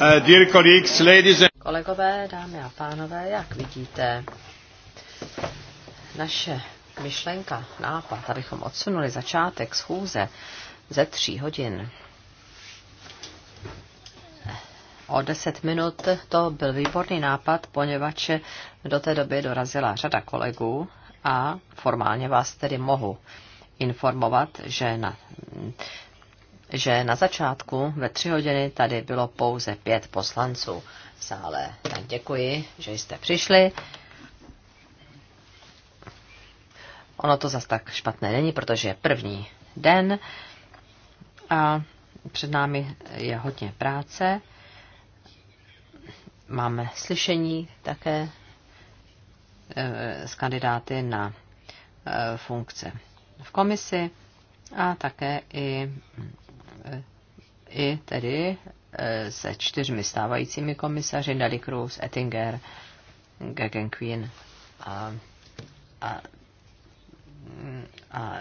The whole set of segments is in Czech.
Eh, Kolegové, dámy a pánové, jak vidíte, naše myšlenka, nápad, abychom odsunuli začátek schůze ze tří hodin o deset minut, to byl výborný nápad, poněvadž do té doby dorazila řada kolegů a formálně vás tedy mohu informovat, že na že na začátku ve tři hodiny tady bylo pouze pět poslanců v sále. Tak děkuji, že jste přišli. Ono to zas tak špatné není, protože je první den a před námi je hodně práce. Máme slyšení také eh, s kandidáty na eh, funkce v komisi a také i i tedy e, se čtyřmi stávajícími komisaři, Nelly Cruz, Ettinger, Gagan Queen a, a, a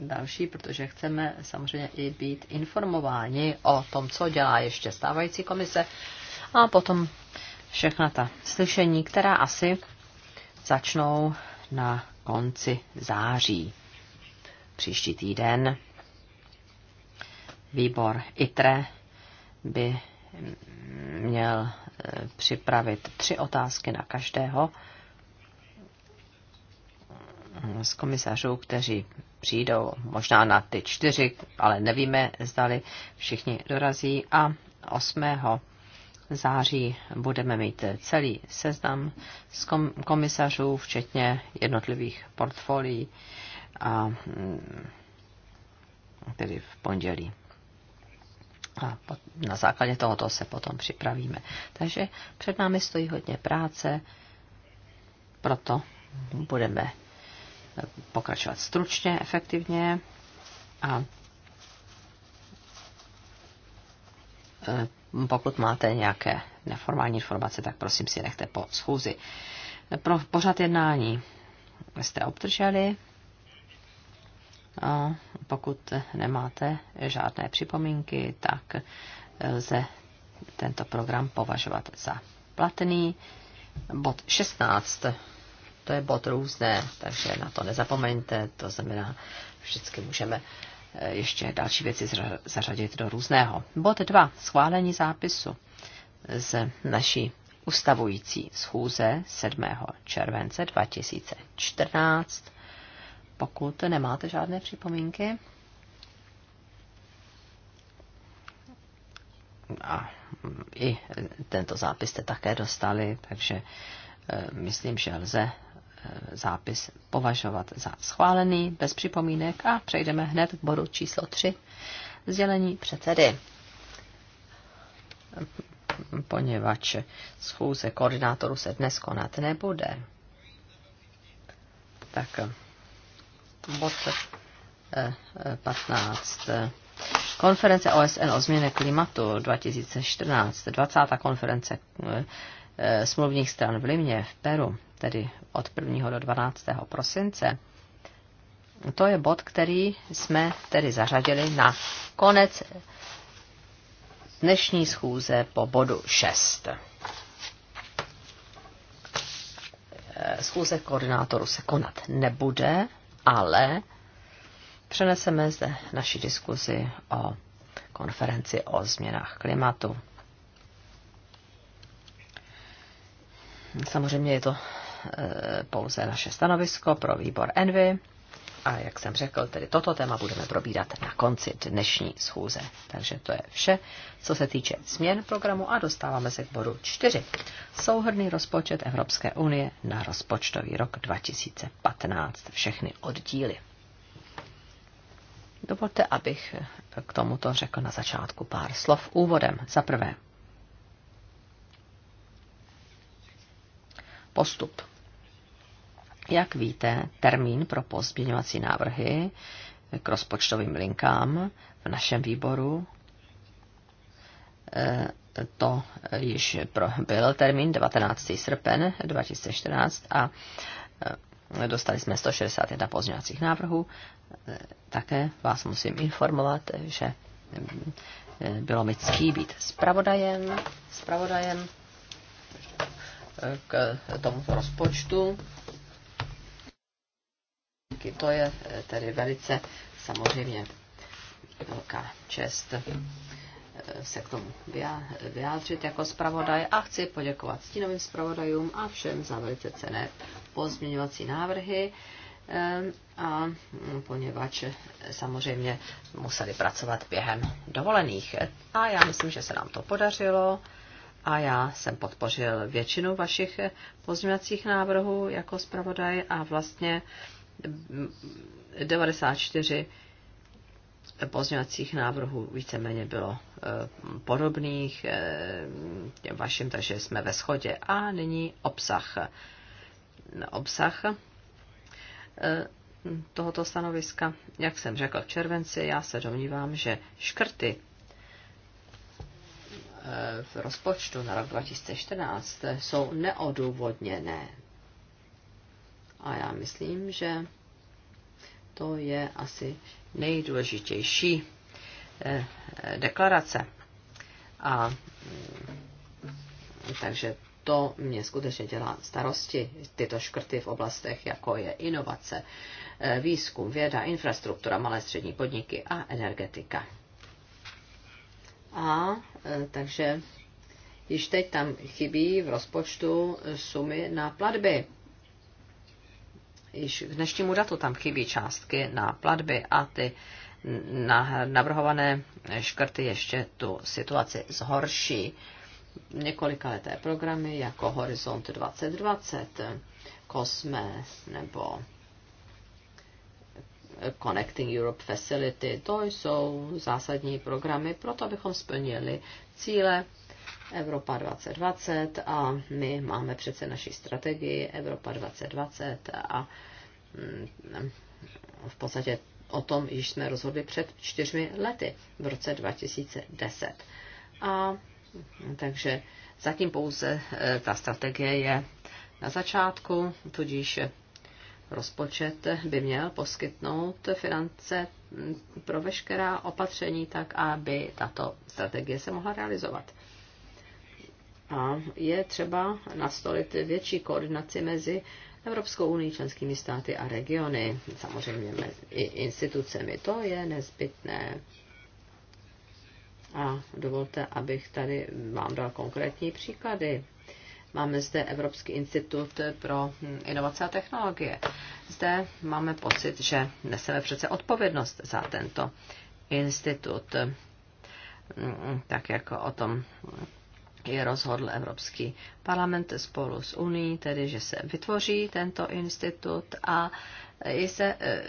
další, protože chceme samozřejmě i být informováni o tom, co dělá ještě stávající komise a potom všechna ta slyšení, která asi začnou na konci září příští týden výbor ITRE by měl e, připravit tři otázky na každého z komisařů, kteří přijdou možná na ty čtyři, ale nevíme, zdali všichni dorazí. A 8. září budeme mít celý seznam z komisařů, včetně jednotlivých portfolií, a, mm, tedy v pondělí a na základě tohoto se potom připravíme. Takže před námi stojí hodně práce, proto budeme eh, pokračovat stručně, efektivně a eh, pokud máte nějaké neformální informace, tak prosím si nechte po schůzi. Eh, pro pořad jednání jste obdrželi a pokud nemáte žádné připomínky, tak lze tento program považovat za platný. Bod 16, to je bod různé, takže na to nezapomeňte, to znamená, vždycky můžeme eh, ještě další věci zařadit do různého. Bod 2, schválení zápisu z naší ustavující schůze 7. července 2014 pokud nemáte žádné připomínky. A i tento zápis jste také dostali, takže eh, myslím, že lze eh, zápis považovat za schválený bez připomínek a přejdeme hned k bodu číslo 3. Sdělení předsedy. Poněvadž schůze koordinátoru se dnes konat nebude. Tak bod 15. Eh, konference OSN o změně klimatu 2014, 20. konference eh, eh, smluvních stran v Limě v Peru, tedy od 1. do 12. prosince. To je bod, který jsme tedy zařadili na konec dnešní schůze po bodu 6. Schůze koordinátoru se konat nebude, ale přeneseme zde naši diskuzi o konferenci o změnách klimatu. Samozřejmě je to eh, pouze naše stanovisko pro výbor Envy a jak jsem řekl, tedy toto téma budeme probírat na konci dnešní schůze. Takže to je vše, co se týče změn programu a dostáváme se k bodu 4. Souhrný rozpočet Evropské unie na rozpočtový rok 2015. Všechny oddíly. Dovolte, abych k tomuto řekl na začátku pár slov úvodem. Za prvé, postup jak víte, termín pro pozměňovací návrhy k rozpočtovým linkám v našem výboru eh, to již byl termín 19. srpen 2014 a eh, dostali jsme 161 pozměňovacích návrhů. Eh, také vás musím informovat, že bylo mi ctí být zpravodajem, zpravodajem k tomuto rozpočtu banky. To je eh, tedy velice samozřejmě velká čest eh, se k tomu vyjádřit jako zpravodaj a chci poděkovat stínovým zpravodajům a všem za velice cené pozměňovací návrhy eh, a mm, poněvadž samozřejmě museli pracovat během dovolených. A já myslím, že se nám to podařilo a já jsem podpořil většinu vašich pozměňovacích návrhů jako zpravodaj a vlastně 94 pozměňovacích návrhů víceméně bylo eh, podobných eh, těm vašim, takže jsme ve shodě. A nyní obsah. Obsah eh, tohoto stanoviska, jak jsem řekl v červenci, já se domnívám, že škrty v rozpočtu na rok 2014 jsou neodůvodněné. A já myslím, že to je asi nejdůležitější eh, eh, deklarace. A mm, takže to mě skutečně dělá starosti, tyto škrty v oblastech, jako je inovace, eh, výzkum, věda, infrastruktura, malé střední podniky a energetika. A takže již teď tam chybí v rozpočtu sumy na platby již k dnešnímu datu tam chybí částky na platby a ty navrhované škrty ještě tu situaci zhorší. Několikaleté programy jako Horizont 2020, Cosme nebo Connecting Europe Facility, to jsou zásadní programy pro to, abychom splnili cíle Evropa 2020 a my máme přece naši strategii Evropa 2020 a mm, v podstatě o tom již jsme rozhodli před čtyřmi lety v roce 2010. A takže zatím pouze e, ta strategie je na začátku, tudíž rozpočet by měl poskytnout finance mm, pro veškerá opatření tak, aby tato strategie se mohla realizovat. A je třeba nastolit větší koordinaci mezi Evropskou unii, členskými státy a regiony, samozřejmě i institucemi. To je nezbytné. A dovolte, abych tady vám dal konkrétní příklady. Máme zde Evropský institut pro inovace a technologie. Zde máme pocit, že neseme přece odpovědnost za tento institut, tak jako o tom je rozhodl Evropský parlament spolu s Unii, tedy že se vytvoří tento institut a i se e,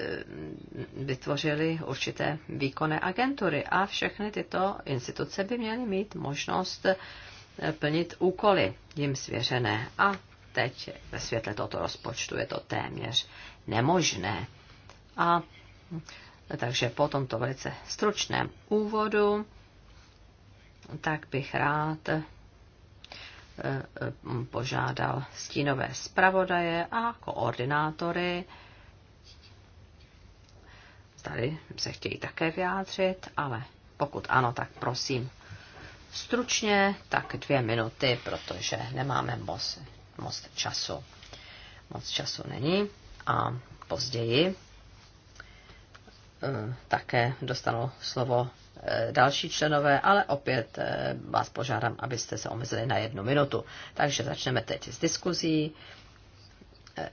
vytvořily určité výkonné agentury a všechny tyto instituce by měly mít možnost e, plnit úkoly jim svěřené. A teď ve světle tohoto rozpočtu je to téměř nemožné. A takže po tomto velice stručném úvodu tak bych rád požádal stínové zpravodaje a koordinátory. Tady se chtějí také vyjádřit, ale pokud ano, tak prosím stručně, tak dvě minuty, protože nemáme moc, moc času. Moc času není a později eh, také dostanu slovo Eh, další členové, ale opět eh, vás požádám, abyste se omezili na jednu minutu. Takže začneme teď s diskuzí.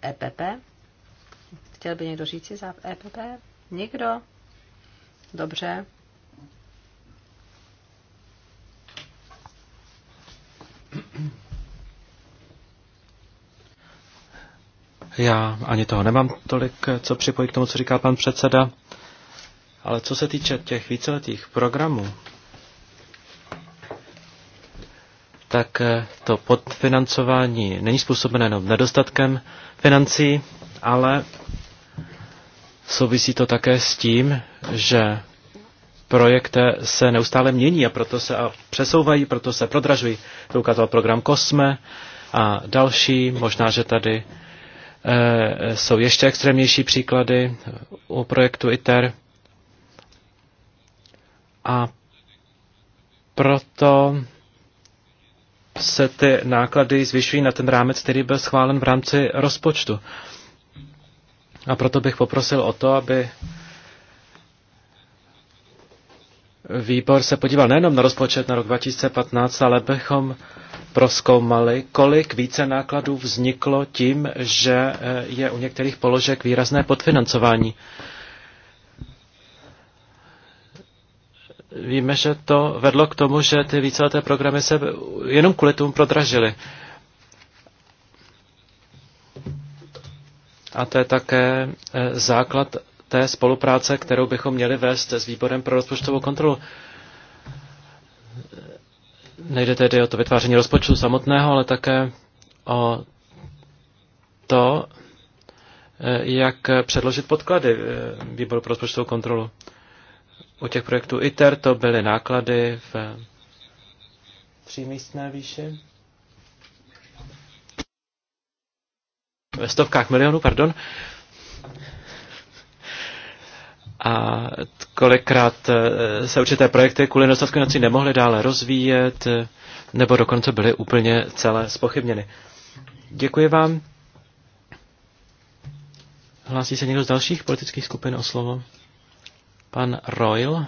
EPP. Eh, e Chtěl by někdo říct za EPP? Nikdo? Dobře. Já ani toho nemám tolik, co připojit k tomu, co říká pan předseda. Ale co se týče těch víceletých programů, tak eh, to podfinancování není způsobené jenom nedostatkem financí, ale souvisí to také s tím, že projekty se neustále mění a proto se přesouvají, proto se prodražují. To ukázal program Kosme a další. Možná, že tady e, jsou ještě extrémnější příklady u projektu ITER. A proto se ty náklady zvyšují na ten rámec, který byl schválen v rámci rozpočtu. A proto bych poprosil o to, aby výbor se podíval nejenom na rozpočet na rok 2015, ale bychom proskoumali, kolik více nákladů vzniklo tím, že eh, je u některých položek výrazné podfinancování. víme, že to vedlo k tomu, že ty víceleté programy se jenom kvůli tomu prodražily. A to je také eh, základ té spolupráce, kterou bychom měli vést s výborem pro rozpočtovou kontrolu. Nejde tedy o to vytváření rozpočtu samotného, ale také o to, eh, jak předložit podklady eh, výboru pro rozpočtovou kontrolu u těch projektů ITER to byly náklady v přímístné výši. Ve stovkách milionů, pardon. A kolikrát eh, se určité projekty kvůli nedostatku financí nemohly dále rozvíjet, nebo dokonce byly úplně celé spochybněny. Děkuji vám. Hlásí se někdo z dalších politických skupin o slovo? Pan Royal.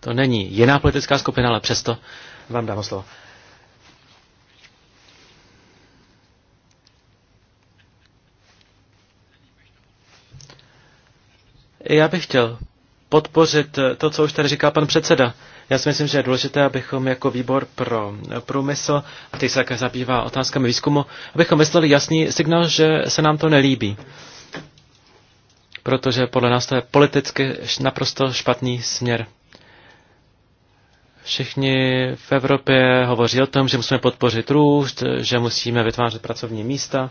To není jiná politická skupina, ale přesto vám dám slovo. Já bych chtěl podpořit to, co už tady říká pan předseda. Já si myslím, že je důležité, abychom jako výbor pro průmysl, a teď se také zabývá otázkami výzkumu, abychom vyslali jasný signál, že se nám to nelíbí protože podle nás to je politicky naprosto špatný směr. Všichni v Evropě hovoří o tom, že musíme podpořit růst, že musíme vytvářet pracovní místa.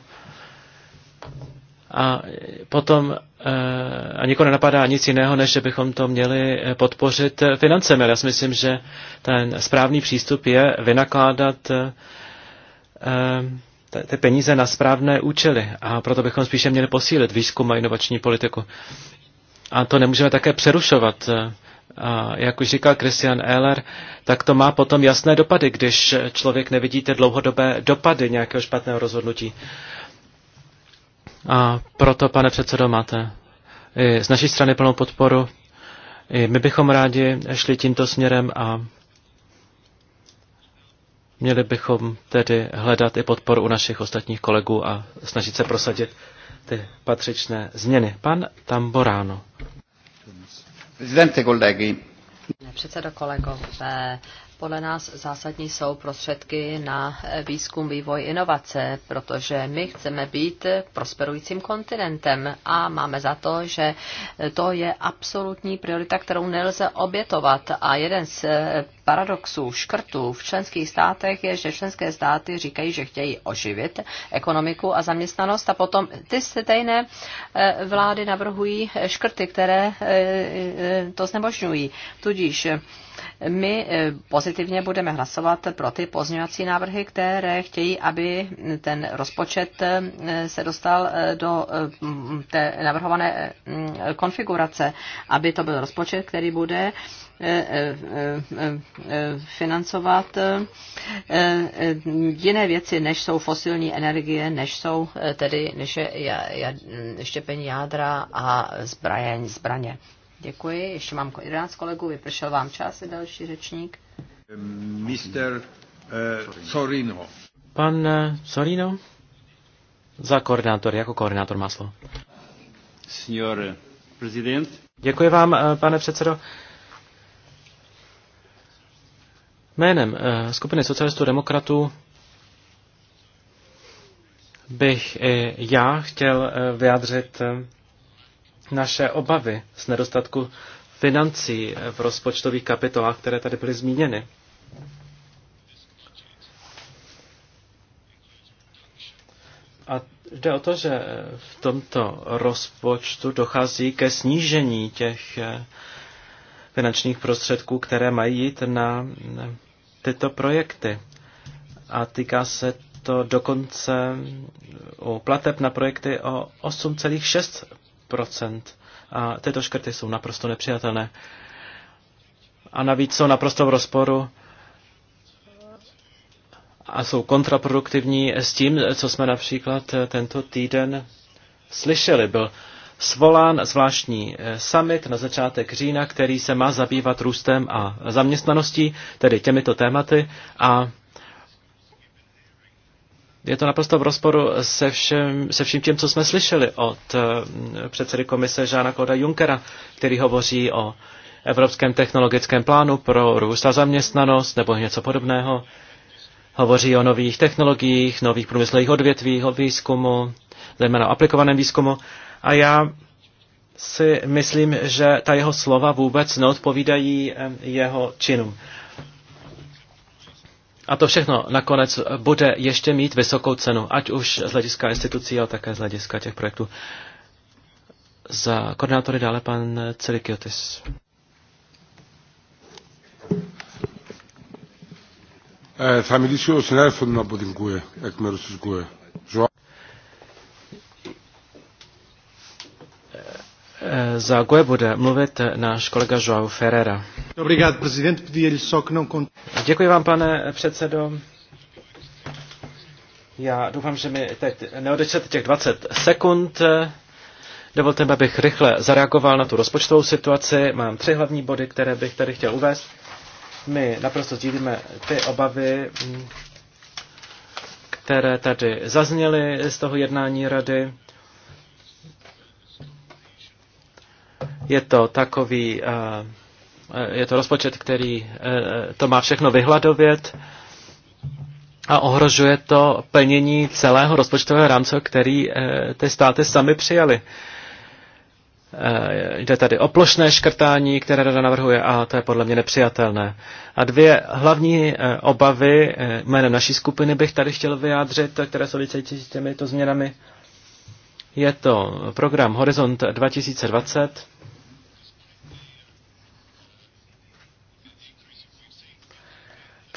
A potom eh, a nikoho nenapadá nic jiného, než že bychom to měli eh, podpořit financemi. Já si myslím, že ten správný přístup je vynakládat eh, ty peníze na správné účely a proto bychom spíše měli posílit výzkum a inovační politiku. A to nemůžeme také přerušovat. A jak už říkal Christian Ehler, tak to má potom jasné dopady, když člověk nevidí ty dlouhodobé dopady nějakého špatného rozhodnutí. A proto, pane předsedo, máte z naší strany plnou podporu. I my bychom rádi šli tímto směrem a Měli bychom tedy hledat i podporu u našich ostatních kolegů a snažit se prosadit ty patřičné změny. Pan Tamborano. Prezidente, kolegy. Předsedo kolegové, podle nás zásadní jsou prostředky na výzkum, vývoj, inovace, protože my chceme být prosperujícím kontinentem a máme za to, že to je absolutní priorita, kterou nelze obětovat. A jeden z paradoxů, škrtů v členských státech je, že členské státy říkají, že chtějí oživit ekonomiku a zaměstnanost a potom ty stejné eh, vlády navrhují škrty, které eh, eh, to znemožňují. Tudíž my eh, pozitivně budeme hlasovat pro ty pozměňovací návrhy, které chtějí, aby ten rozpočet eh, se dostal eh, do té navrhované mm, konfigurace, aby to byl rozpočet, který bude financovat jiné věci, než jsou fosilní energie, než jsou tedy než je štěpení jádra a zbraň, zbraně. Děkuji. Ještě mám 11 kolegů, vypršel vám čas, je další řečník. Mr. Sorino. Eh, Pan Sorino? Eh, Za koordinátor, jako koordinátor má slovo. Signor prezident. Děkuji vám, eh, pane předsedo. Jménem skupiny socialistů demokratů bych i já chtěl vyjádřit naše obavy z nedostatku financí v rozpočtových kapitolách, které tady byly zmíněny. A jde o to, že v tomto rozpočtu dochází ke snížení těch eh, finančních prostředků, které mají jít na tyto projekty. A týká se to dokonce u plateb na projekty o a tyto škrty jsou naprosto nepřijatelné. A navíc jsou naprosto v rozporu a jsou kontraproduktivní s tím, co jsme například tento týden slyšeli. Byl svolán zvláštní eh, summit na začátek října, který se má zabývat růstem a zaměstnaností, tedy těmito tématy. A je to naprosto v rozporu se, vším, se vším tím, co jsme slyšeli od eh, předsedy komise Žána Koda Junkera, který hovoří o Evropském technologickém plánu pro růst a zaměstnanost nebo něco podobného. Hovoří o nových technologiích, nových průmyslových odvětvích, o výzkumu, zejména o aplikovaném výzkumu. A já si myslím, že ta jeho slova vůbec neodpovídají eh, jeho činům. A to všechno nakonec bude ještě mít vysokou cenu, ať už z hlediska institucí, ale také z hlediska těch projektů. Za koordinátory dále pan Celikiotis. Θα μιλήσω ο συνάδελφος μου από την ΚΟΕ, εκ μέρους της ΚΟΕ. Eh, za GUE bude mluvit náš kolega João Ferreira. Děkuji vám, pane předsedo. Já doufám, že mi teď neodečete těch 20 sekund. Dovolte mi, abych rychle zareagoval na tu rozpočtovou situaci. Mám tři hlavní body, které bych tady chtěl uvést. My naprosto sdílíme ty obavy, mm, které tady zazněly z toho jednání rady. Je to takový, eh, eh, je to rozpočet, který eh, to má všechno vyhladovět a ohrožuje to plnění celého rozpočtového rámce, který ty státy sami přijali. Jde tady o plošné škrtání, které rada navrhuje a to je podle mě nepřijatelné. A dvě hlavní obavy jménem naší skupiny bych tady chtěl vyjádřit, které jsou s těmito změnami. Je to program Horizont 2020,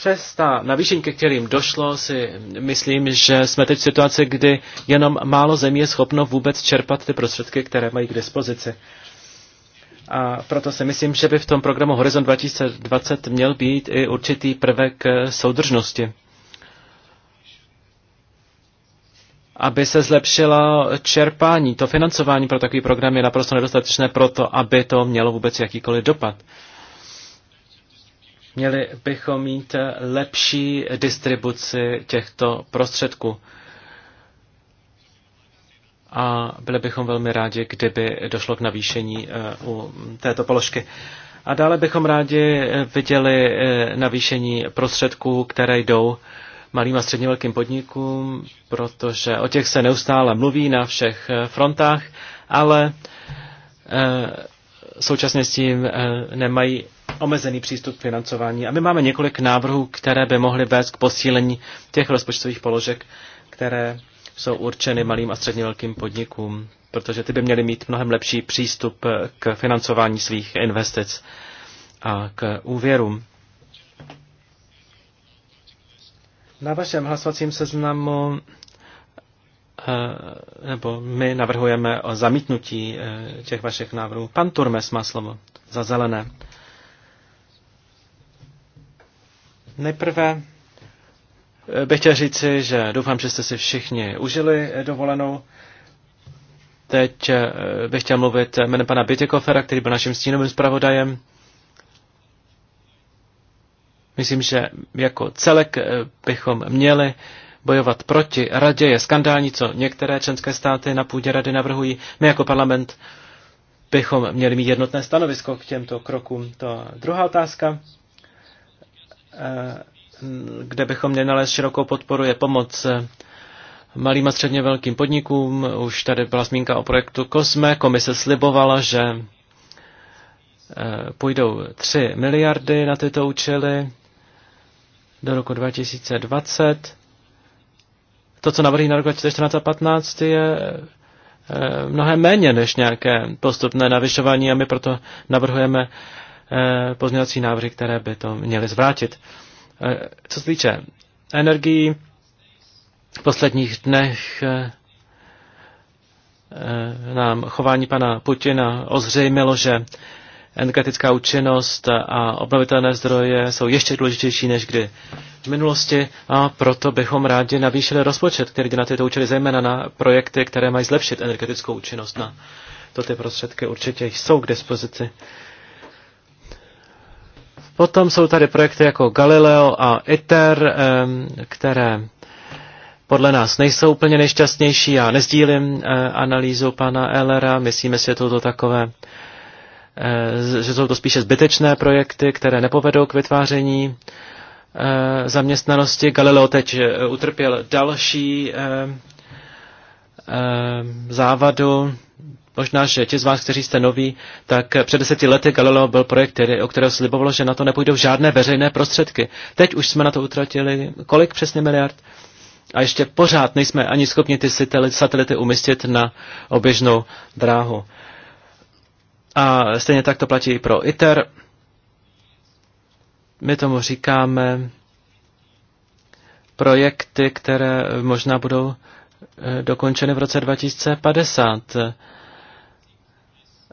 Přes ta navýšení, ke kterým došlo, si myslím, že jsme teď v situaci, kdy jenom málo zemí je schopno vůbec čerpat ty prostředky, které mají k dispozici. A proto si myslím, že by v tom programu Horizon 2020 měl být i určitý prvek eh, soudržnosti. aby se zlepšilo čerpání. To financování pro takový program je naprosto nedostatečné proto, aby to mělo vůbec jakýkoliv dopad. Měli bychom mít lepší distribuci těchto prostředků. A byli bychom velmi rádi, kdyby došlo k navýšení eh, u této položky. A dále bychom rádi viděli eh, navýšení prostředků, které jdou malým a středně velkým podnikům, protože o těch se neustále mluví na všech eh, frontách, ale současně s eh, tím nemají omezený přístup k financování. A my máme několik návrhů, které by mohly vést k posílení těch rozpočtových položek, které jsou určeny malým a středně velkým podnikům, protože ty by měly mít mnohem lepší přístup eh, k financování svých investic a k úvěrům. Na vašem hlasovacím seznamu Eh, nebo my navrhujeme o zamítnutí eh, těch vašich návrhů. Pan Turmes má slovo za zelené. Nejprve eh, bych chtěl říci, že doufám, že jste si všichni užili dovolenou. Teď bych chtěl mluvit jménem pana Bětěkofera, který byl naším stínovým zpravodajem. Myslím, že jako celek bychom měli bojovat proti radě. Je skandální, co některé členské státy na půdě rady navrhují. My jako parlament bychom měli mít jednotné stanovisko k těmto krokům. To druhá otázka, eh, kde bychom měli nalézt širokou podporu, je pomoc eh, malým a středně velkým podnikům. Už tady byla zmínka o projektu COSME. Komise slibovala, že eh, půjdou 3 miliardy na tyto účely do roku 2020 to, co navrhují na rok 2014 a 2015, je eh, mnohem méně než nějaké postupné navyšování a my proto navrhujeme eh, pozměňovací návrhy, které by to měly zvrátit. Eh, co se týče energií, v posledních dnech nám chování pana Putina ozřejmilo, že energetická účinnost a obnovitelné zdroje jsou ještě důležitější než kdy v minulosti a proto bychom rádi navýšili rozpočet, který jde na tyto účely, zejména na projekty, které mají zlepšit energetickou účinnost. Na to ty prostředky určitě jsou k dispozici. Potom jsou tady projekty jako Galileo a ITER, které podle nás nejsou úplně nejšťastnější. Já nezdílím eh, analýzu pana Ellera, myslíme si, že to takové Eh, že jsou to spíše zbytečné projekty, které nepovedou k vytváření eh, zaměstnanosti. Galileo teď eh, utrpěl další závadu. Možná, že ti z vás, kteří jste noví, tak před deseti lety Galileo byl projekt, který, o kterého slibovalo, že na to nepůjdou žádné veřejné prostředky. Teď už jsme na to utratili kolik přesně miliard? A ještě pořád nejsme ani schopni ty satelity umístit na oběžnou dráhu. A stejně tak to platí i pro ITER. My tomu říkáme projekty, které možná budou e, dokončeny v roce 2050.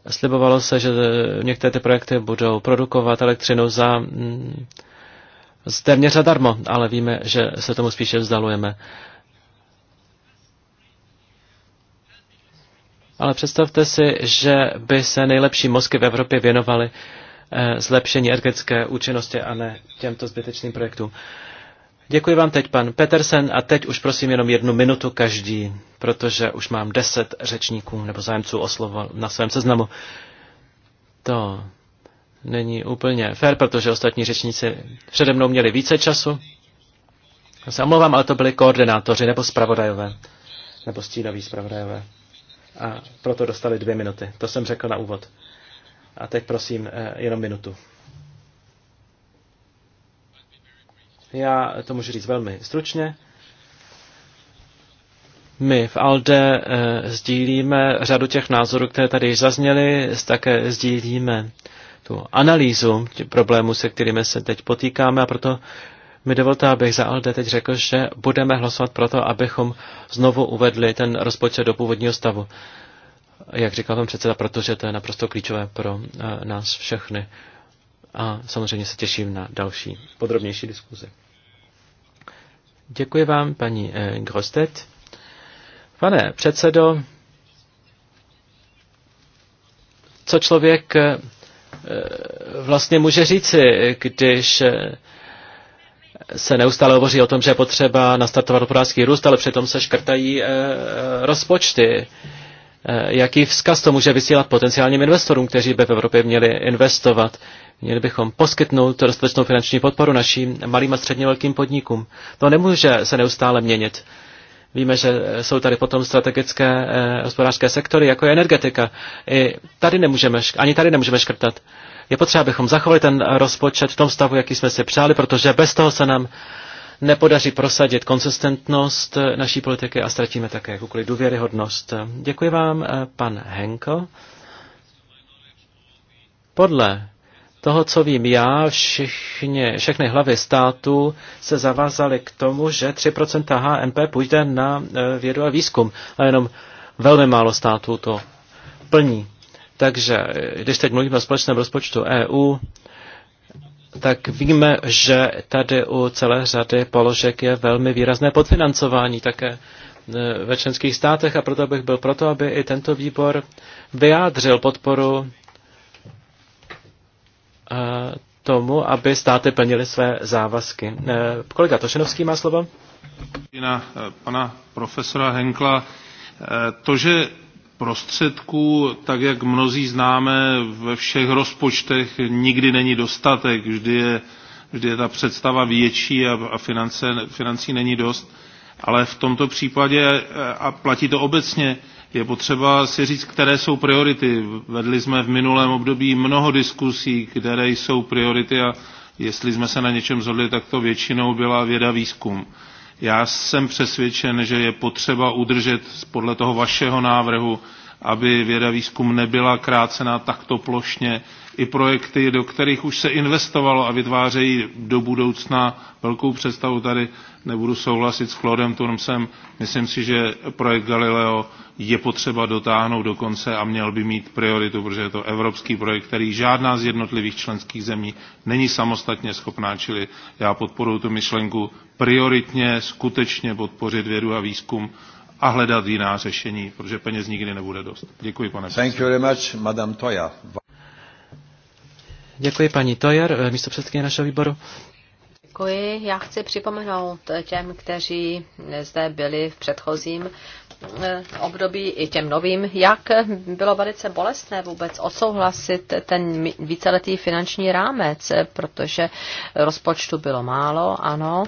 Slibovalo se, že e, některé ty projekty budou produkovat elektřinu za mm, téměř zadarmo, ale víme, že se tomu spíše vzdalujeme. ale představte si, že by se nejlepší mozky v Evropě věnovaly eh, zlepšení energetické účinnosti a ne těmto zbytečným projektům. Děkuji vám teď, pan Petersen, a teď už prosím jenom jednu minutu každý, protože už mám deset řečníků nebo zájemců o slovo na svém seznamu. To není úplně fér, protože ostatní řečníci přede mnou měli více času. Já se omlouvám, ale to byli koordinátoři nebo zpravodajové, nebo stínoví zpravodajové a proto dostali dvě minuty. To jsem řekl na úvod. A teď prosím, eh, jenom minutu. Já to můžu říct velmi stručně. My v ALDE eh, sdílíme řadu těch názorů, které tady již zazněly, také sdílíme tu analýzu problémů, se kterými se teď potýkáme a proto mi dovolte, abych za Alde teď řekl, že budeme hlasovat proto, abychom znovu uvedli ten rozpočet do původního stavu. Jak říkal pan předseda, protože to je naprosto klíčové pro eh, nás všechny. A samozřejmě se těším na další podrobnější diskuzi. Děkuji vám, paní eh, Grostet. Pane předsedo, co člověk eh, vlastně může říci, když se neustále hovoří o tom, že je potřeba nastartovat hospodářský růst, ale přitom se škrtají eh, rozpočty. Eh, jaký vzkaz to může vysílat potenciálním investorům, kteří by v Evropě měli investovat? Měli bychom poskytnout dostatečnou finanční podporu našim malým a středně velkým podnikům. To nemůže se neustále měnit. Víme, že jsou tady potom strategické eh, hospodářské sektory, jako je energetika. I tady nemůžeme, ani tady nemůžeme škrtat. Je potřeba, abychom zachovali ten rozpočet v tom stavu, jaký jsme si přáli, protože bez toho se nám nepodaří prosadit konsistentnost naší politiky a ztratíme také jakoukoliv důvěryhodnost. Děkuji vám, eh, pan Henko. Podle toho, co vím já, všichni, všechny hlavy států se zavázaly k tomu, že 3% HNP půjde na eh, vědu a výzkum. A jenom velmi málo států to plní. Takže když teď mluvíme o společném rozpočtu EU, tak víme, že tady u celé řady položek je velmi výrazné podfinancování také e, ve členských státech a proto bych byl proto, aby i tento výbor vyjádřil podporu e, tomu, aby státy plnily své závazky. E, kolega Tošenovský má slovo. Na pana profesora Henkla. To, že prostředků, tak jak mnozí známe, ve všech rozpočtech nikdy není dostatek, vždy je, vždy je ta představa větší a, a finance, financí není dost. Ale v tomto případě, a platí to obecně, je potřeba si říct, které jsou priority. Vedli jsme v minulém období mnoho diskusí, které jsou priority a jestli jsme se na něčem zhodli, tak to většinou byla věda výzkum. Já jsem přesvědčen, že je potřeba udržet podle toho vašeho návrhu, aby věda výzkum nebyla krácena takto plošně, i projekty, do kterých už se investovalo a vytvářejí do budoucna velkou představu. Tady nebudu souhlasit s Claudem Turmsem. Myslím si, že projekt Galileo je potřeba dotáhnout do konce a měl by mít prioritu, protože je to evropský projekt, který žádná z jednotlivých členských zemí není samostatně schopná, čili já podporuji tu myšlenku prioritně, skutečně podpořit vědu a výzkum a hledat jiná řešení, protože peněz nikdy nebude dost. Děkuji, pane Thank you very much, Madame Toja. Děkuji paní Tojer, eh, místo předsedkyně našeho výboru. Děkuji. Já chci připomenout těm, kteří zde byli v předchozím Eh, období i těm novým, jak bylo velice bolestné vůbec odsouhlasit ten víceletý finanční rámec, protože rozpočtu bylo málo, ano,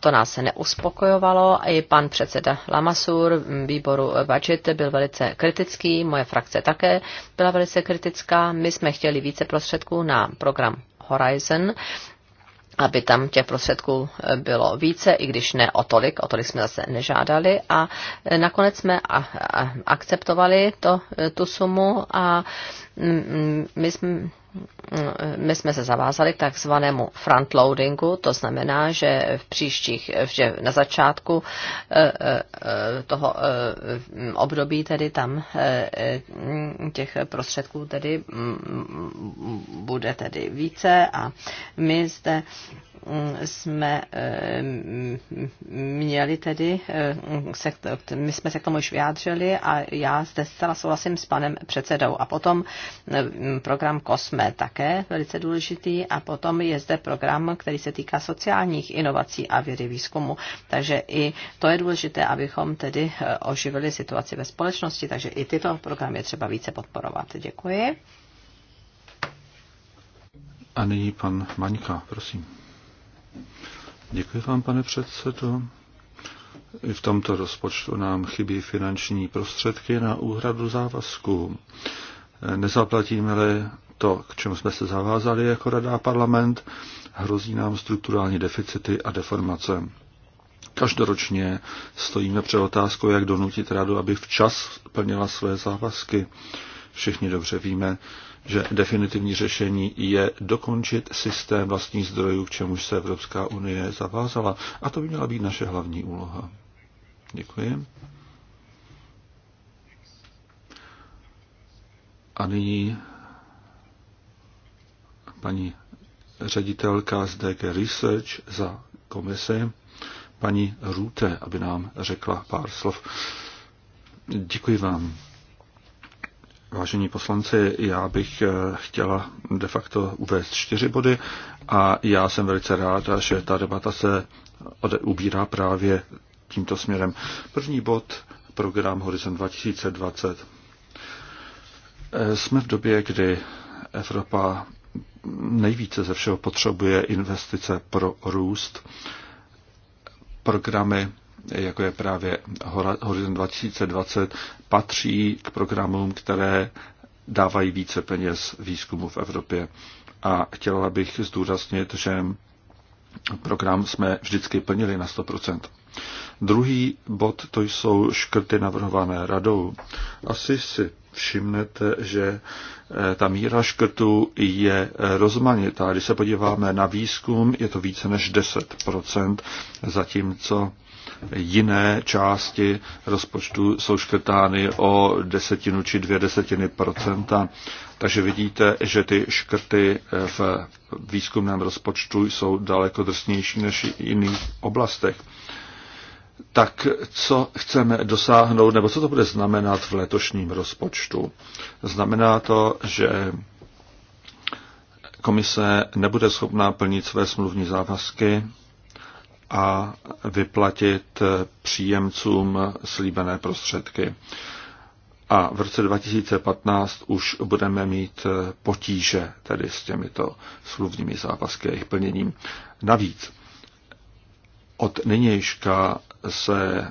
to nás se neuspokojovalo. I pan předseda Lamasur mm, výboru budget byl velice kritický, moje frakce také byla velice kritická. My jsme chtěli více prostředků na program Horizon aby tam těch prostředků eh, bylo více, i když ne o tolik, o tolik jsme zase nežádali a eh, nakonec jsme akceptovali to, eh, tu sumu a mm, mm, my jsme my jsme se zavázali k takzvanému frontloadingu, to znamená, že v příštích, že na začátku eh, eh, toho eh, období tedy tam těch prostředků tedy mm, mm, bude tedy více a my zde jsme eh, měli tedy, eh, my jsme se k tomu již vyjádřili a já zde zcela souhlasím s panem předsedou. A potom eh, program COSME také velice důležitý a potom je zde program, který se týká sociálních inovací a vědy výzkumu. Takže i to je důležité, abychom tedy oživili situaci ve společnosti, takže i tyto programy je třeba více podporovat. Děkuji. A nyní pan Maňka, prosím. Děkuji vám, pane předsedo. I v tomto rozpočtu nám chybí finanční prostředky na úhradu závazků. Nezaplatíme-li to, k čemu jsme se zavázali jako Rada a parlament, hrozí nám strukturální deficity a deformace. Každoročně stojíme před otázkou, jak donutit radu, aby včas plnila své závazky. Všichni dobře víme, že definitivní řešení je dokončit systém vlastních zdrojů, k čemuž se Evropská unie zavázala. A to by měla být naše hlavní úloha. Děkuji. A nyní paní ředitelka z DG Research za komisi, paní Rute, aby nám řekla pár slov. Děkuji vám. Vážení poslanci, já bych eh, chtěla de facto uvést čtyři body a já jsem velice ráda, že ta debata se ubírá právě tímto směrem. První bod, program Horizon 2020. Eh, jsme v době, kdy Evropa nejvíce ze všeho potřebuje investice pro růst, programy jako je právě Horizon 2020, patří k programům, které dávají více peněz výzkumu v Evropě. A chtěla bych zdůraznit, že program jsme vždycky plnili na 100%. Druhý bod to jsou škrty navrhované radou. Asi si všimnete, že eh, ta míra škrtu je rozmanitá. Když se podíváme na výzkum, je to více než 10%, zatímco jiné části rozpočtu jsou škrtány o desetinu či dvě desetiny procenta. Takže vidíte, že ty škrty v výzkumném rozpočtu jsou daleko drsnější než v jiných oblastech. Tak co chceme dosáhnout, nebo co to bude znamenat v letošním rozpočtu? Znamená to, že komise nebude schopná plnit své smluvní závazky, a vyplatit příjemcům slíbené prostředky. A v roce 2015 už budeme mít potíže tedy s těmito smluvními závazky a jejich plněním. Navíc od nynějška se eh,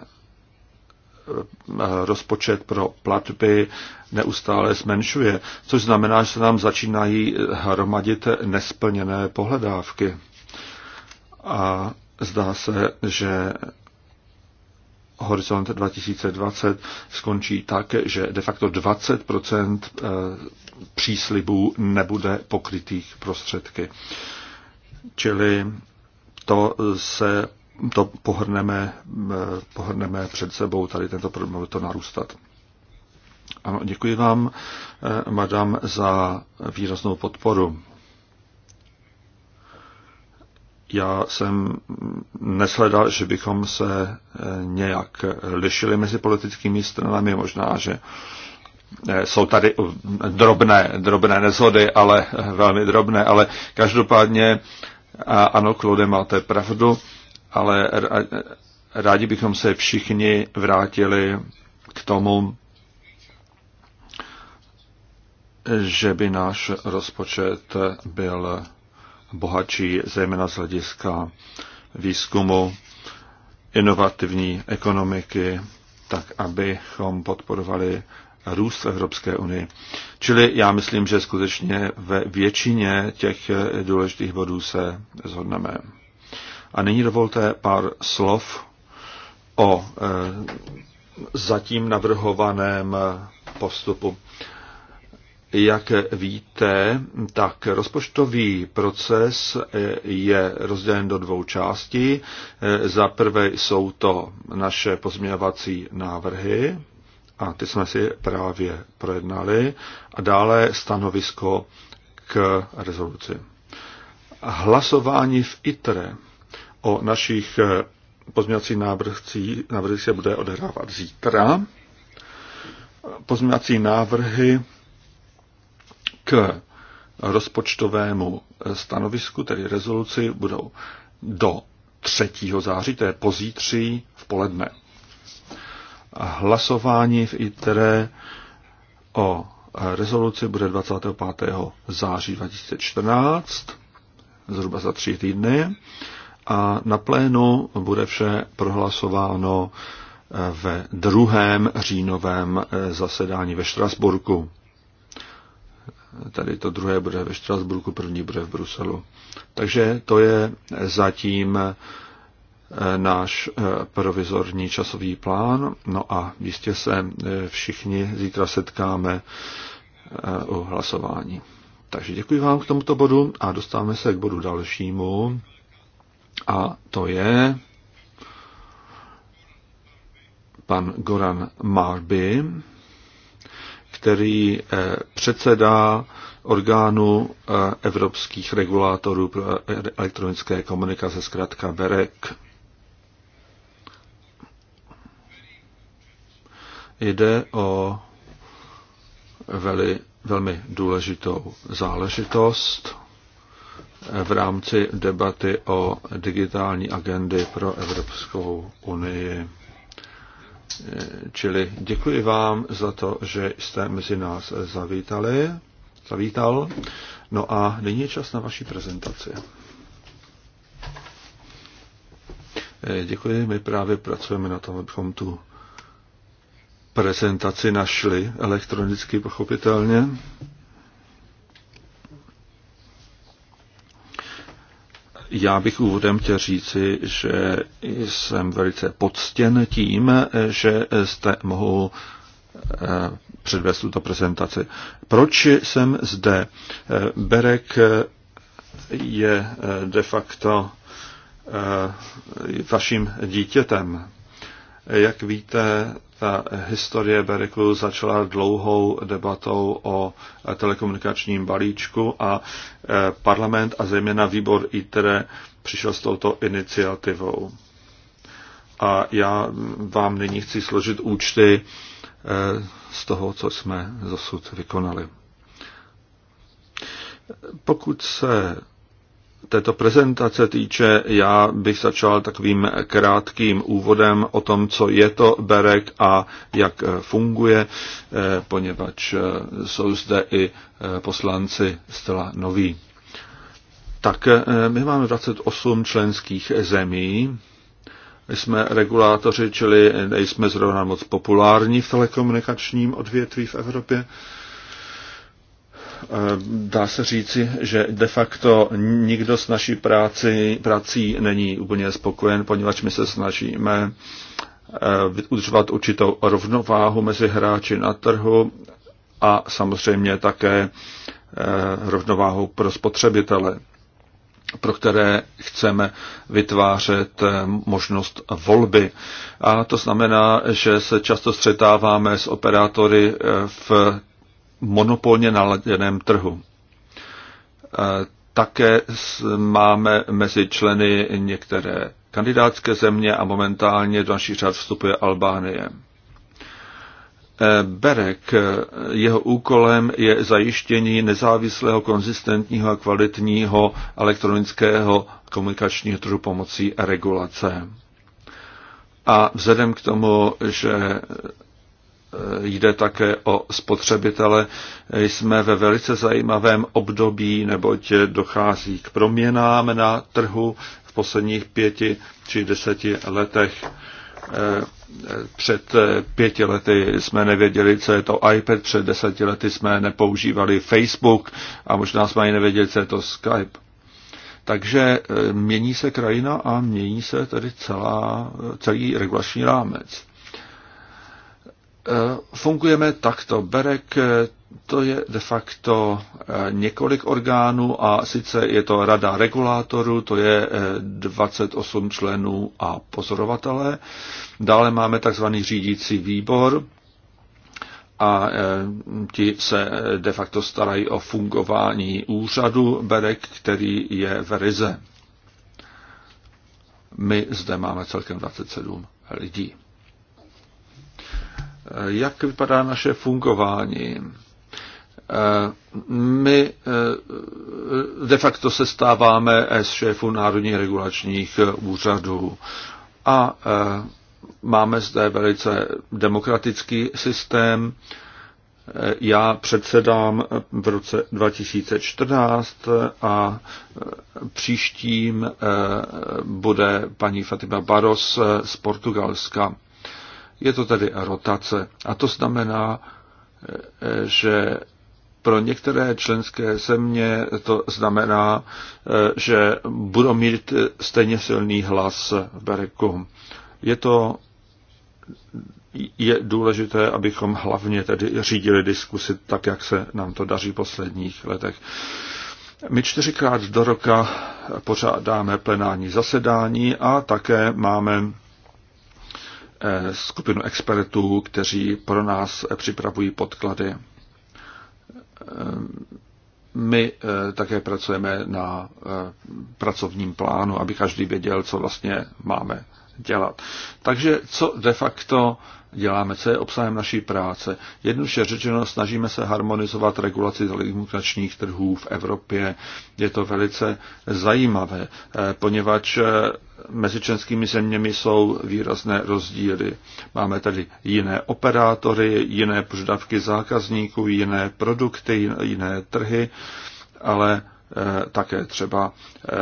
rozpočet pro platby neustále zmenšuje, což znamená, že se nám začínají hromadit nesplněné pohledávky. A zdá se, že Horizont 2020 skončí tak, že de facto 20 eh, příslibů nebude pokrytých prostředky. Čili to se to pohrneme, eh, pohrneme před sebou, tady tento problém bude to narůstat. Ano, děkuji vám, eh, madam, za výraznou podporu já jsem nesledal, že bychom se eh, nějak eh, lišili mezi politickými stranami. Možná, že eh, jsou tady drobné, drobné nezhody, ale velmi drobné, ale každopádně ano, Klode, máte pravdu, ale rádi bychom se všichni vrátili k tomu, že by náš rozpočet byl bohatší, zejména z hlediska výzkumu, inovativní ekonomiky, tak abychom podporovali růst v Evropské unii. Čili já myslím, že skutečně ve většině těch důležitých bodů se zhodneme. A nyní dovolte pár slov o eh, zatím navrhovaném postupu. Jak víte, tak rozpočtový proces eh, je rozdělen do dvou částí. Eh, za prvé jsou to naše pozměňovací návrhy, a ty jsme si právě projednali, a dále stanovisko k rezoluci. Hlasování v ITRE o našich eh, pozměňovacích návrhcích návrhy se bude odehrávat zítra. Pozměňovací návrhy rozpočtovému stanovisku, tedy rezoluci, budou do 3. září, to je pozítří v poledne. Hlasování v ITRE o rezoluci bude 25. září 2014, zhruba za tři týdny, a na plénu bude vše prohlasováno ve druhém říjnovém zasedání ve Štrasburku. Tady to druhé bude ve Štrasburku, první bude v Bruselu. Takže to je zatím eh, náš eh, provizorní časový plán. No a jistě se eh, všichni zítra setkáme u hlasování. Takže děkuji vám k tomuto bodu a dostáváme se k bodu dalšímu. A to je pan Goran Marby, který eh, předsedá orgánu eh, evropských regulátorů pro eh, elektronické komunikace, zkrátka BEREC. Jde o veli, velmi důležitou záležitost v rámci debaty o digitální agendy pro Evropskou unii. Čili děkuji vám za to, že jste mezi nás zavítali, zavítal. No a nyní je čas na vaši prezentaci. Děkuji, my právě pracujeme na tom, abychom tu prezentaci našli elektronicky pochopitelně. Já bych úvodem chtěl říci, že jsem velice poctěn tím, že jste mohu eh, předvést tuto prezentaci. Proč jsem zde? Eh, Berek eh, je de facto vaším dítětem. Jak víte, ta historie Beriklu začala dlouhou debatou o telekomunikačním balíčku a e, parlament a zejména výbor ITRE přišel s touto iniciativou. A já vám nyní chci složit účty e, z toho, co jsme zasud vykonali. Pokud se této prezentace týče, já bych začal takovým krátkým úvodem o tom, co je to Berek a jak eh, funguje, eh, poněvadž eh, jsou zde i poslanci zcela noví. Tak my máme 28 členských zemí, jsme regulátoři, čili nejsme zrovna moc populární v telekomunikačním odvětví v Evropě. Eh, dá se říci, že de facto nikdo s naší práci, prací není úplně spokojen, poněvadž my se snažíme eh, udržovat určitou rovnováhu mezi hráči na trhu a samozřejmě také eh, rovnováhu pro spotřebitele, pro které chceme vytvářet možnost volby. A to znamená, že se často střetáváme s operátory v monopolně naladěném trhu. Také máme mezi členy některé kandidátské země a momentálně do našich řad vstupuje Albánie. E, Berek, jeho úkolem je zajištění nezávislého, konzistentního a kvalitního elektronického komunikačního trhu pomocí regulace. A vzhledem k tomu, že jde také o spotřebitele, jsme ve velice zajímavém období, neboť dochází k proměnám na trhu v posledních pěti či deseti letech. Před pěti lety jsme nevěděli, co je to iPad, před deseti lety jsme nepoužívali Facebook a možná jsme ani nevěděli, co je to Skype. Takže eh, mění se krajina a mění se tedy celá, celý regulační rámec. E, fungujeme takto. Berek e, to je de facto e, několik orgánů a sice je to rada regulátorů, to je 28 členů a pozorovatelé. Dále máme takzvaný řídící výbor a ti se de facto starají o fungování úřadu Berek, který je v Rize. My zde máme celkem 27 lidí. Eh, jak vypadá naše fungování. Eh, my eh, de facto se stáváme s šéfu národních regulačních úřadů a máme zde velice demokratický systém. Já předsedám v roce 2014 a příštím bude paní Fatima Baros z Portugalska. Je to tedy rotace. A to znamená, e, že pro některé členské země to znamená, e, že budou mít stejně silný hlas v Bereku. Je to je důležité, abychom hlavně tedy řídili diskusy tak, jak se nám to daří v posledních letech. My čtyřikrát do roka pořádáme plenární zasedání a také máme skupinu expertů, kteří pro nás připravují podklady. My eh, také pracujeme na eh, pracovním plánu, aby každý věděl, co vlastně máme dělat. Takže co de facto děláme, co je obsahem naší práce. Jednoduše řečeno, snažíme se harmonizovat regulaci telekomunikačních trhů v Evropě. Je to velice zajímavé, eh, poněvadž eh, mezi českými zeměmi jsou výrazné rozdíly. Máme tady jiné operátory, jiné požadavky zákazníků, jiné produkty, jiné trhy, ale Eh, také třeba eh,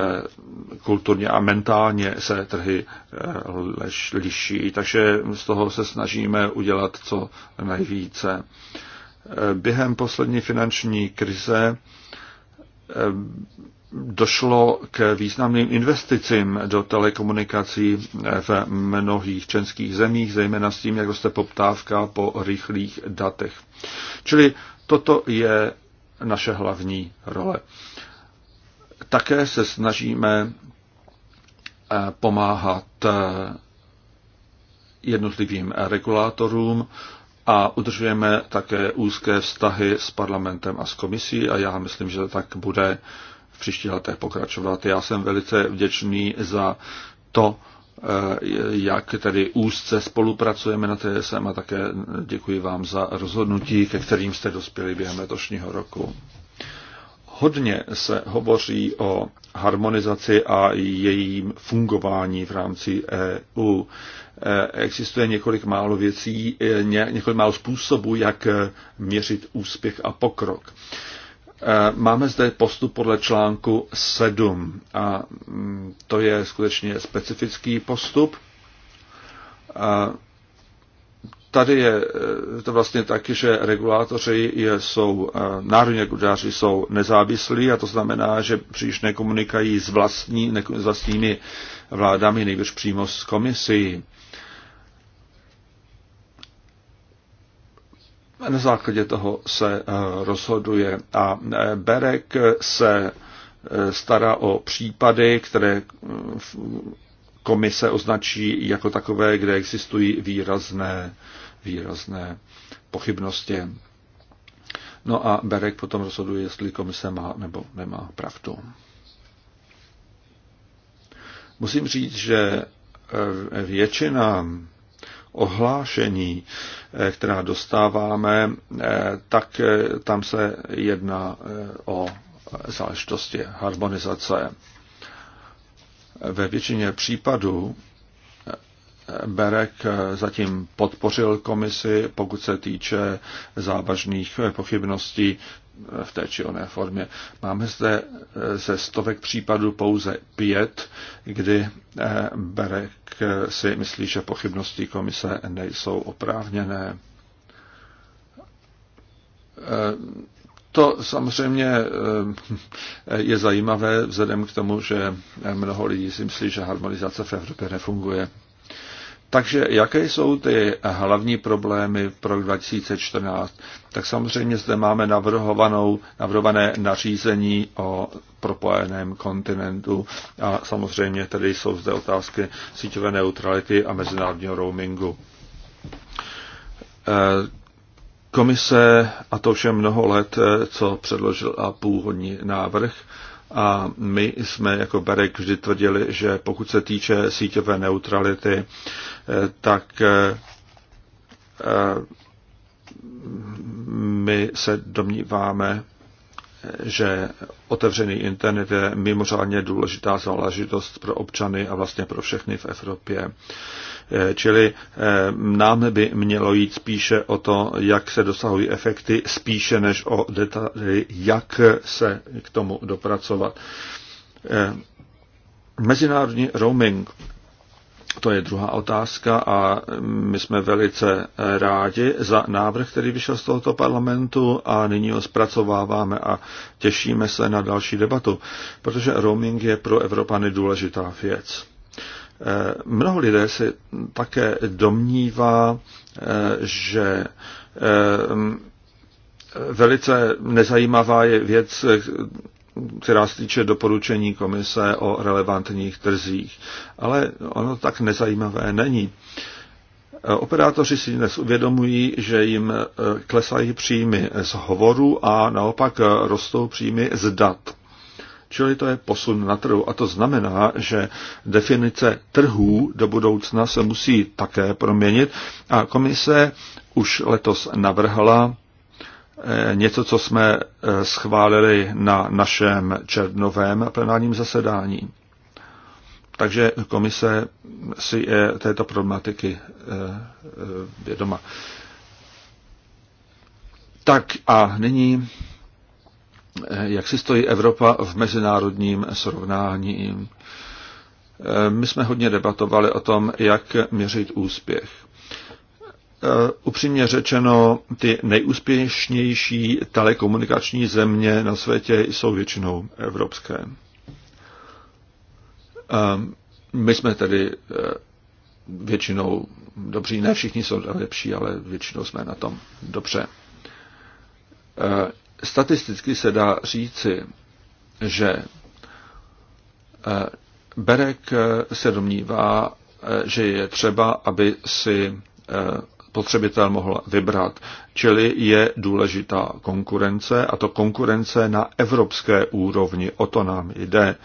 kulturně a mentálně se trhy eh, liší, takže z toho se snažíme udělat co nejvíce. Během poslední finanční krize došlo k významným investicím do telekomunikací v mnohých českých zemích, zejména s tím, jak roste poptávka po rychlých datech. Čili toto je naše hlavní role. Také se snažíme eh, pomáhat eh, jednotlivým regulátorům a udržujeme také úzké vztahy s parlamentem a s komisí a já myslím, že tak bude v příštích letech pokračovat. Já jsem velice vděčný za to, eh, jak tedy úzce spolupracujeme na TSM a také děkuji vám za rozhodnutí, ke kterým jste dospěli během letošního roku. Hodně se hovoří o harmonizaci a jejím fungování v rámci EU. E, existuje několik málo věcí, e, několik málo způsobů, jak měřit úspěch a pokrok. E, máme zde postup podle článku 7 a mm, to je skutečně specifický postup tady je eh, to vlastně taky, že regulátoři jsou, eh, národní regulátoři jsou nezávislí a to znamená, že příliš nekomunikají s, vlastní, ne, s vlastními vládami, nejvíc přímo s komisí. Na základě toho se eh, rozhoduje a Berek se stará o případy, které komise označí jako takové, kde existují výrazné výrazné pochybnosti. No a Berek potom rozhoduje, jestli komise má nebo nemá pravdu. Musím říct, že eh, většina ohlášení, eh, která dostáváme, eh, tak tam se jedná o záležitosti harmonizace. Ve většině případů Berek zatím podpořil komisi, pokud se týče závažných pochybností v té či oné formě. Máme zde eh, ze stovek případů pouze pět, kdy eh, Berek eh, si myslí, že pochybnosti komise nejsou oprávněné. To samozřejmě je zajímavé vzhledem k tomu, že mnoho lidí si myslí, že harmonizace v Evropě nefunguje. Takže jaké jsou ty hlavní problémy pro 2014? Tak samozřejmě zde máme navrhovanou, navrhované nařízení o propojeném kontinentu a samozřejmě tady jsou zde otázky síťové neutrality a mezinárodního roamingu. Eh, komise, a to je mnoho let, eh, co předložila původní návrh, a my jsme jako Berek vždy tvrdili, že pokud se týče síťové neutrality, eh, tak eh, eh, my se domníváme, že otevřený internet je mimořádně důležitá záležitost pro občany a vlastně pro všechny v Evropě. Eh, čili eh, nám by mělo jít spíše o to, jak se dosahují efekty, spíše než o detaily, jak se k tomu dopracovat. Eh, mezinárodní roaming to je druhá otázka a my jsme velice rádi za návrh, který vyšel z tohoto parlamentu a nyní ho zpracováváme a těšíme se na další debatu, protože roaming je pro Evropany důležitá věc. Eh, mnoho lidé se také domnívá, eh, že eh, velice nezajímavá je věc, která se týče doporučení komise o relevantních trzích. Ale ono tak nezajímavé není. Operátoři si dnes uvědomují, že jim e, klesají příjmy z hovoru a naopak e, rostou příjmy z dat. Čili to je posun na trhu. A to znamená, že definice trhů do budoucna se musí také proměnit. A komise už letos navrhla Eh, něco, co jsme eh, schválili na našem červnovém plenárním zasedání. Takže komise si je této problematiky eh, vědoma. Tak a nyní, jak si stojí Evropa v mezinárodním srovnání? My jsme hodně debatovali o tom, jak měřit úspěch. Eh, upřímně řečeno, ty nejúspěšnější telekomunikační země na světě jsou většinou evropské. Eh, my jsme tedy eh, většinou dobří, ne všichni jsou lepší, ale většinou jsme na tom dobře. Statisticky se dá říci, že Berek se domnívá, že je třeba, aby si spotřebitel mohl vybrat. Čili je důležitá konkurence a to konkurence na evropské úrovni. O to nám jde.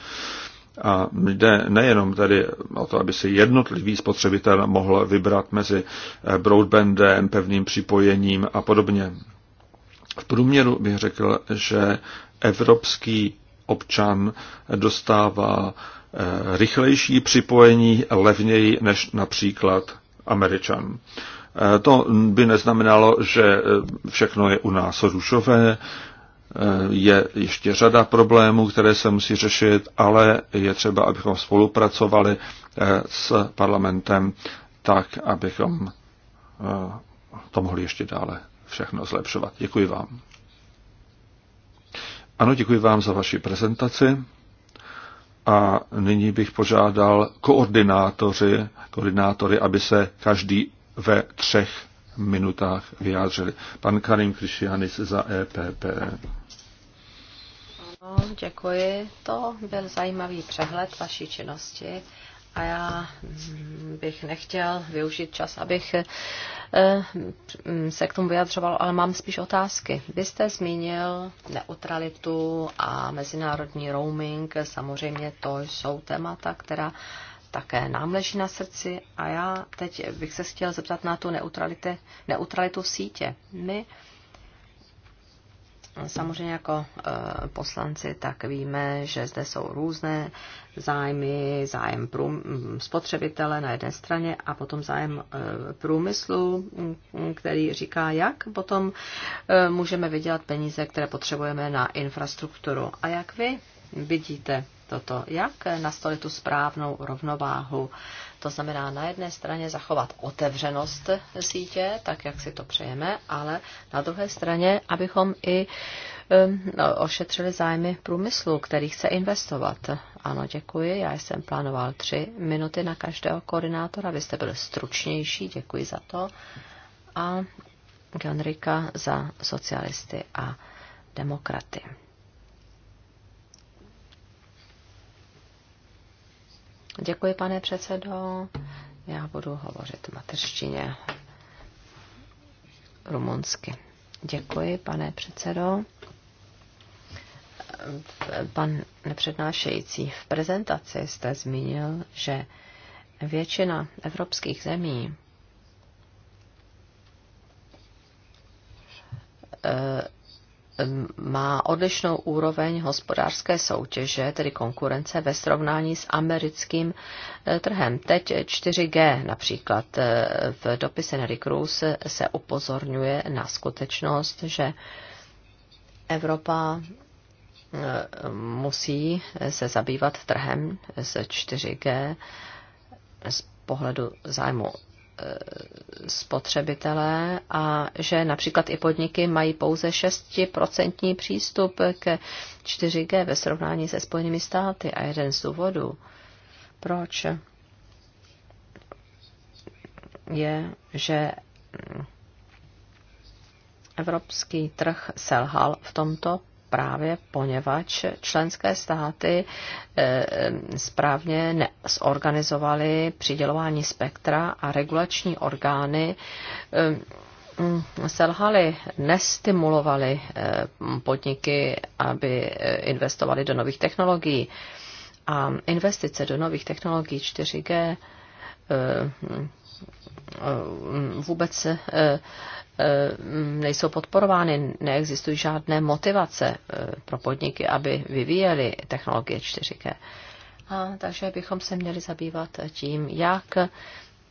A jde nejenom tedy o to, aby si jednotlivý spotřebitel mohl vybrat mezi eh, broadbandem, pevným připojením a podobně. V průměru bych řekl, že evropský občan dostává eh, rychlejší připojení levněji než například Američan. Eh, to by neznamenalo, že eh, všechno je u nás rušové, eh, je ještě řada problémů, které se musí řešit, ale je třeba, abychom spolupracovali s parlamentem tak, abychom to mohli ještě dále všechno zlepšovat. Děkuji vám. Ano, děkuji vám za vaši prezentaci. A nyní bych požádal koordinátoři, koordinátory, aby se každý ve třech minutách vyjádřili. Pan Karim Krišianis za EPP. Ano, děkuji. To byl zajímavý přehled vaší činnosti a já mm, bych nechtěl využít čas, abych eh, mm, se k tomu vyjadřoval, ale mám spíš otázky. Vy jste zmínil neutralitu a mezinárodní roaming. Samozřejmě to jsou témata, která také nám leží na srdci a já teď bych se chtěl zeptat na tu neutralitu, neutralitu v sítě. My samozřejmě jako e, poslanci tak víme, že zde jsou různé zájmy, zájem prům, spotřebitele na jedné straně a potom zájem e, průmyslu, který říká, jak potom e, můžeme vydělat peníze, které potřebujeme na infrastrukturu. A jak vy vidíte toto, jak nastolit tu správnou rovnováhu. To znamená na jedné straně zachovat otevřenost sítě, tak jak si to přejeme, ale na druhé straně, abychom i um, ošetřili zájmy průmyslu, který chce investovat. Ano, děkuji. Já jsem plánoval tři minuty na každého koordinátora. Vy jste stručnější, děkuji za to. A Genrika za socialisty a demokraty. Děkuji, pane předsedo. Já budu hovořit mateřštině rumunsky. Děkuji, pane předsedo. Pan nepřednášející v prezentaci jste zmínil, že většina evropských zemí má odlišnou úroveň hospodářské soutěže, tedy konkurence, ve srovnání s americkým eh, trhem. Teď 4G například eh, v dopise Nery Cruz se upozorňuje na skutečnost, že Evropa eh, musí se zabývat trhem s 4G z pohledu zájmu Eh, spotřebitelé a že například i podniky mají pouze 6% přístup ke 4G ve srovnání se Spojenými státy. A jeden z důvodů, proč je, že evropský trh selhal v tomto právě poněvadž členské státy eh, správně zorganizovaly přidělování spektra a regulační orgány eh, selhaly, nestimulovaly eh, podniky, aby investovali do nových technologií. A investice do nových technologií 4G Eh, vůbec eh, eh, nejsou podporovány, neexistují žádné motivace pro podniky, aby vyvíjeli technologie 4G. A takže bychom se měli zabývat tím, jak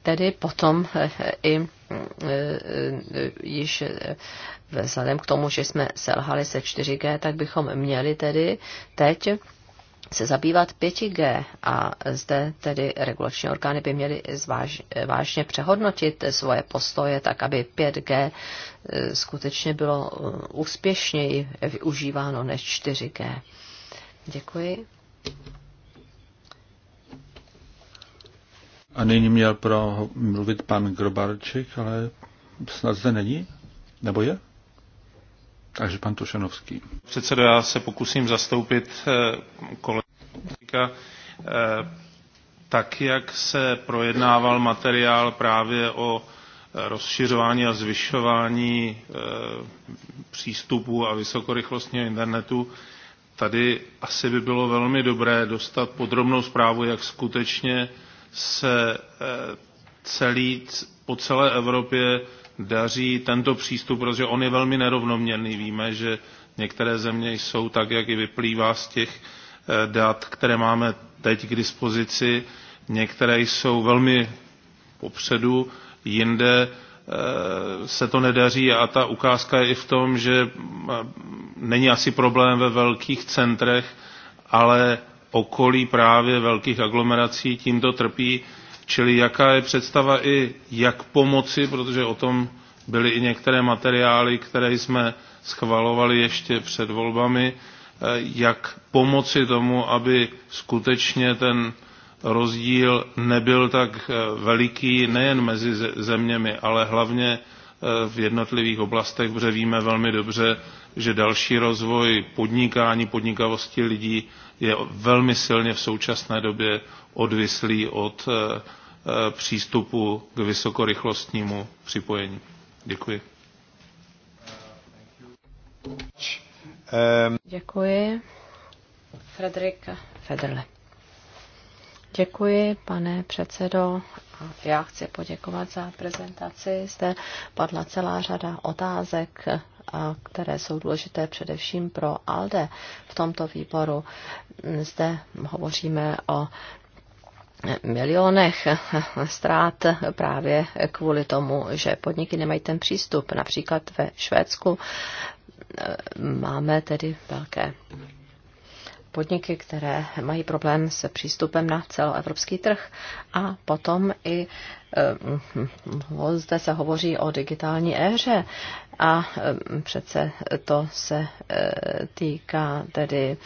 tedy potom i již vzhledem k tomu, že jsme selhali se 4G, tak bychom měli tedy teď se zabývat 5G a zde tedy regulační orgány by měly zváž, vážně přehodnotit svoje postoje tak, aby 5G eh, skutečně bylo eh, úspěšněji využíváno než 4G. Děkuji. A nyní měl pro mluvit pan Grobarček, ale snad zde není? Nebo je? Takže pan Tošanovský. Předsedo, já se pokusím zastoupit eh, kolega. Eh, tak, jak se projednával materiál právě o eh, rozšiřování a zvyšování přístupu a vysokorychlostního internetu, tady asi by bylo velmi dobré dostat podrobnou zprávu, jak skutečně se celý, po celé Evropě daří tento přístup, protože on je velmi nerovnoměrný. Víme, že některé země jsou tak, jak i vyplývá z těch eh, dat, které máme teď k dispozici. Některé jsou velmi popředu, jinde eh, se to nedaří a ta ukázka je i v tom, že eh, není asi problém ve velkých centrech, ale okolí právě velkých aglomerací tímto trpí Čili jaká je představa i jak pomoci, protože o tom byly i některé materiály, které jsme schvalovali ještě před volbami, eh, jak pomoci tomu, aby skutečně ten rozdíl nebyl tak eh, veliký nejen mezi zeměmi, ale hlavně eh, v jednotlivých oblastech, protože víme velmi dobře, že další rozvoj podnikání, podnikavosti lidí je velmi silně v současné době odvislý od eh, eh, přístupu k vysokorychlostnímu připojení. Děkuji. Děkuji. Frederika Federle. Děkuji, pane předsedo. Já chci poděkovat za prezentaci. Zde padla celá řada otázek, které jsou důležité především pro ALDE v tomto výboru. Zde hovoříme o milionech ztrát právě kvůli tomu, že podniky nemají ten přístup. Například ve Švédsku e, máme tedy velké podniky, které mají problém s přístupem na celoevropský trh. A potom i eh, zde se hovoří o digitální éře a eh, přece to se eh, týká tedy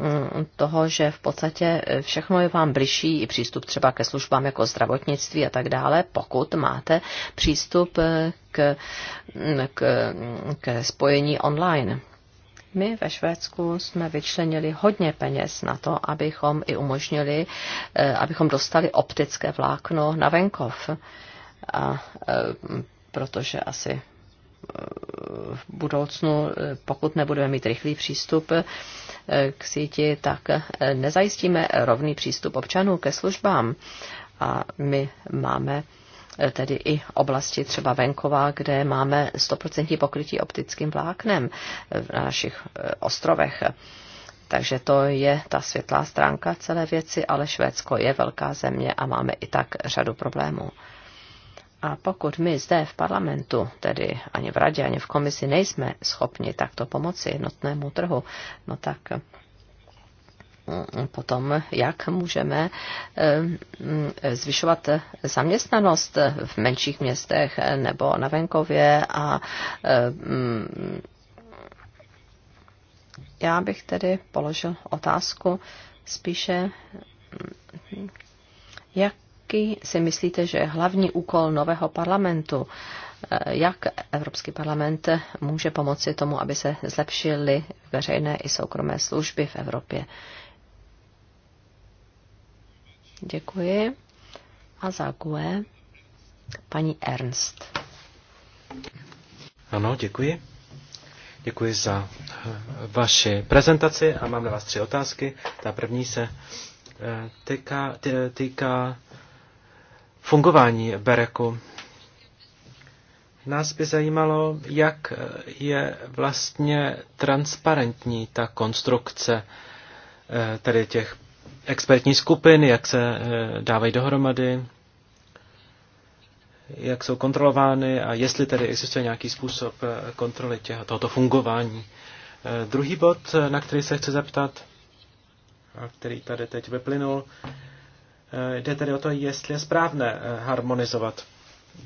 mm, toho, že v podstatě všechno je vám bližší i přístup třeba ke službám jako zdravotnictví a tak dále, pokud máte přístup k, mm, k, mm, k spojení online. My ve Švédsku jsme vyčlenili hodně peněz na to, abychom i umožnili, eh, abychom dostali optické vlákno na venkov. A, eh, protože asi eh, v budoucnu, pokud nebudeme mít rychlý přístup k síti, tak nezajistíme rovný přístup občanů ke službám. A my máme Eh, tedy i oblasti třeba venková, kde máme 100% pokrytí optickým vláknem eh, na našich eh, ostrovech. Takže to je ta světlá stránka celé věci, ale Švédsko je velká země a máme i tak řadu problémů. A pokud my zde v parlamentu, tedy ani v radě, ani v komisi nejsme schopni takto pomoci jednotnému trhu, no tak Eh, potom, jak můžeme eh, mm, zvyšovat zaměstnanost v menších městech nebo na venkově a eh, mm, já bych tedy položil otázku spíše, mm, jaký si myslíte, že je hlavní úkol nového parlamentu? Jak Evropský parlament může pomoci tomu, aby se zlepšily veřejné i soukromé služby v Evropě? Děkuji. A za e paní Ernst. Ano, děkuji. Děkuji za eh, vaši prezentaci a mám na vás tři otázky. Ta první se eh, týká, týká fungování Bereku. Nás by zajímalo, jak eh, je vlastně transparentní ta konstrukce tedy těch expertní skupiny, jak se eh, dávají dohromady, jak jsou kontrolovány a jestli tedy existuje nějaký způsob eh, kontroly těho, tohoto fungování. Eh, druhý bod, na který se chci zeptat, a který tady teď vyplynul, jde tedy o to, jestli je správné harmonizovat,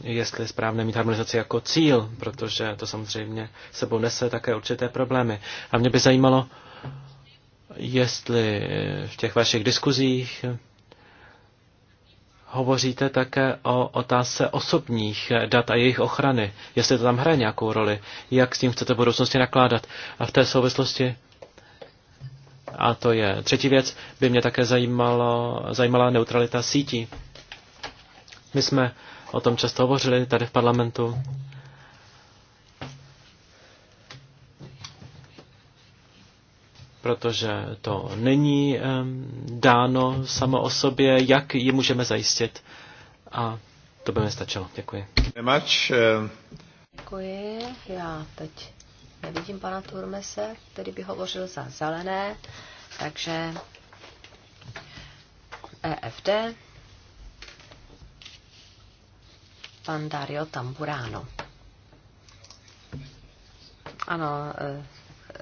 jestli je správné mít harmonizaci jako cíl, protože to samozřejmě sebou nese také určité problémy. A mě by zajímalo, jestli v těch vašich diskuzích hovoříte také o otázce osobních dat a jejich ochrany, jestli to tam hraje nějakou roli, jak s tím chcete v budoucnosti nakládat. A v té souvislosti, a to je třetí věc, by mě také zajímalo, zajímala neutralita sítí. My jsme o tom často hovořili tady v parlamentu protože to není dáno samo o sobě, jak ji můžeme zajistit. A to by mi stačilo. Děkuji. Děkuji. Já teď nevidím pana Turmese, který by hovořil za zelené, takže EFD. Pan Dario Tamburano. Ano, eh,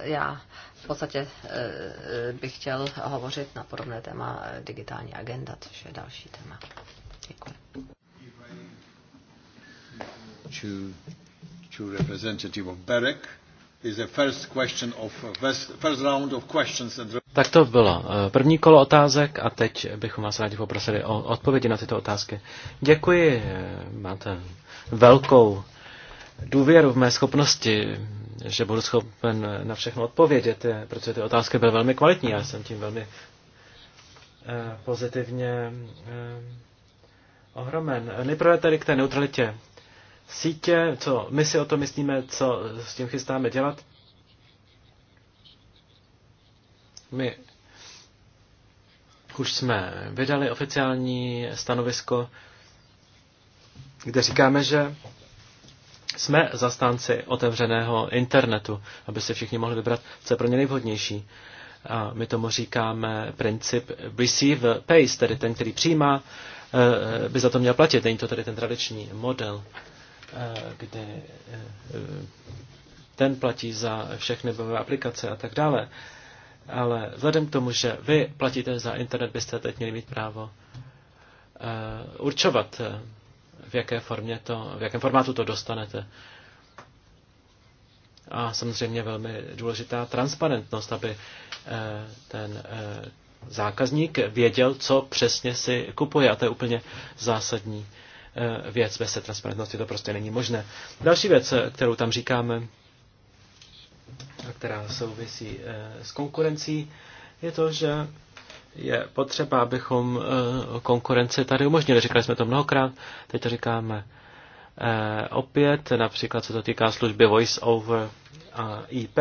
já v podstatě eh, eh, bych chtěl hovořit na podobné téma eh, digitální agenda, což je další téma. Děkuji. To, to representative of BEREC is the first question of first round of questions and tak to bylo první kolo otázek a teď bychom vás rádi poprosili o odpovědi na tyto otázky. Děkuji, máte velkou důvěru v mé schopnosti že budu schopen na všechno odpovědět, protože ty otázky byly velmi kvalitní. Já jsem tím velmi eh, pozitivně eh, ohromen. Nejprve tady k té neutralitě sítě, co my si o to myslíme, co s tím chystáme dělat. My už jsme vydali oficiální stanovisko, kde říkáme, že jsme zastánci otevřeného internetu, aby si všichni mohli vybrat, co je pro ně nejvhodnější. A my tomu říkáme princip receive pace, tedy ten, který přijímá, eh, by za to měl platit. Není to tedy ten tradiční model, eh, kde eh, ten platí za všechny webové aplikace a tak dále. Ale vzhledem k tomu, že vy platíte za internet, byste teď měli mít právo určovat v jaké formě to, v jakém formátu to dostanete. A samozřejmě velmi důležitá transparentnost, aby eh, ten eh, zákazník věděl, co přesně si kupuje. A to je úplně zásadní eh, věc. Bez transparentnosti to prostě není možné. Další věc, kterou tam říkáme, která souvisí s konkurencí, je to, že je potřeba, abychom eh, konkurenci tady umožnili. Říkali jsme to mnohokrát, teď to říkáme eh, opět, například se to týká služby Voice over eh, IP.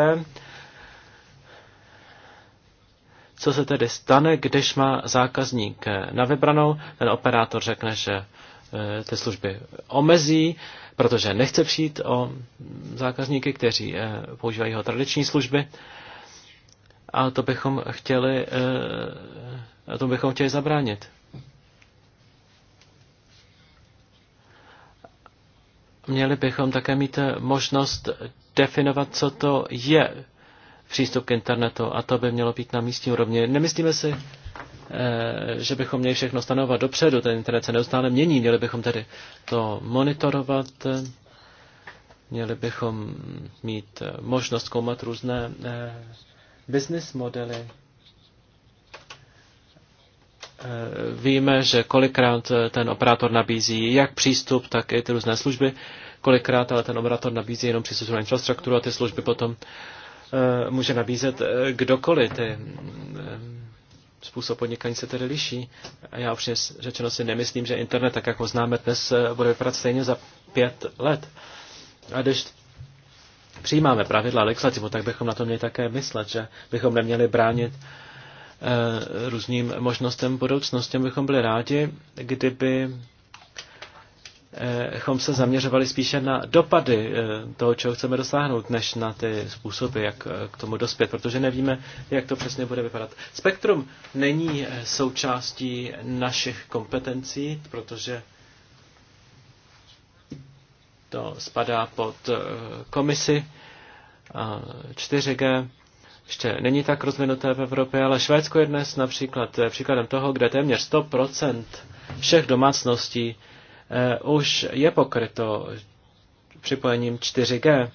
Co se tedy stane, když má zákazník na vybranou, ten operátor řekne, že ty služby omezí, protože nechce přijít o zákazníky, kteří používají jeho tradiční služby a to bychom chtěli, eh, a to bychom chtěli zabránit. Měli bychom také mít možnost definovat, co to je přístup k internetu a to by mělo být na místní úrovni. Nemyslíme si, eh, že bychom měli všechno stanovat dopředu, ten internet se neustále mění, měli bychom tedy to monitorovat, měli bychom mít možnost koumat různé eh, business modely. Eh, víme, že kolikrát eh, ten operátor nabízí jak přístup, tak i ty různé služby. Kolikrát ale ten operátor nabízí jenom přístup, na infrastrukturu a ty služby potom eh, může nabízet kdokoliv. Ty mm, způsob podnikání se tedy liší. já upřímně řečeno si nemyslím, že internet, tak jak ho známe dnes, bude vypadat stejně za pět let. A když přijímáme pravidla legislativu, tak bychom na to měli také myslet, že bychom neměli bránit eh, různým možnostem budoucnosti. Bychom byli rádi, kdyby eh, chom se zaměřovali spíše na dopady eh, toho, čeho chceme dosáhnout, než na ty způsoby, jak k tomu dospět, protože nevíme, jak to přesně bude vypadat. Spektrum není součástí našich kompetencí, protože to spadá pod eh, komisi 4G. Ještě není tak rozvinuté v Evropě, ale Švédsko je dnes například eh, příkladem toho, kde téměř 100% všech domácností eh, už je pokryto připojením 4G.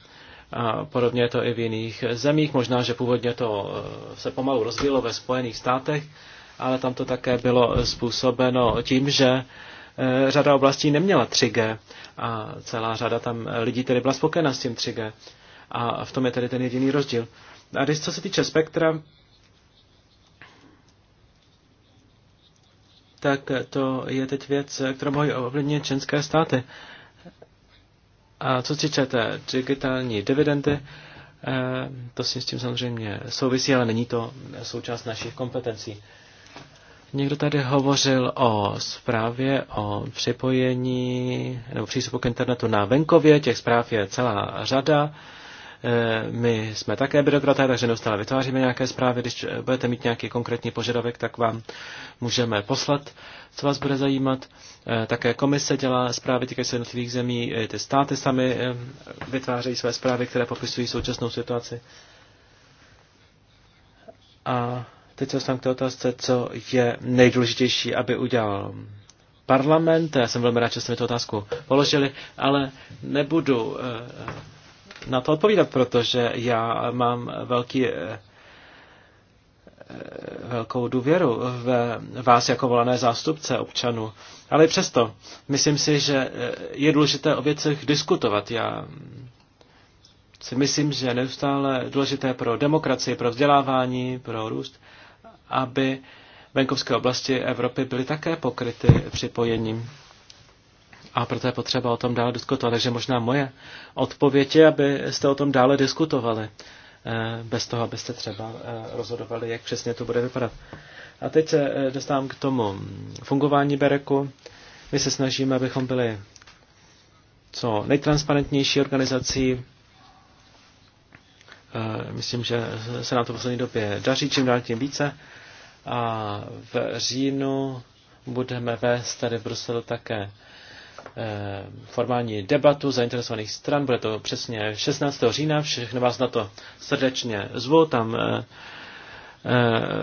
A podobně je to i v jiných zemích. Možná, že původně to se pomalu rozvíjelo ve Spojených státech, ale tam to také bylo způsobeno tím, že Eh, řada oblastí neměla 3G a celá řada tam lidí tedy byla spokojena s tím 3G. A v tom je tedy ten jediný rozdíl. A když co se týče spektra, tak to je teď věc, kterou mohou ovlivnit členské státy. A co se týče digitální dividendy, eh, to si s tím samozřejmě souvisí, ale není to součást našich kompetencí. Někdo tady hovořil o zprávě o připojení nebo přístupu k internetu na venkově. Těch zpráv je celá řada. Eh, my jsme také byrokraté, takže neustále vytváříme nějaké zprávy. Když budete mít nějaký konkrétní požadavek, tak vám můžeme poslat, co vás bude zajímat. Eh, také komise dělá zprávy týkající se jednotlivých zemí. Eh, ty státy sami vytvářejí své zprávy, které popisují současnou situaci. A Teď se dostávám k té otázce, co je nejdůležitější, aby udělal parlament. Já jsem velmi rád, že jste mi tu otázku položili, ale nebudu eh, na to odpovídat, protože já mám velký eh, eh, velkou důvěru ve vás jako volené zástupce občanů. Ale přesto, myslím si, že je důležité o věcech diskutovat. Já si myslím, že neustále důležité pro demokracii, pro vzdělávání, pro růst aby venkovské oblasti Evropy byly také pokryty připojením. A proto je potřeba o tom dále diskutovat. Takže možná moje odpověď je, abyste o tom dále diskutovali, eh, bez toho, abyste třeba eh, rozhodovali, jak přesně to bude vypadat. A teď se eh, dostávám k tomu fungování Bereku. My se snažíme, abychom byli co nejtransparentnější organizací, Eh, myslím, že se na to v poslední době daří čím dál tím více. A v říjnu budeme vést tady v Bruselu také eh, formální debatu zainteresovaných stran. Bude to přesně 16. října. Všechno vás na to srdečně zvu. Tam eh,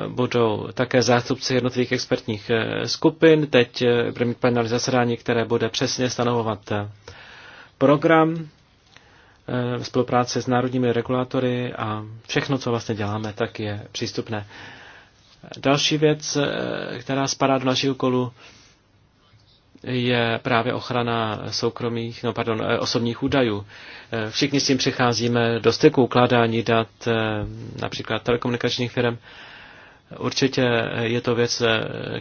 budou také zástupci jednotlivých expertních skupin. Teď bude mít panel zasedání, které bude přesně stanovovat program Eh, spolupráce s národními regulátory a všechno, co vlastně děláme, tak je přístupné. Další věc, eh, která spadá do našich úkolů, je právě ochrana soukromých, no pardon, eh, osobních údajů. Všichni s tím přicházíme do styku ukládání dat například telekomunikačních firm. Určitě je to věc,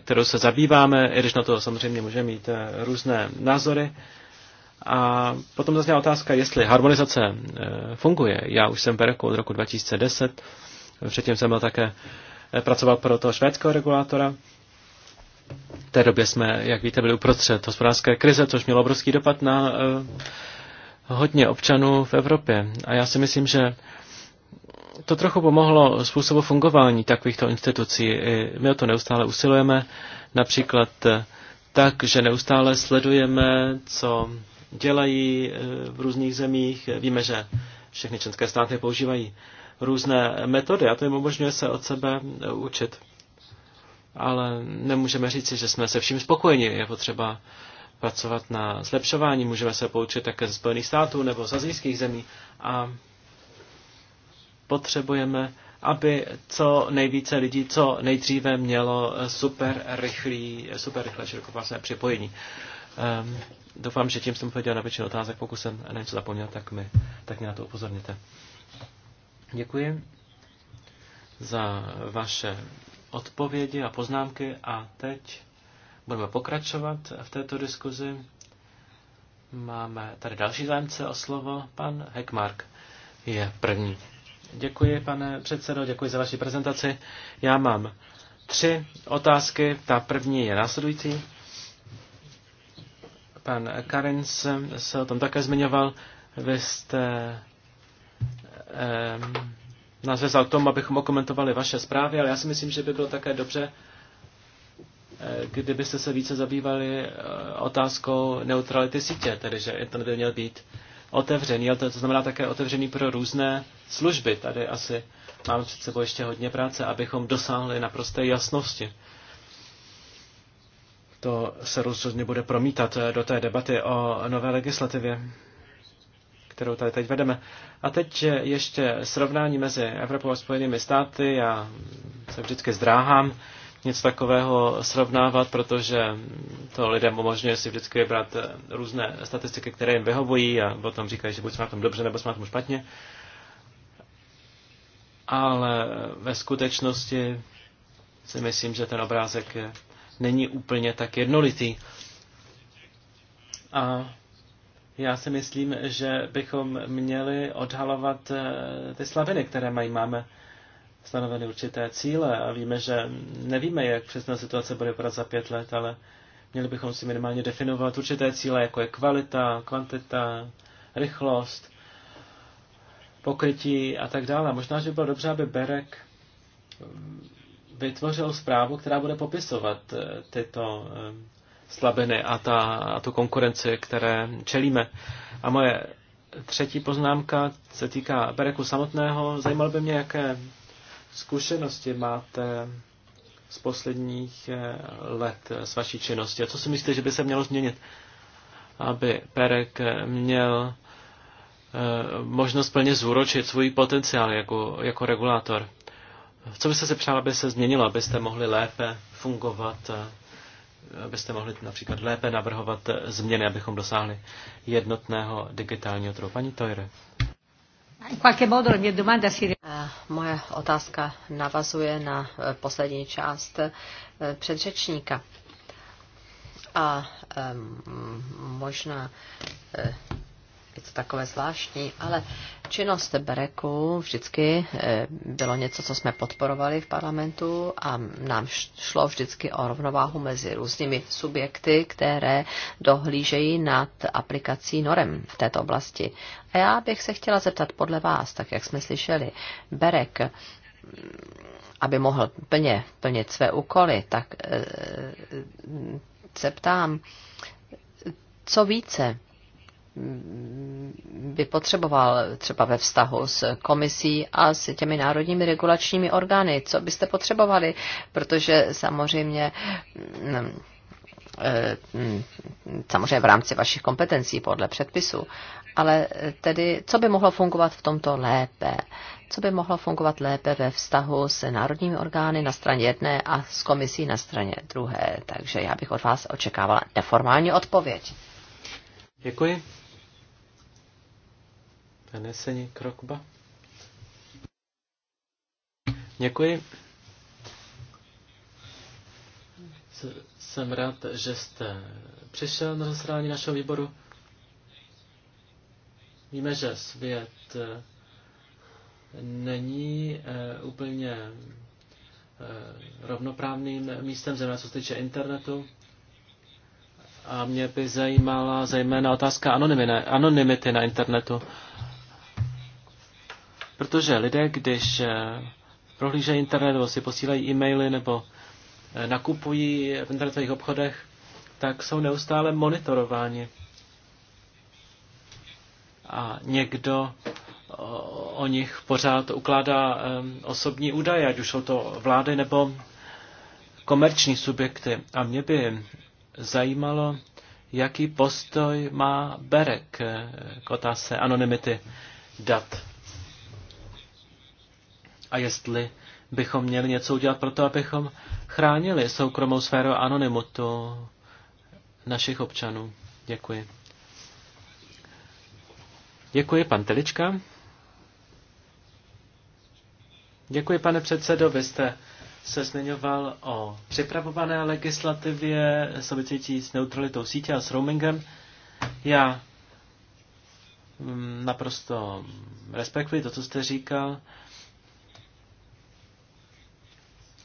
kterou se zabýváme, i když na to samozřejmě můžeme mít různé názory. A potom zazněla otázka, jestli harmonizace e, funguje. Já už jsem v Bereku od roku 2010, předtím jsem byl také e, pracoval pro toho švédského regulátora. V té době jsme, jak víte, byli uprostřed hospodářské krize, což mělo obrovský dopad na e, hodně občanů v Evropě. A já si myslím, že to trochu pomohlo způsobu fungování takovýchto institucí. My o to neustále usilujeme, například tak, že neustále sledujeme, co dělají eh, v různých zemích. Víme, že všechny členské státy používají různé metody a to jim umožňuje se od sebe eh, učit. Ale nemůžeme říci, že jsme se vším spokojeni. Je potřeba pracovat na zlepšování. Můžeme se poučit také ze Spojených států nebo z azijských zemí. A potřebujeme, aby co nejvíce lidí co nejdříve mělo eh, super, rychlý, super rychlé širokopásné připojení. Um, Doufám, že tím jsem odpověděl na většinu otázek. Pokud jsem na něco zapomněl, tak, mi, tak mě na to upozorněte. Děkuji za vaše odpovědi a poznámky a teď budeme pokračovat v této diskuzi. Máme tady další zájemce o slovo. Pan Heckmark je první. Děkuji, pane předsedo, děkuji za vaši prezentaci. Já mám tři otázky. Ta první je následující. Pan Karins se o tom také zmiňoval. Vy jste um, nás vezal k tomu, abychom okomentovali vaše zprávy, ale já si myslím, že by bylo také dobře, eh, kdybyste se více zabývali eh, otázkou neutrality sítě, tedy že internet by měl být otevřený, ale to, to znamená také otevřený pro různé služby. Tady asi máme před sebou ještě hodně práce, abychom dosáhli naprosté jasnosti to se rozhodně bude promítat eh, do té debaty o nové legislativě, kterou tady teď vedeme. A teď eh, ještě srovnání mezi Evropou a Spojenými státy. Já se vždycky zdráhám nic takového srovnávat, protože to lidem umožňuje si vždycky vybrat eh, různé statistiky, které jim vyhovují a potom říkají, že buď jsme na tom dobře, nebo jsme na tom špatně. Ale ve skutečnosti si myslím, že ten obrázek je není úplně tak jednolitý. A já si myslím, že bychom měli odhalovat eh, ty slabiny, které mají. Máme stanoveny určité cíle a víme, že nevíme, jak přesná situace bude vypadat za pět let, ale měli bychom si minimálně definovat určité cíle, jako je kvalita, kvantita, rychlost, pokrytí a tak dále. Možná, že by bylo dobře, aby Berek vytvořil zprávu, která bude popisovat eh, tyto eh, slabiny a, ta, a tu konkurenci, které čelíme. A moje třetí poznámka se týká Bereku samotného. Zajímalo by mě, jaké zkušenosti máte z posledních eh, let s vaší činnosti. A co si myslíte, že by se mělo změnit, aby Perek měl možnost plně zúročit svůj potenciál jako, jako regulátor? Co byste si přál, aby se změnilo, abyste mohli lépe fungovat, eh, abyste mohli například lépe navrhovat eh, změny, abychom dosáhli jednotného digitálního trhu? Paní Tojre. Eh, moje otázka navazuje na poslední část předřečníka. A možná je to takové zvláštní, ale činnost Bereku vždycky eh, bylo něco, co jsme podporovali v parlamentu a nám šlo vždycky o rovnováhu mezi různými subjekty, které dohlížejí nad aplikací norem v této oblasti. A já bych se chtěla zeptat podle vás, tak jak jsme slyšeli, Berek aby mohl plně plnit své úkoly, tak eh, se ptám, co více by potřeboval třeba ve vztahu s komisí a s těmi národními regulačními orgány? Co byste potřebovali? Protože samozřejmě mm, eh, samozřejmě v rámci vašich kompetencí podle předpisu, ale tedy co by mohlo fungovat v tomto lépe? Co by mohlo fungovat lépe ve vztahu s národními orgány na straně jedné a s komisí na straně druhé? Takže já bych od vás očekávala neformální odpověď. Děkuji. Eneseni Krokba. Děkuji. Jsem rád, že jste přišel na zasedání našeho výboru. Víme, že svět eh, není eh, úplně eh, rovnoprávným místem zejména co se týče internetu. A mě by zajímala zejména otázka anonymity na internetu. Protože lidé, když eh, prohlížejí internet nebo si posílají e-maily nebo eh, nakupují v internetových obchodech, tak jsou neustále monitorováni. A někdo o nich pořád ukládá eh, osobní údaje, ať už jsou to vlády nebo komerční subjekty. A mě by zajímalo, jaký postoj má Berek k otázce anonymity dat a jestli bychom měli něco udělat pro to, abychom chránili soukromou sféru a anonymitu našich občanů. Děkuji. Děkuji, pan Telička. Děkuji, pane předsedo. Vy jste se zmiňoval o připravované legislativě související s neutralitou sítě a s roamingem. Já mm, naprosto respektuji to, co jste říkal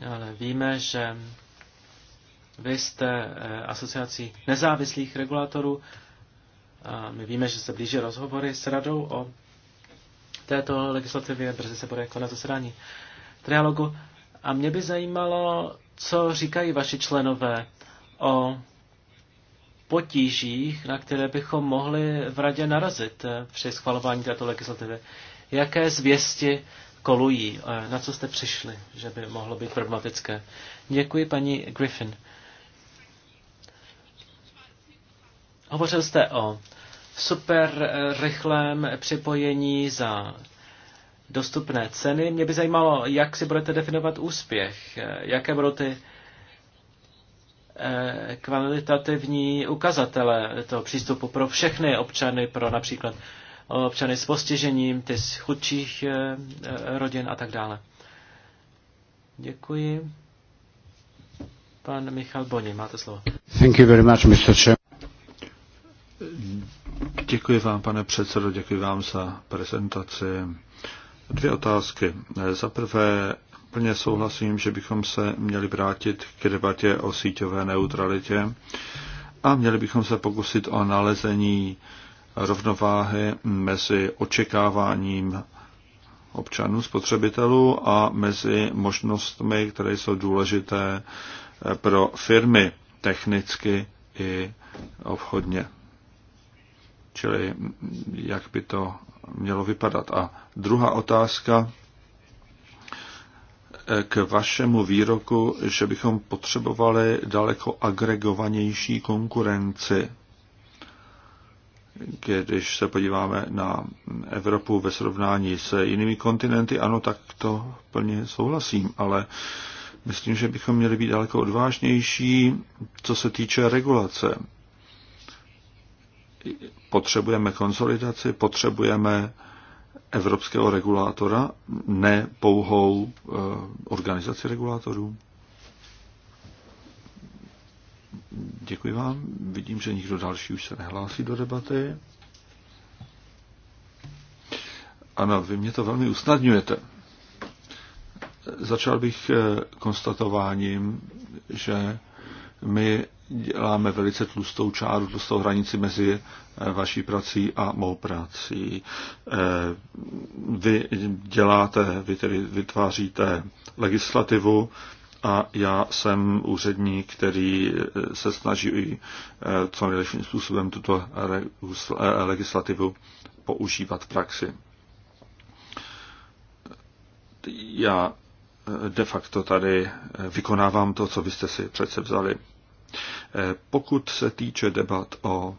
ale víme, že vy jste eh, asociací nezávislých regulatorů. a my víme, že se blíží rozhovory s radou o této legislativě, brzy se bude konat zasedání trialogu. A mě by zajímalo, co říkají vaši členové o potížích, na které bychom mohli v radě narazit eh, při schvalování této legislativy. Jaké zvěsti kolují. Na co jste přišli, že by mohlo být problematické? Děkuji, paní Griffin. Hovořil jste o super eh, rychlém připojení za dostupné ceny. Mě by zajímalo, jak si budete definovat úspěch, eh, jaké budou ty eh, kvalitativní ukazatele toho přístupu pro všechny občany, pro například občany s postižením, ty z chudších eh, eh, rodin a tak dále. Děkuji. Pan Michal Boni, máte slovo. Thank you very much, Mr. Děkuji vám, pane předsedo, děkuji vám za prezentaci. Dvě otázky. Za prvé, plně souhlasím, že bychom se měli vrátit k debatě o síťové neutralitě a měli bychom se pokusit o nalezení rovnováhy mezi očekáváním občanů, spotřebitelů a mezi možnostmi, které jsou důležité eh, pro firmy technicky i obchodně. Čili jak by to mělo vypadat. A druhá otázka eh, k vašemu výroku, že bychom potřebovali daleko agregovanější konkurenci když se podíváme na Evropu ve srovnání se jinými kontinenty, ano, tak to plně souhlasím, ale myslím, že bychom měli být daleko odvážnější, co se týče regulace. Potřebujeme konsolidaci, potřebujeme evropského regulátora, ne pouhou eh, organizaci regulátorů. Děkuji vám. Vidím, že nikdo další už se nehlásí do debaty. Ano, vy mě to velmi usnadňujete. Začal bych eh, konstatováním, že my děláme velice tlustou čáru, tlustou hranici mezi eh, vaší prací a mou prací. Eh, vy děláte, vy tedy vytváříte legislativu, a já jsem úředník, který eh, se snaží eh, co nejlepším způsobem tuto eh, legislativu používat v praxi. Já de facto tady vykonávám to, co vy jste si přece vzali. Pokud se týče debat o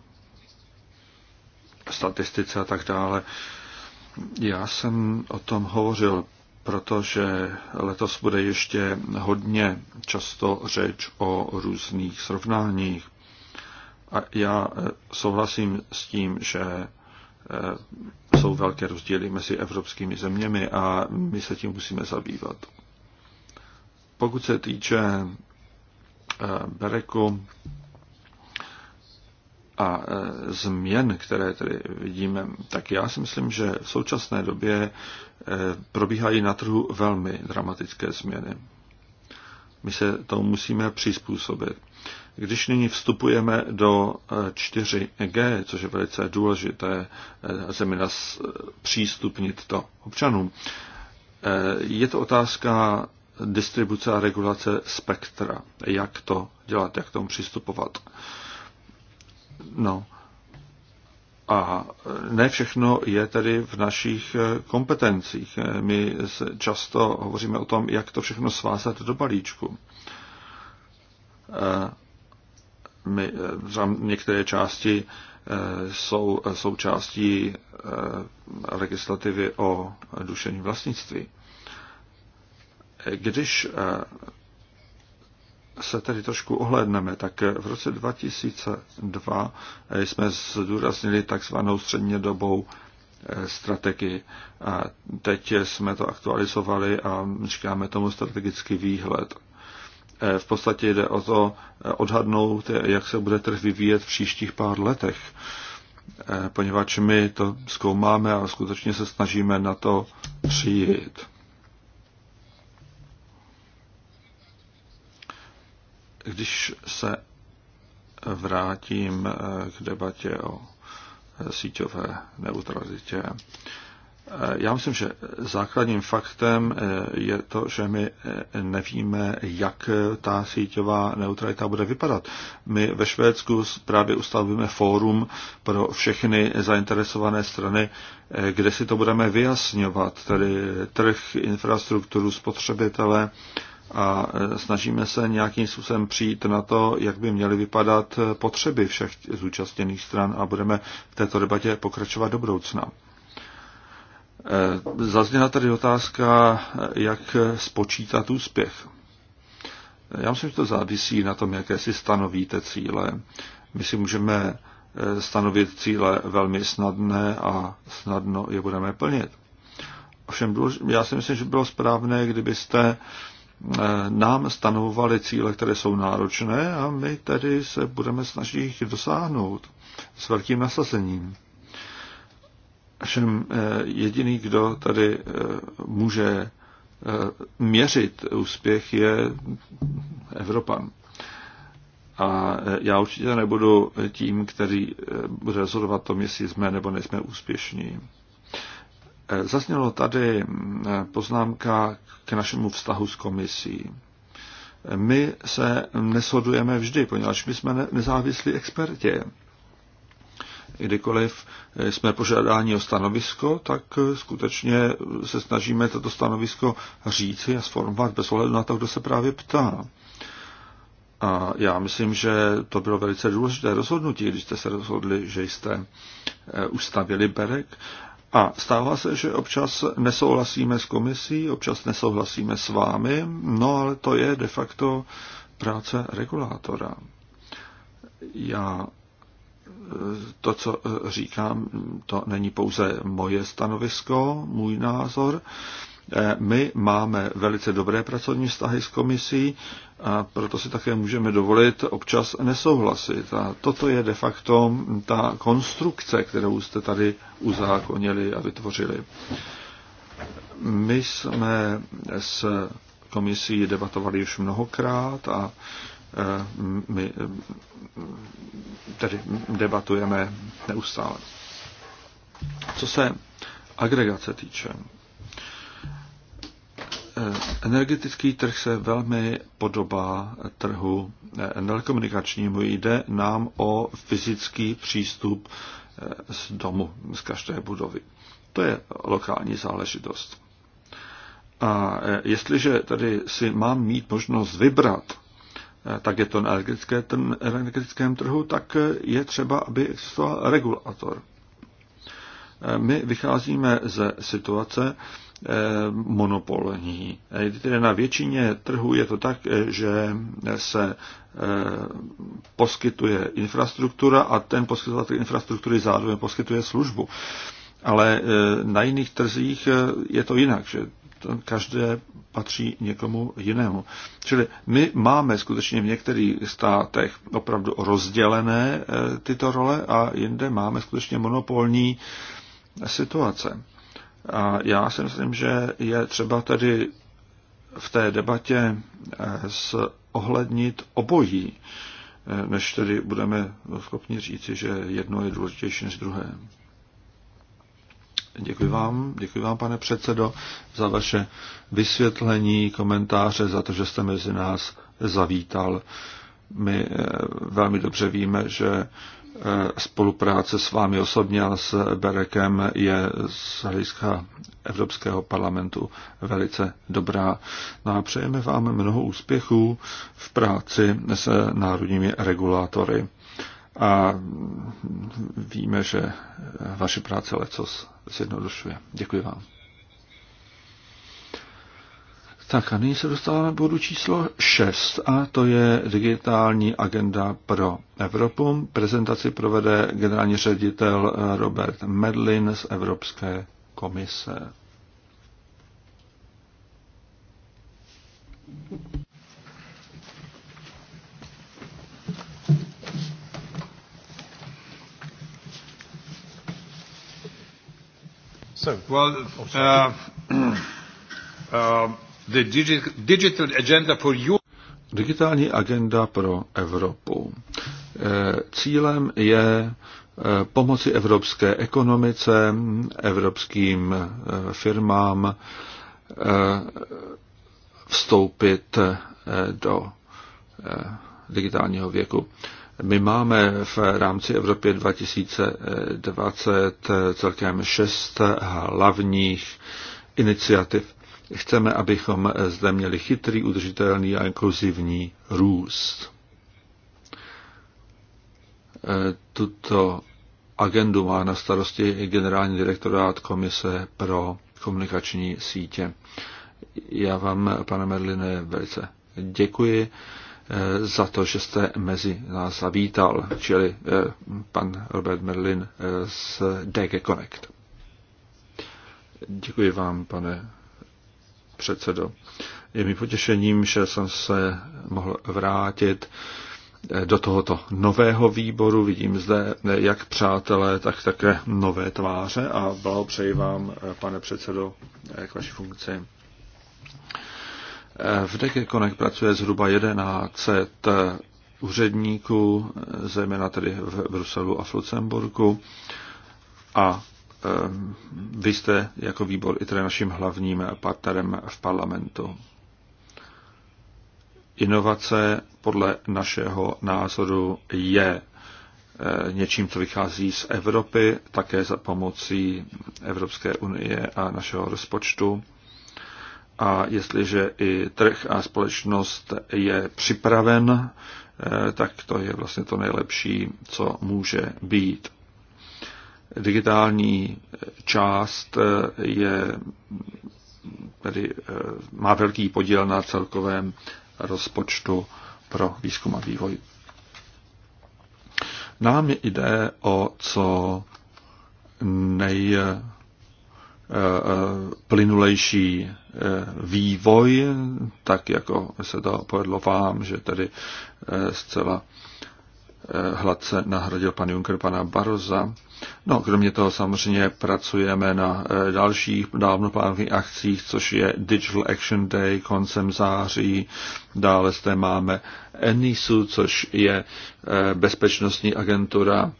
statistice a tak dále, já jsem o tom hovořil protože letos bude ještě hodně často řeč o různých srovnáních. A já eh, souhlasím s tím, že eh, jsou velké rozdíly mezi evropskými zeměmi a my se tím musíme zabývat. Pokud se týče eh, Bereku, a e, změn, které tedy vidíme, tak já si myslím, že v současné době e, probíhají na trhu velmi dramatické změny. My se tomu musíme přizpůsobit. Když nyní vstupujeme do 4G, e, což je velice důležité, zemina přístupnit to občanům, je to otázka distribuce a regulace spektra. Jak to dělat, jak tomu přistupovat. No. A ne všechno je tedy v našich eh, kompetencích. Eh, my často hovoříme o tom, jak to všechno svázat do balíčku. Eh, my, některé části jsou součástí legislativy o dušení vlastnictví. Když se tedy trošku ohlédneme, tak v roce 2002 jsme zdůraznili takzvanou střednědobou eh, strategii. A teď jsme to aktualizovali a říkáme tomu strategický výhled. Eh, v podstatě jde o to eh, odhadnout, jak se bude trh vyvíjet v příštích pár letech, poněvadž my to zkoumáme a skutečně se snažíme na to přijít. Když se vrátím eh, k debatě o eh, síťové neutralitě, eh, já myslím, že základním faktem je to, že my nevíme, jak ta síťová neutralita bude vypadat. My ve Švédsku právě ustavíme fórum pro všechny zainteresované strany, kde si to budeme vyjasňovat, tedy trh, infrastrukturu, spotřebitele, a e, snažíme se nějakým způsobem přijít na to, jak by měly vypadat e, potřeby všech zúčastněných stran a budeme v této debatě pokračovat do budoucna. E, zazněla tady otázka, jak spočítat úspěch. Já myslím, že to závisí na tom, jaké si stanovíte cíle. My si můžeme stanovit cíle velmi snadné a snadno je budeme plnit. Ovšem, já si myslím, že bylo správné, kdybyste eh, nám stanovovaly cíle, které jsou náročné a my tedy se budeme snažit jich dosáhnout s velkým nasazením. Všem eh, jediný, kdo tady eh, může eh, měřit úspěch, je Evropan. A já určitě nebudu tím, který bude rozhodovat tom, jestli jsme nebo nejsme úspěšní. Zaznělo tady eh, poznámka k našemu vztahu s komisí. My se neshodujeme vždy, poněvadž my jsme nezávislí experti. Kdykoliv eh, jsme požádáni o stanovisko, tak eh, skutečně se snažíme toto stanovisko říci a sformovat bez ohledu na to, kdo se právě ptá. A já myslím, že to bylo velice důležité rozhodnutí, když jste se rozhodli, že jste ustavili Berek. A stává se, že občas nesouhlasíme s komisí, občas nesouhlasíme s vámi, no ale to je de facto práce regulátora. Já to, co eh, říkám, to není pouze moje stanovisko, můj názor. Eh, my máme velice dobré pracovní vztahy s komisí, a proto si také můžeme dovolit občas nesouhlasit. A toto je de facto ta konstrukce, kterou jste tady uzákonili a vytvořili. My jsme s komisí debatovali už mnohokrát a e, my e, tedy debatujeme neustále. Co se agregace týče, Eh, energetický trh se velmi podobá trhu eh, telekomunikačnímu. Jde nám o fyzický přístup eh, z domu, z každé budovy. To je lokální záležitost. A jestliže tady si mám mít možnost vybrat, tak je to na energetické, energetickém trhu, tak je třeba, aby existoval regulator. My vycházíme ze situace, Eh, monopolní. Eh, tedy na většině trhu je to tak, eh, že se poskytuje infrastruktura a ten poskytovatel infrastruktury zároveň poskytuje službu. Ale na jiných trzích je to jinak, že každé patří někomu jinému. Čili my máme skutečně v některých státech opravdu rozdělené tyto role a jinde máme skutečně monopolní situace. A já si myslím, že je třeba tedy v té debatě eh, ohlednit obojí, eh, než tedy budeme schopni říci, že jedno je důležitější než druhé. Děkuji vám, děkuji vám, pane předsedo, za vaše vysvětlení, komentáře, za to, že jste mezi nás zavítal. My eh, velmi dobře víme, že Eh, spolupráce s vámi osobně a s Berekem je z hlediska Evropského parlamentu velice dobrá. No a přejeme vám mnoho úspěchů v práci s národními regulátory. A víme, že vaše práce lecos zjednodušuje. Děkuji vám. Tak a nyní se dostáváme k bodu číslo 6 a to je digitální agenda pro Evropu. Prezentaci provede generální ředitel Robert Medlin z Evropské komise. So, well, uh, uh, the digital agenda for you. Digitální agenda pro Evropu. Eh, cílem je eh, pomoci evropské ekonomice, evropským eh, firmám vstoupit do digitálního věku. My máme v rámci Evropě 2020 celkem šest hlavních iniciativ. Chceme, abychom zde měli chytrý, udržitelný a inkluzivní růst. E, tuto agendu má na starosti generální direktorát Komise pro komunikační sítě. Já vám, pane Merline, velice děkuji e, za to, že jste mezi nás zavítal, čili e, pan Robert Merlin z DG Connect. Děkuji vám, pane předsedo. Je mi potěšením, že jsem se mohl vrátit eh, do tohoto nového výboru. Vidím zde eh, jak přátelé, tak také nové tváře a blahopřeji vám, eh, pane předsedo, k vaší funkci. V DG pracuje zhruba 1100 úředníků, zejména tedy v Bruselu a v Lucemburku. A Ehm, vy jste jako výbor i tedy naším hlavním partnerem v parlamentu. Inovace podle našeho názoru je eh, něčím, co vychází z Evropy, také za pomocí Evropské unie a našeho rozpočtu. A jestliže i trh a společnost je připraven, eh, tak to je vlastně to nejlepší, co může být digitální eh, část eh, je, tedy eh, má velký podíl na celkovém rozpočtu pro výzkum a vývoj. Nám jde o co nejplynulejší vývoj, tak jako se to povedlo vám, že tedy zcela Eh, hladce nahradil pan Juncker pana Baroza. No, kromě toho samozřejmě pracujeme na eh, dalších dávno plánových akcích, což je Digital Action Day koncem září. Dále zde máme ENISu, což je eh, bezpečnostní agentura,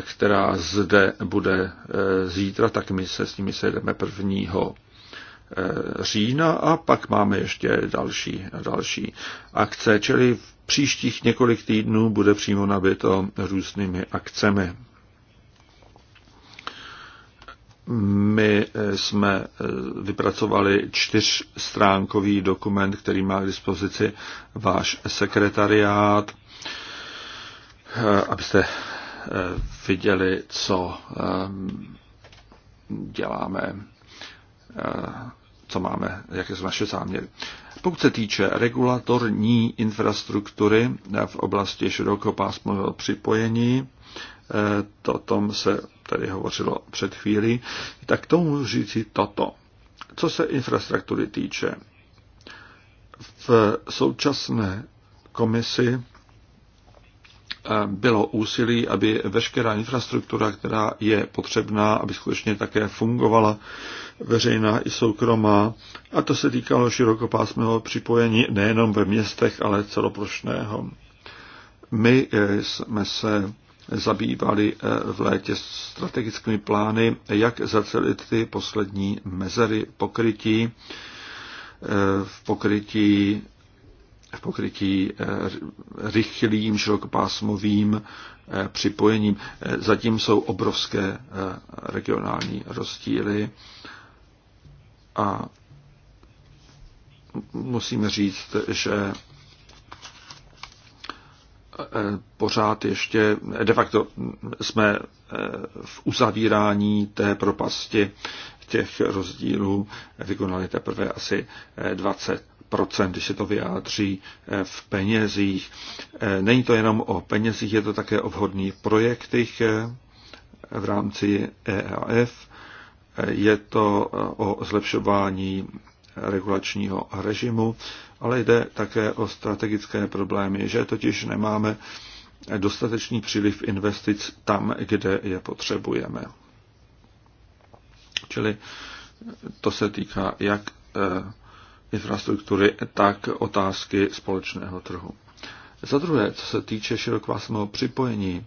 která zde bude zítra, tak my se s nimi sejdeme 1 října a pak máme ještě další, další akce, čili příštích několik týdnů bude přímo nabito různými akcemi. My eh, jsme eh, vypracovali čtyřstránkový dokument, který má k dispozici váš sekretariát, eh, abyste viděli, co děláme co máme, jaké jsou naše záměry. Pokud se týče regulatorní infrastruktury v oblasti širokopásmového připojení, eh, to tom se tady hovořilo před chvíli, tak tomu můžu říct toto. Co se infrastruktury týče, v současné komisi Eh, bylo úsilí, aby veškerá infrastruktura, která je potřebná, aby skutečně také fungovala veřejná i soukromá. A to se týkalo širokopásmého připojení nejenom ve městech, ale celoplošného. My eh, jsme se zabývali eh, v létě strategickými plány, jak zacelit ty poslední mezery pokrytí v pokrytí v pokrytí eh, rychlým širokopásmovým eh, připojením. Eh, zatím jsou obrovské regionální rozdíly a musíme říct, že pořád ještě, de facto jsme v uzavírání té propasti těch rozdílů vykonali teprve asi 20 když se to vyjádří eh, v penězích. Eh, není to jenom o penězích, je to také o vhodných projektech eh, v rámci EAF. Je to o zlepšování regulačního režimu, ale jde také o strategické problémy, že totiž nemáme dostatečný příliv investic tam, kde je potřebujeme. Čili to se týká jak infrastruktury, tak otázky společného trhu. Za druhé, co se týče širokopásmového připojení,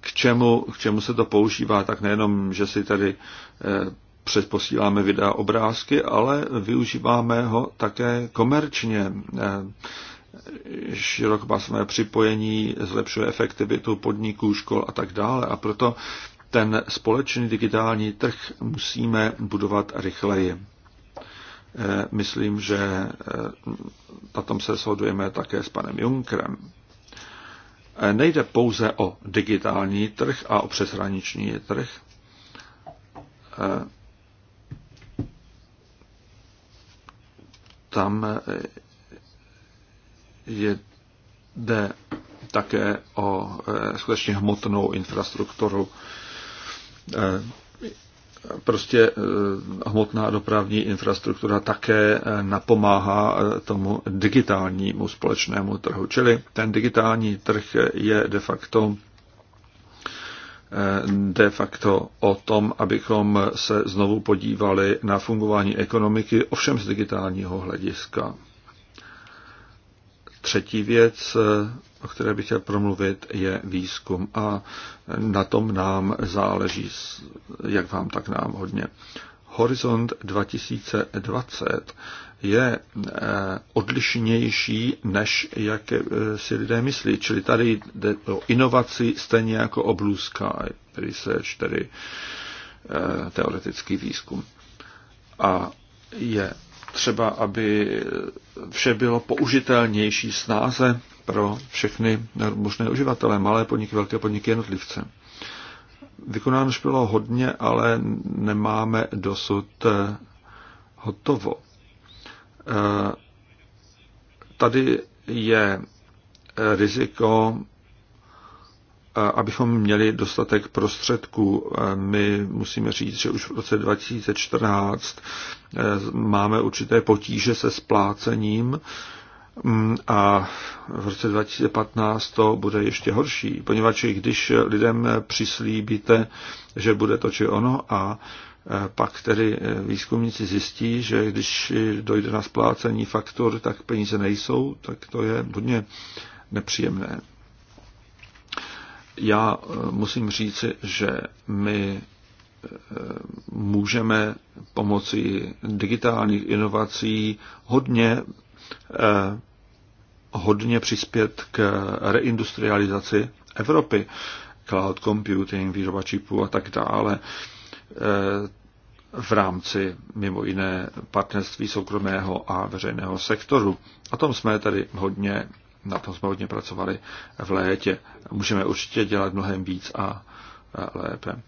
k čemu, k čemu se to používá, tak nejenom, že si tady eh, předposíláme videa obrázky, ale využíváme ho také komerčně. Eh, širokopásmové připojení zlepšuje efektivitu podniků, škol a tak dále. A proto ten společný digitální trh musíme budovat rychleji. Eh, myslím, že eh, na tom se shodujeme také s panem Junkrem. Eh, nejde pouze o digitální trh a o přeshraniční trh. Tam jde také o skutečně hmotnou infrastrukturu prostě eh, hmotná dopravní infrastruktura také eh, napomáhá eh, tomu digitálnímu společnému trhu. Čili ten digitální trh je de facto de facto o tom, abychom se znovu podívali na fungování ekonomiky, ovšem z digitálního hlediska. Třetí věc, o které bych chtěl promluvit, je výzkum. A na tom nám záleží, jak vám, tak nám hodně. Horizont 2020 je eh, odlišnější, než jak eh, si lidé myslí. Čili tady jde o inovaci stejně jako o Blue Sky, research, tedy eh, teoretický výzkum. A je třeba, aby vše bylo použitelnější snáze pro všechny možné uživatele, malé podniky, velké podniky, jednotlivce. Vykonáno už bylo hodně, ale nemáme dosud eh, hotovo. Eh, tady je eh, riziko, abychom měli dostatek prostředků. My musíme říct, že už v roce 2014 máme určité potíže se splácením Mm, a v roce 2015 to bude ještě horší, poněvadž když lidem přislíbíte, že bude to či ono a e, pak tedy e, výzkumníci zjistí, že když dojde na splácení faktur, tak peníze nejsou, tak to je hodně nepříjemné. Já e, musím říci, že my můžeme pomocí digitálních inovací hodně hodně přispět k reindustrializaci Evropy, cloud computing, výroba čipů a tak dále eh, v rámci mimo jiné partnerství soukromého a veřejného sektoru. A tom jsme tady hodně, na tom jsme hodně pracovali v létě. Můžeme určitě dělat mnohem víc a lépe.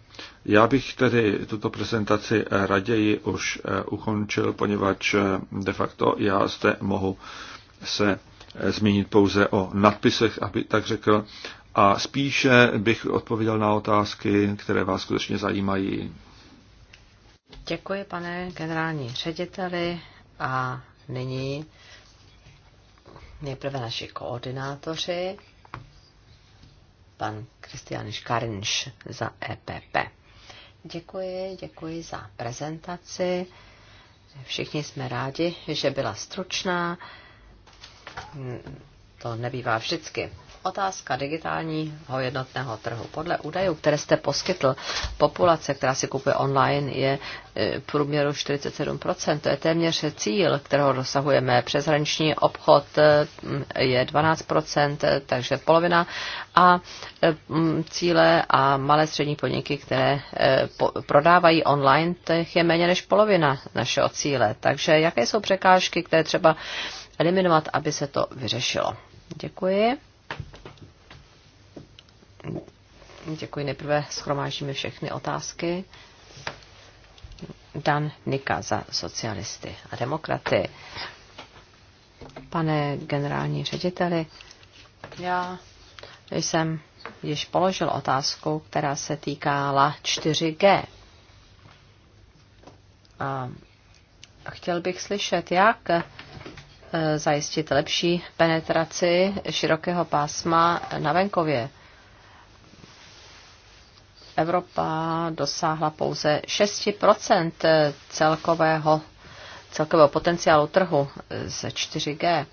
Já bych tedy tuto prezentaci raději už eh, ukončil, poněvadž eh, de facto já zde mohu se zmínit pouze o nadpisech, aby tak řekl, a spíše bych odpověděl na otázky, které vás skutečně zajímají. Děkuji, pane generální řediteli. A nyní nejprve naši koordinátoři, pan Kristian Škarinš za EPP. Děkuji, děkuji za prezentaci. Všichni jsme rádi, že byla stručná to nebývá vždycky. Otázka digitálního jednotného trhu. Podle údajů, které jste poskytl, populace, která si kupuje online, je e, v průměru 47%. To je téměř cíl, kterého dosahujeme. Přeshraniční obchod e, je 12%, takže polovina. A e, cíle a malé střední podniky, které prodávají online, těch je méně než polovina našeho cíle. Takže jaké jsou překážky, které třeba eliminovat, aby se to vyřešilo. Děkuji. Děkuji. Nejprve schromážíme všechny otázky. Dan Nika za socialisty a demokraty. Pane generální řediteli, já jsem již položil otázku, která se týkala 4G. A chtěl bych slyšet, jak Eh, zajistit lepší penetraci širokého pásma na venkově. Evropa dosáhla pouze 6 celkového, celkového potenciálu trhu ze 4G.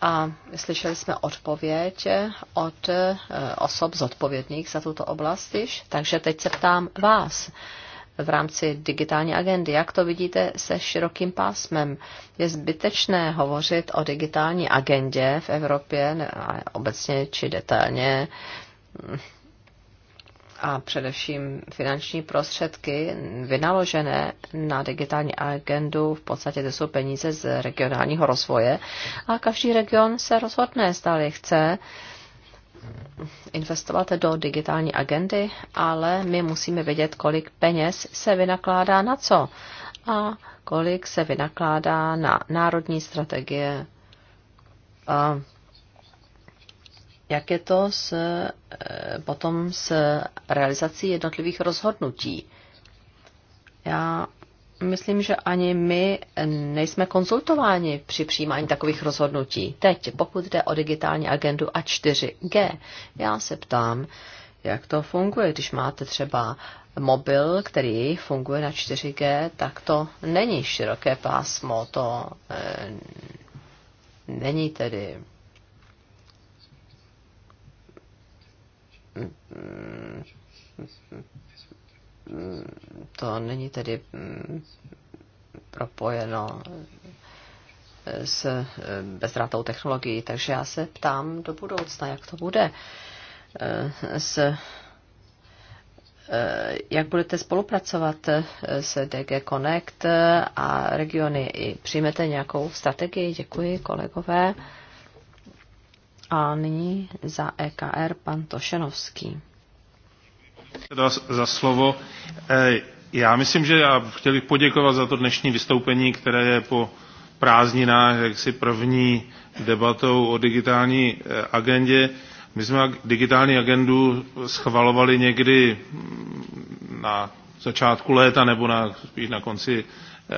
A slyšeli jsme odpověď od eh, osob zodpovědných za tuto oblast již, takže teď se ptám vás v rámci digitální agendy. Jak to vidíte se širokým pásmem? Je zbytečné hovořit o digitální agendě v Evropě obecně či detailně a především finanční prostředky vynaložené na digitální agendu, v podstatě to jsou peníze z regionálního rozvoje a každý region se rozhodne, zda chce uh, investovat do digitální agendy, ale my musíme vědět, kolik peněz se vynakládá na co a kolik se vynakládá na národní strategie. A jak je to s, e, potom s realizací jednotlivých rozhodnutí. Já myslím, že ani my nejsme konzultováni při přijímání takových rozhodnutí. Teď, pokud jde o digitální agendu a 4G, já se ptám, jak to funguje, když máte třeba mobil, který funguje na 4G, tak to není široké pásmo, to e, není tedy to není tedy mm, propojeno s eh, bezdrátovou technologií. Takže já se ptám do budoucna, jak to bude eh, s eh, jak budete spolupracovat s DG Connect a regiony? I přijmete nějakou strategii? Děkuji, kolegové. A nyní za EKR pan Tošenovský. Za slovo. Eh, já myslím, že já chtěl bych poděkovat za to dnešní vystoupení, které je po prázdninách jaksi první debatou o digitální eh, agendě. My jsme digitální agendu schvalovali někdy mm, na začátku léta nebo na, spíš na konci eh,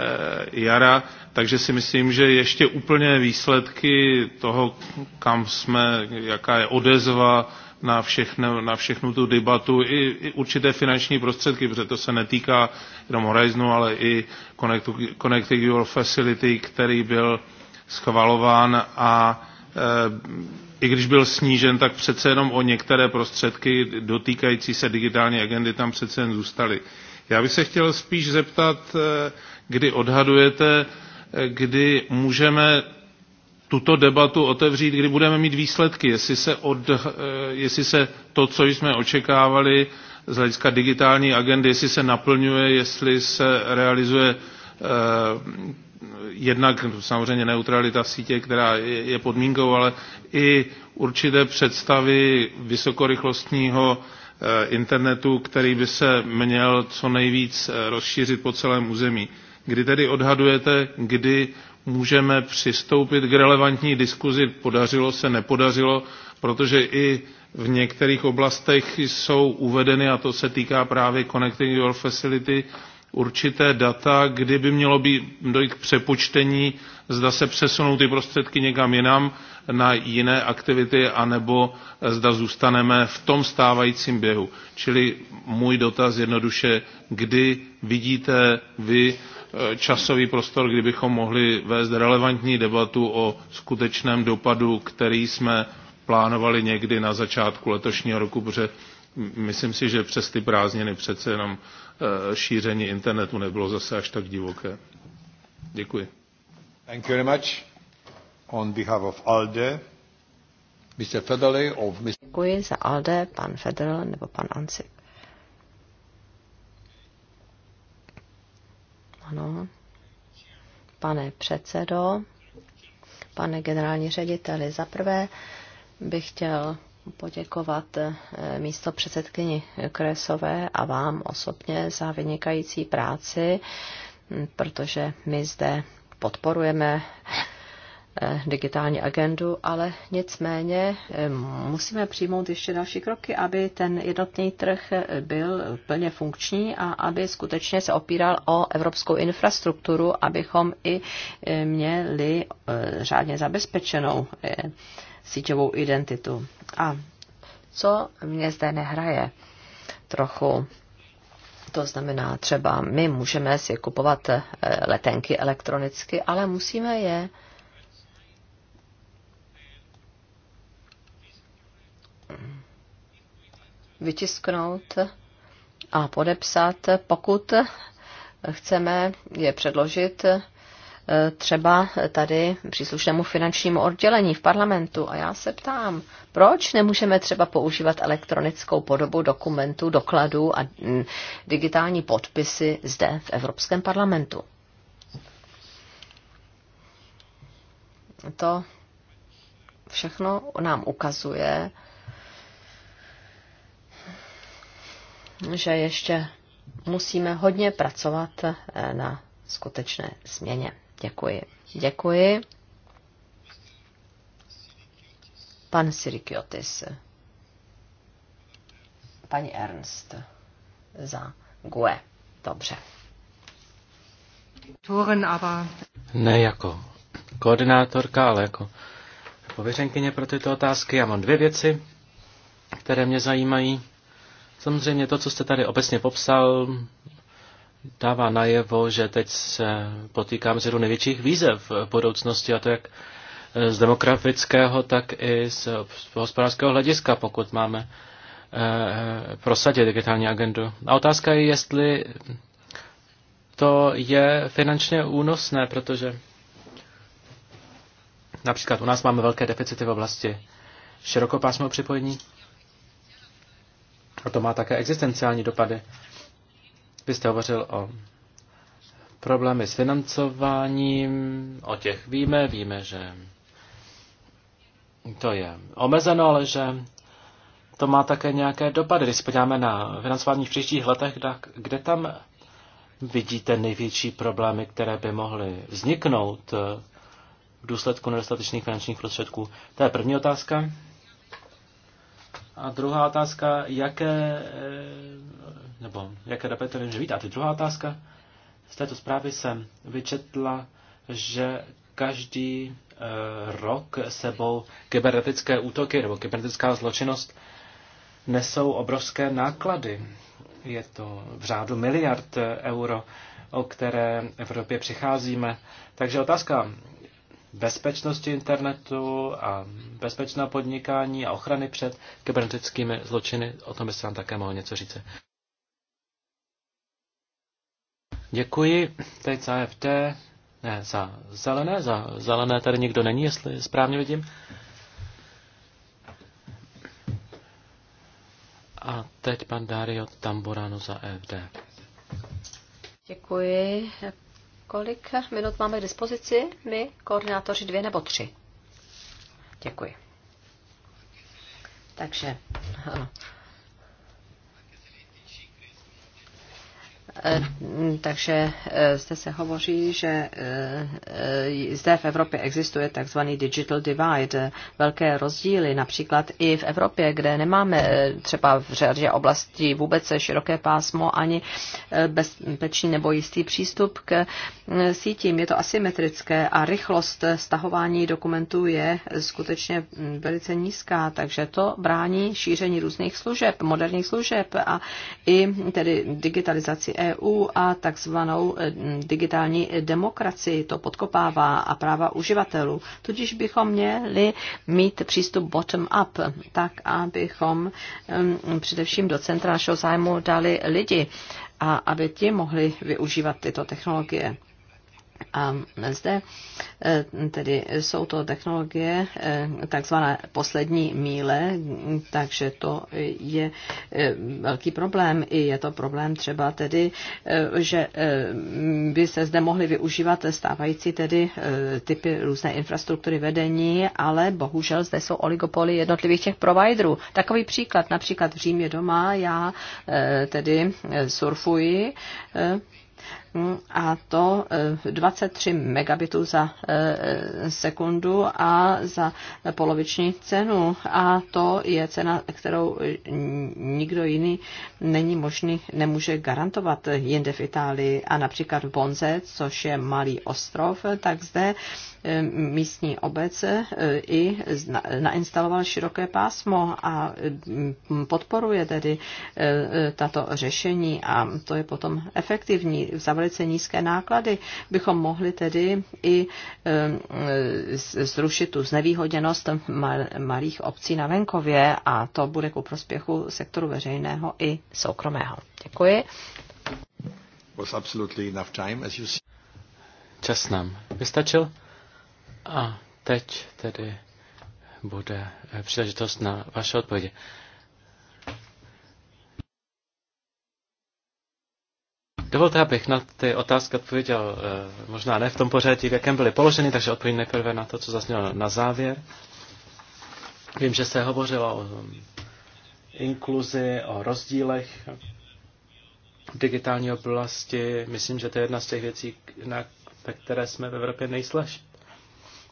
jara, takže si myslím, že ještě úplně výsledky toho, kam jsme, jaká je odezva, na, všechno, na všechnu tu debatu i, i určité finanční prostředky, protože to se netýká jenom Horizonu, ale i Connecting Your Facility, který byl schvalován a e, i když byl snížen, tak přece jenom o některé prostředky dotýkající se digitální agendy tam přece jen zůstaly. Já bych se chtěl spíš zeptat, eh, kdy odhadujete, eh, kdy můžeme tuto debatu otevřít, kdy budeme mít výsledky, jestli se, od, eh, jestli se to, co jsme očekávali z hlediska digitální agendy, jestli se naplňuje, jestli se realizuje eh, jednak samozřejmě neutralita sítě, která je, je podmínkou, ale i určité představy vysokorychlostního eh, internetu, který by se měl co nejvíc eh, rozšířit po celém území. Kdy tedy odhadujete, kdy můžeme přistoupit k relevantní diskuzi, podařilo se, nepodařilo, protože i v některých oblastech jsou uvedeny, a to se týká právě Connecting Your Facility, určité data, kdy by mělo být dojít k přepočtení, zda se přesunou ty prostředky někam jinam na jiné aktivity, anebo zda zůstaneme v tom stávajícím běhu. Čili můj dotaz jednoduše, kdy vidíte vy Eh, časový prostor, kdybychom mohli vést relevantní debatu o skutečném dopadu, který jsme plánovali někdy na začátku letošního roku, protože myslím si, že přes ty prázdniny přece jenom eh, šíření internetu nebylo zase až tak divoké. Děkuji. Thank you very much. On behalf of ALDE, Mr. Federley of Mr. Děkuji za ALDE, pan Federle nebo pan Ansip. Ano. Pane předsedo, pane generální řediteli, za prvé bych chtěl poděkovat eh, místo předsedkyni Kresové a vám osobně za vynikající práci, protože my zde podporujeme Eh, digitální agendu, ale nicméně eh, musíme přijmout ještě další kroky, aby ten jednotný trh eh, byl plně funkční a aby skutečně se opíral o evropskou infrastrukturu, abychom i měli řádně zabezpečenou síťovou identitu. A co mě zde nehraje trochu, to znamená třeba my můžeme si kupovat letenky elektronicky, ale musíme je vytisknout a podepsat, pokud chceme je předložit eh, třeba tady příslušnému finančnímu oddělení v parlamentu. A já se ptám, proč nemůžeme třeba používat elektronickou podobu dokumentů, dokladů a mm, digitální podpisy zde v Evropském parlamentu? To všechno nám ukazuje, že ještě musíme hodně pracovat eh, na skutečné změně. Děkuji. Děkuji. Pan Sirikiotis. Pani Ernst za GUE. Dobře. Ne jako koordinátorka, ale jako pověřenkyně pro tyto otázky. Já mám dvě věci, které mě zajímají. Samozřejmě to, co jste tady obecně popsal, dává najevo, že teď se potýkám z jednou největších výzev v budoucnosti, a to jak z demografického, tak i z hospodářského hlediska, pokud máme eh, prosadit digitální agendu. A otázka je, jestli to je finančně únosné, protože například u nás máme velké deficity v oblasti širokopásmového připojení. A to má také existenciální dopady. Vy jste hovořil o problémy s financováním, o těch víme, víme, že to je omezeno, ale že to má také nějaké dopady. Když se podíváme na financování v příštích letech, kde tam vidíte největší problémy, které by mohly vzniknout v důsledku nedostatečných finančních prostředků? To je první otázka. A druhá otázka, jaké, eh, nebo jaké repetory může být. A ty druhá otázka, z této zprávy jsem vyčetla, že každý eh, rok sebou kybernetické útoky nebo kybernetická zločinnost nesou obrovské náklady. Je to v řádu miliard euro, o které v Evropě přicházíme. Takže otázka, bezpečnosti internetu a bezpečného podnikání a ochrany před kybernetickými zločiny. O tom byste nám také mohl něco říct. Děkuji. Teď za FT, ne, za zelené, za zelené tady nikdo není, jestli správně vidím. A teď pan Dario Tamborano za FD. Děkuji, Kolik minut máme k dispozici? My, koordinátoři, dvě nebo tři? Děkuji. Takže Eh, takže eh, zde se hovoří, že eh, zde v Evropě existuje takzvaný digital divide, velké rozdíly, například i v Evropě, kde nemáme třeba v řadě oblastí vůbec široké pásmo ani bezpečný nebo jistý přístup k sítím. Je to asymetrické a rychlost stahování dokumentů je skutečně hm, velice nízká, takže to brání šíření různých služeb, moderních služeb a i tedy digitalizaci e EU a takzvanou eh, digitální demokracii. To podkopává a práva uživatelů. Tudíž bychom měli mít přístup bottom-up, tak abychom eh, především do centra našeho zájmu dali lidi a aby ti mohli využívat tyto technologie. A zde e, tedy jsou to technologie e, takzvané poslední míle, takže to je e, velký problém. I je to problém třeba tedy, že by se zde mohly využívat stávající tedy typy různé infrastruktury vedení, ale bohužel zde jsou oligopoly jednotlivých těch providerů. Takový příklad, například v Římě doma, já tedy surfuji Hm, a to 23 eh, megabitů za eh, sekundu a za poloviční cenu. A to je cena, kterou nikdo jiný není možný, nemůže garantovat jinde v Itálii. A například v Bonze, což je malý ostrov, tak zde místní obec e, i nainstaloval široké pásmo a podporuje tedy e, e, tato řešení a to je potom efektivní. Za velice nízké náklady bychom mohli tedy i zrušit tu znevýhodněnost malých obcí na venkově a to bude ku prospěchu sektoru veřejného i soukromého. Děkuji. Was absolutely enough time, as you see. Čas nám vystačil. A teď tedy bude eh, příležitost na vaše odpovědi. Dovolte, abych na ty otázky odpověděl eh, možná ne v tom pořadí, v jakém byly položeny, takže odpovím nejprve na to, co zaznělo na závěr. Vím, že se hovořilo o mm, inkluzi, o rozdílech v digitální oblasti. Myslím, že to je jedna z těch věcí, na, které jsme v Evropě nejslabší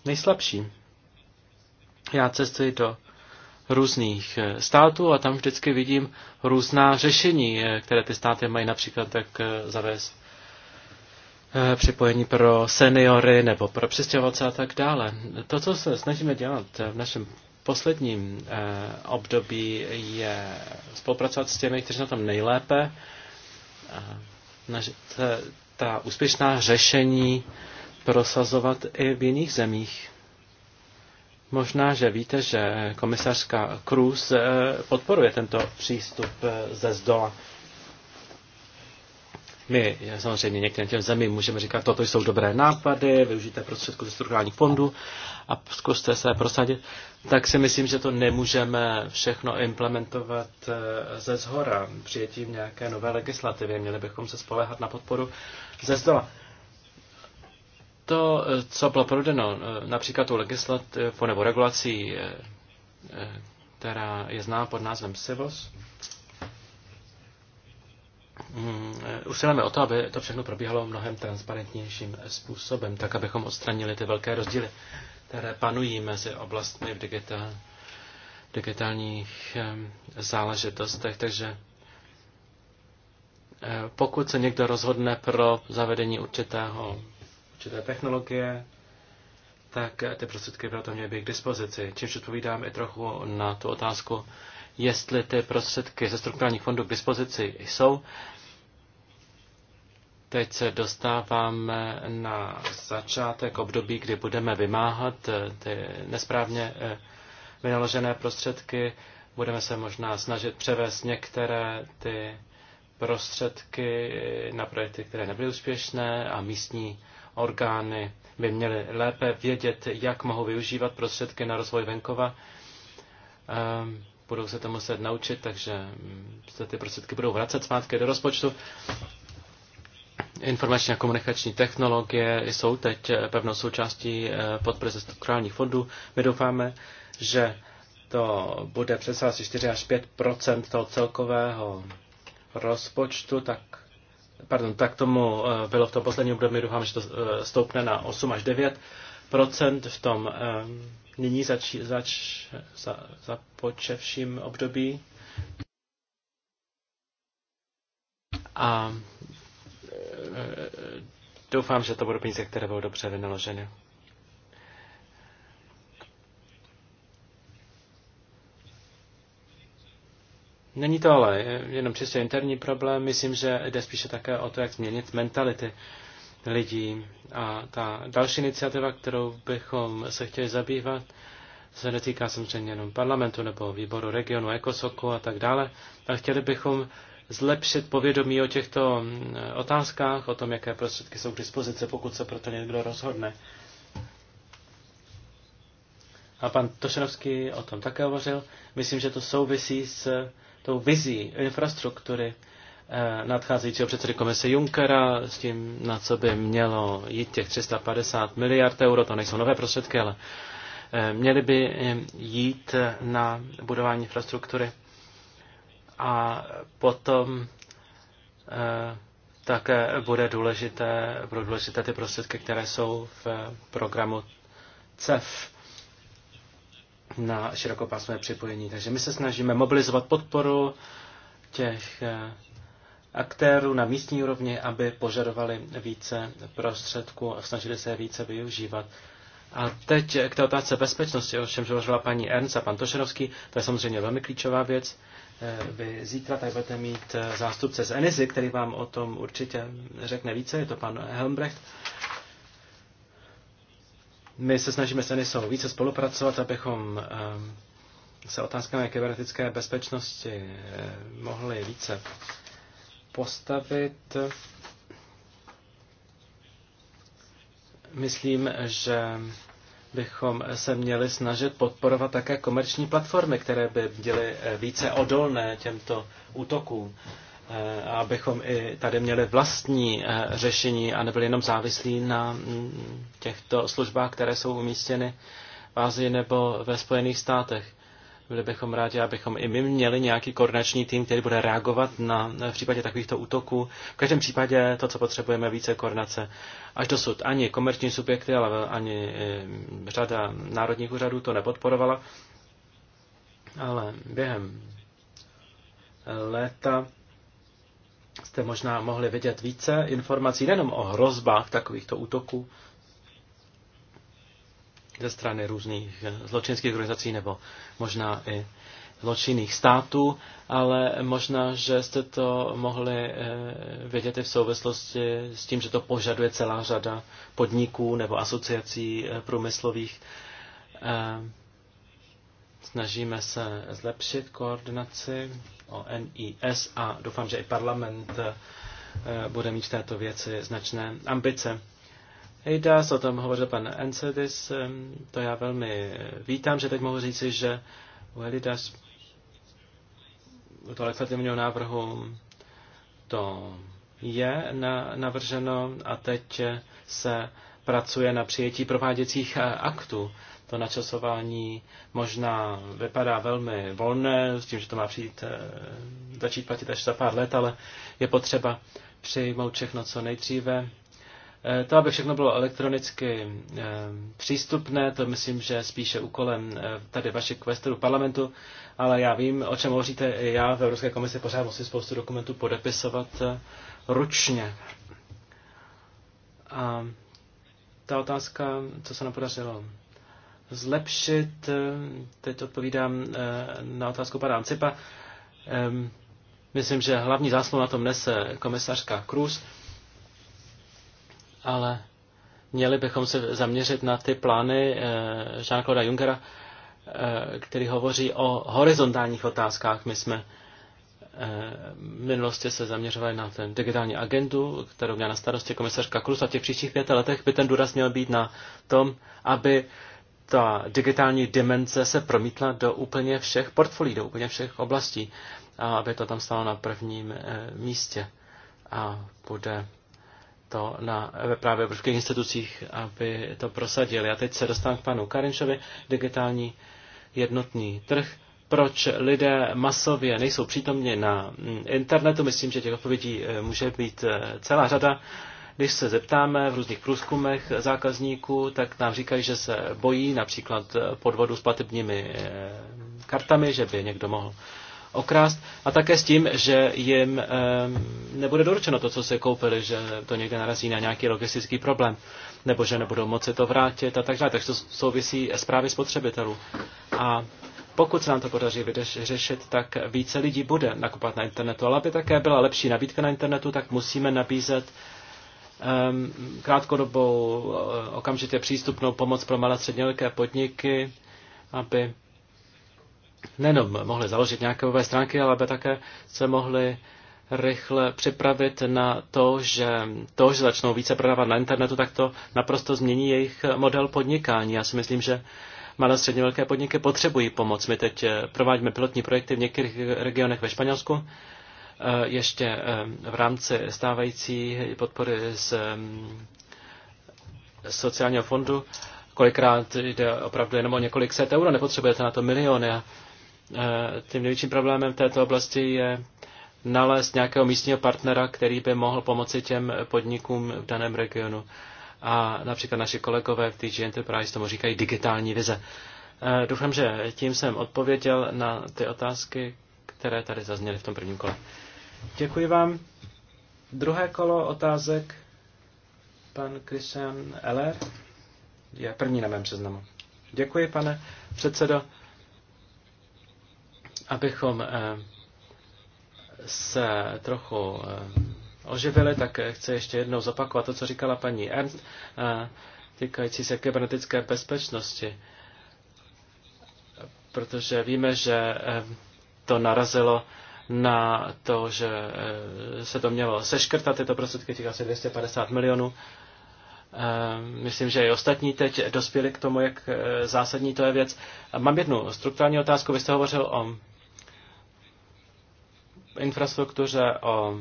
nejslabší. Já cestuji do různých eh, států a tam vždycky vidím různá řešení, eh, které ty státy mají například tak eh, zavést připojení pro seniory nebo pro přestěhovalce a tak dále. To, co se snažíme dělat v našem posledním období, je spolupracovat s těmi, kteří na tom nejlépe, ta úspěšná řešení prosazovat i v jiných zemích. Možná, že víte, že komisařka Cruz eh, podporuje tento přístup eh, ze zdola. My eh, samozřejmě některým těm zemím můžeme říkat, toto jsou dobré nápady, využijte prostředku ze strukturálních fondů a zkuste se prosadit. Tak si myslím, že to nemůžeme všechno implementovat ze zhora přijetím nějaké nové legislativy. Měli bychom se spolehat na podporu ze zdola to, co bylo prodeno, eh, například tou legislativu nebo regulací, eh, eh, která je zná pod názvem SIVOS, mm, usilujeme o to, aby to všechno probíhalo mnohem transparentnějším způsobem, tak abychom odstranili ty velké rozdíly, které panují mezi oblastmi v digitál, digitálních záležitostech. Takže pokud se někdo rozhodne pro zavedení určitého určité technologie, tak ty prostředky proto měly být k dispozici. Čímž odpovídám i trochu na tu otázku, jestli ty prostředky ze strukturálních fondů k dispozici jsou. Teď se dostáváme na začátek období, kdy budeme vymáhat eh, ty nesprávně eh, vynaložené prostředky. Budeme se možná snažit převést některé ty prostředky eh, na projekty, které nebyly úspěšné a místní orgány by měly lépe vědět, jak mohou využívat prostředky na rozvoj venkova. Ehm, budou se to muset naučit, takže mm, se ty prostředky budou vracet zpátky do rozpočtu. Informační a komunikační technologie jsou teď eh, pevnou součástí eh, podpory ze strukturálních fondů. My doufáme, že to bude přes asi 4 až 5 toho celkového rozpočtu, tak pardon, tak tomu eh, bylo v tom posledním období, doufám, že to eh, stoupne na 8 až 9 procent v tom eh, nyní zač, zač, za, za počevším období. A doufám, že to budou peníze, které budou dobře vynaloženy. Není to ale jenom čistě interní problém, myslím, že jde spíše také o to, jak změnit mentality lidí. A ta další iniciativa, kterou bychom se chtěli zabývat, se netýká samozřejmě jenom parlamentu nebo výboru regionu, ekosoku a tak dále, ale chtěli bychom zlepšit povědomí o těchto mm, otázkách, o tom, jaké prostředky jsou k dispozici, pokud se proto někdo rozhodne. A pan Tošenovský o tom také hovořil. Myslím, že to souvisí s tou vizí infrastruktury eh, nadcházejícího předsedy komise Junckera s tím, na co by mělo jít těch 350 miliard euro, to nejsou nové prostředky, ale eh, měly by eh, jít na budování infrastruktury a potom také bude důležité, budou důležité ty prostředky, které jsou v programu CEF na širokopásmové připojení. Takže my se snažíme mobilizovat podporu těch eh, aktérů na místní úrovni, aby požadovali více prostředků a snažili se je více využívat. A teď k té otázce bezpečnosti, o čemž hovořila paní Ernst a pan Tošerovský, to je samozřejmě velmi klíčová věc. Eh, vy zítra tady budete mít eh, zástupce z Enizy, který vám o tom určitě řekne více, je to pan Helmbrecht. My se snažíme s NISO více spolupracovat, abychom eh, se otázkami kybernetické bezpečnosti eh, mohli více postavit. Myslím, že bychom se měli snažit podporovat také komerční platformy, které by byly eh, více odolné těmto útokům. Eh, abychom i tady měli vlastní eh, řešení a nebyli jenom závislí na mm, těchto službách, které jsou umístěny v Ázii nebo ve Spojených státech. Byli bychom rádi, abychom i my měli nějaký koordinační tým, který bude reagovat na eh, v případě takovýchto útoků. V každém případě to, co potřebujeme, více koordinace. Až dosud ani komerční subjekty, ale ani řada národních úřadů to nepodporovala. Ale během léta jste možná mohli vědět více informací nejenom o hrozbách takovýchto útoků ze strany různých zločinských organizací nebo možná i zločinných států, ale možná, že jste to mohli eh, vědět i v souvislosti s tím, že to požaduje celá řada podniků nebo asociací eh, průmyslových. Eh, snažíme se zlepšit koordinaci o NIS a doufám, že i parlament eh, bude mít v této věci značné ambice. EIDAS, o tom hovořil pan Encedis, eh, to já velmi eh, vítám, že teď mohu říci, že u EIDAS u toho legislativního návrhu to je navrženo a teď se pracuje na přijetí prováděcích aktů to načasování možná vypadá velmi volné, s tím, že to má přijít, eh, začít platit až za pár let, ale je potřeba přijmout všechno co nejdříve. Eh, to, aby všechno bylo elektronicky eh, přístupné, to myslím, že spíše úkolem tady vašich kvestorů parlamentu, ale já vím, o čem hovoříte. Já v Evropské komisi pořád musím spoustu dokumentů podepisovat ručně. A ta otázka, co se nám podařilo zlepšit. Eh, teď odpovídám eh, na otázku pana Ancipa. Ehm, myslím, že hlavní zásluhu na tom nese komisařka Cruz, ale měli bychom se zaměřit na ty plány eh, Jean-Claude Junckera, který hovoří o horizontálních otázkách. My jsme v minulosti se zaměřovali na ten digitální agendu, kterou měla na starosti komisařka Cruz a v těch příštích pěti letech by ten důraz měl být na tom, aby ta digitální dimenze se promítla do úplně všech portfolií, do úplně všech oblastí, a aby to tam stalo na prvním eh, místě. A bude to na právě evropských institucích, aby to prosadili. A teď se dostávám k panu Karinšovi, digitální jednotný trh. Proč lidé masově nejsou přítomni na mm, internetu? Myslím, že těch odpovědí eh, může být eh, celá řada. Když se zeptáme v různých průzkumech zákazníků, tak nám říkají, že se bojí například podvodu s platebními eh, kartami, že by někdo mohl okrást a také s tím, že jim eh, nebude doručeno to, co se koupili, že to někde narazí na nějaký logistický problém, nebo že nebudou moci to vrátit a tak dále. Takže to souvisí s právy spotřebitelů. A pokud se nám to podaří vyřešit, tak více lidí bude nakupovat na internetu. Ale aby také byla lepší nabídka na internetu, tak musíme nabízet Ehm, krátkodobou eh, okamžitě přístupnou pomoc pro malé středně velké podniky, aby nejenom mohli založit nějaké nové stránky, ale aby také se mohli rychle připravit na to, že to, že začnou více prodávat na internetu, tak to naprosto změní jejich model podnikání. Já si myslím, že malé středně velké podniky potřebují pomoc. My teď eh, provádíme pilotní projekty v některých regionech ve Španělsku Eh, ještě eh, v rámci stávající podpory z mm, sociálního fondu. Kolikrát jde opravdu jenom o několik set euro, nepotřebujete na to miliony. A eh, tím největším problémem v této oblasti je nalézt nějakého místního partnera, který by mohl pomoci těm podnikům v daném regionu. A například naši kolegové v TG Enterprise tomu říkají digitální vize. Doufám, že tím jsem odpověděl na ty otázky, které tady zazněly v tom prvním kole. Děkuji vám. Druhé kolo otázek. Pan Christian Eller je první na mém seznamu. Děkuji, pane předsedo. Abychom eh, se trochu eh, oživili, tak eh, chci ještě jednou zopakovat to, co říkala paní Ernst týkající se kybernetické bezpečnosti, protože víme, že to narazilo na to, že eh, se to mělo seškrtat, tyto prostředky těch asi 250 milionů. Eh, myslím, že i ostatní teď dospěli k tomu, jak eh, zásadní to je věc. Mám jednu strukturální otázku. Vy jste hovořil o infrastruktuře, o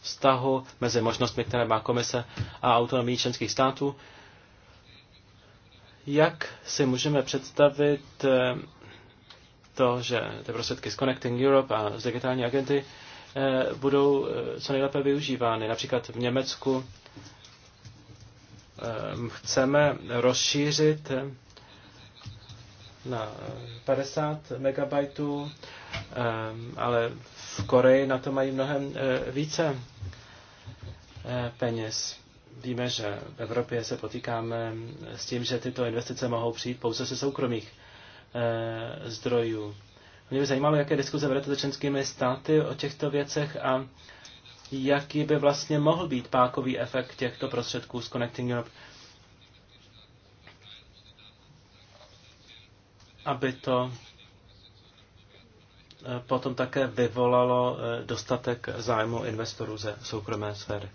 vztahu mezi možnostmi, které má komise a autonomí členských států. Jak si můžeme představit to, že ty prostředky z Connecting Europe a z digitální agenty eh, budou eh, co nejlépe využívány. Například v Německu eh, chceme rozšířit na 50 megabajtů, ale v Koreji na to mají mnohem více peněz. Víme, že v Evropě se potýkáme s tím, že tyto investice mohou přijít pouze ze soukromých Eh, zdrojů. Mě by zajímalo, jaké diskuze vedete s členskými státy o těchto věcech a jaký by vlastně mohl být pákový efekt těchto prostředků z Connecting Europe, aby to eh, potom také vyvolalo eh, dostatek zájmu investorů ze soukromé sféry.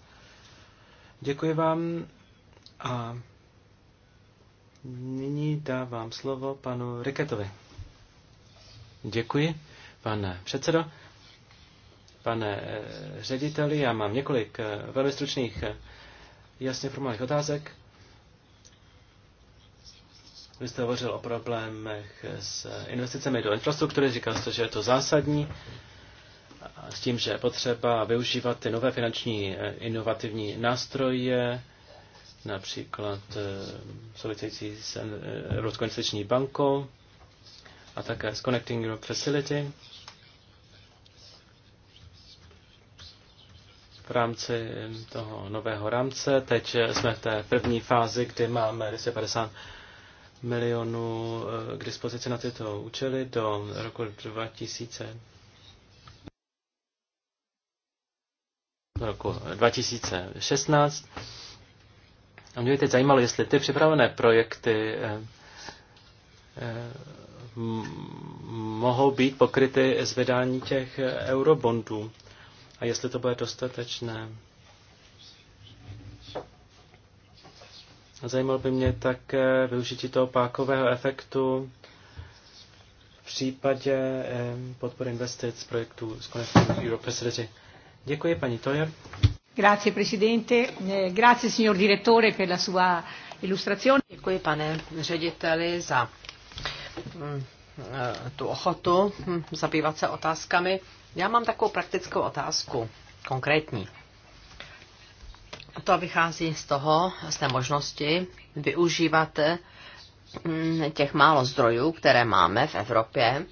Děkuji vám a Nyní dávám slovo panu Riketovi. Děkuji, pane předsedo. Pane eh, řediteli, já mám několik eh, velmi stručných eh, jasně formálních otázek. Vy jste hovořil o problémech s investicemi do infrastruktury, říkal jste, že je to zásadní, s tím, že je potřeba využívat ty nové finanční inovativní nástroje, například eh, související s eh, Evropskou investiční bankou a také s Connecting Europe Facility. v rámci toho nového rámce. Teď jsme v té první fázi, kdy máme 250 milionů eh, k dispozici na tyto účely do roku 2000. Do roku 2016 a mě by teď zajímalo, jestli ty připravené projekty eh, eh, mohou být pokryty z vydání těch eh, eurobondů a jestli to bude dostatečné. Zajímalo by mě také využití toho pákového efektu v případě podpory investic projektů z Connecting Europe Facility. Děkuji, paní Toyer. Grazie Presidente, eh, grazie signor Direttore per la sua ilustrazione. Děkuji pane řediteli za mm, eh, tu ochotu hm, zabývat se otázkami. Já mám takovou praktickou otázku, konkrétní. To vychází z toho, z té možnosti využívat hm, těch málo zdrojů, které máme v Evropě,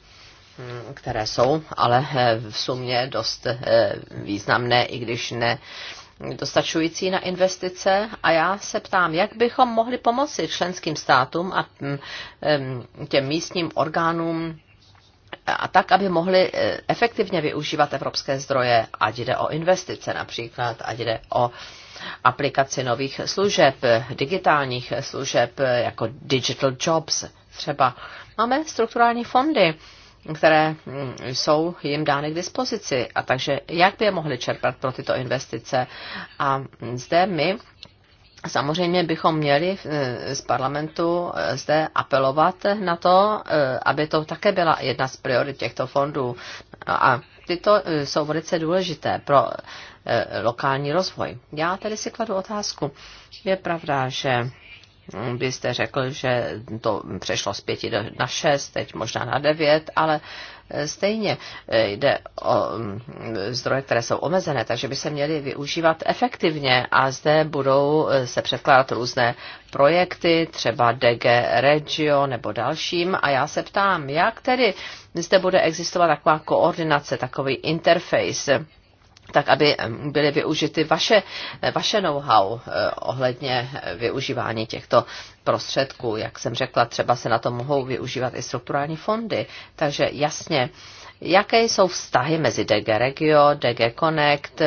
Mm, které jsou, ale eh, v sumě dost eh, významné, i když ne dostačující na investice. A já se ptám, jak bychom mohli pomoci členským státům a mm, těm místním orgánům a tak, aby mohli eh, efektivně využívat evropské zdroje, ať jde o investice například, ať jde o aplikaci nových služeb, digitálních služeb, jako digital jobs třeba. Máme strukturální fondy, které mm, jsou jim dány k dispozici. A takže jak by je mohli čerpat pro tyto investice? A zde my Samozřejmě bychom měli eh, z parlamentu eh, zde apelovat na to, eh, aby to také byla jedna z priorit těchto fondů. A tyto jsou velice důležité pro lokální rozvoj. Já tedy si kladu otázku. Je pravda, že byste řekl, že to přešlo z pěti na šest, teď možná na devět, ale eh, stejně eh, jde o mm, zdroje, které jsou omezené, takže by se měly využívat efektivně a zde budou eh, se předkládat různé projekty, třeba DG Regio nebo dalším a já se ptám, jak tedy zde bude existovat taková koordinace, takový interface tak aby byly využity vaše, eh, vaše know-how eh, ohledně eh, využívání těchto prostředků. Jak jsem řekla, třeba se na to mohou využívat i strukturální fondy. Takže jasně, Jaké jsou vztahy mezi DG Regio, DG Connect,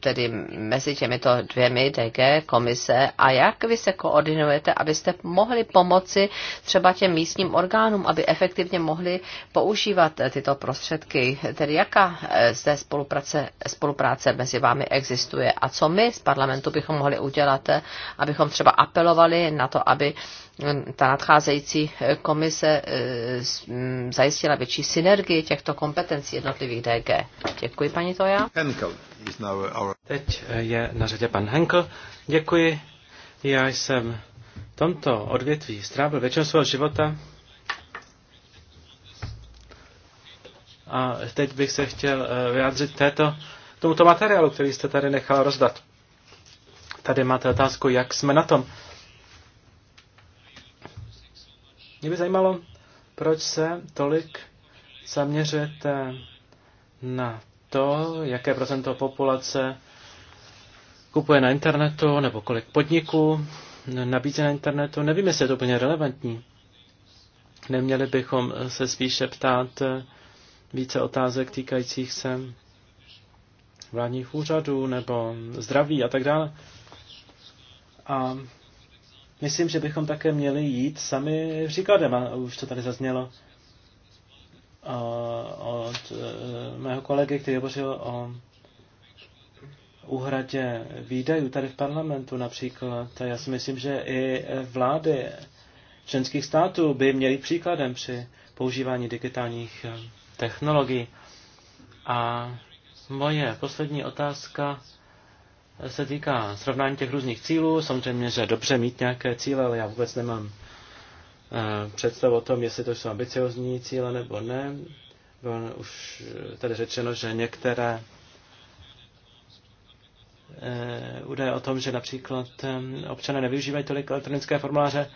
tedy mezi těmito dvěmi DG komise a jak vy se koordinujete, abyste mohli pomoci třeba těm místním orgánům, aby efektivně mohli používat tyto prostředky? Tedy jaká e, zde spolupráce, spolupráce mezi vámi existuje a co my z parlamentu bychom mohli udělat, e, abychom třeba apelovali na to, aby ta nadcházející eh, komise eh, mm, zajistila větší synergii těchto kompetencí jednotlivých DG. Děkuji, paní Toja. Henkel Teď eh, je na řadě pan Henkel. Děkuji. Já jsem v tomto odvětví strávil většinu svého života. A teď bych se chtěl vyjádřit této, tomuto materiálu, který jste tady nechal rozdat. Tady máte otázku, jak jsme na tom. Mě by zajímalo, proč se tolik zaměřujete eh, na to, jaké procento populace kupuje na internetu, nebo kolik podniků nabízí na internetu. Nevím, jestli je to úplně relevantní. Neměli bychom se spíše ptát eh, více otázek týkajících se vládních úřadů nebo zdraví a tak dále. A Myslím, že bychom také měli jít sami příkladem, a už to tady zaznělo od e, mého kolegy, který hovořil o úhradě výdajů tady v parlamentu například. A já si myslím, že i vlády členských států by měly příkladem při používání digitálních e, technologií. A moje poslední otázka se týká srovnání těch různých cílů. Samozřejmě, že je dobře mít nějaké cíle, ale já vůbec nemám eh, představu o tom, jestli to jsou ambiciozní cíle nebo ne. Bylo už eh, tady řečeno, že některé eh, údaje o tom, že například občané nevyužívají tolik elektronické formuláře.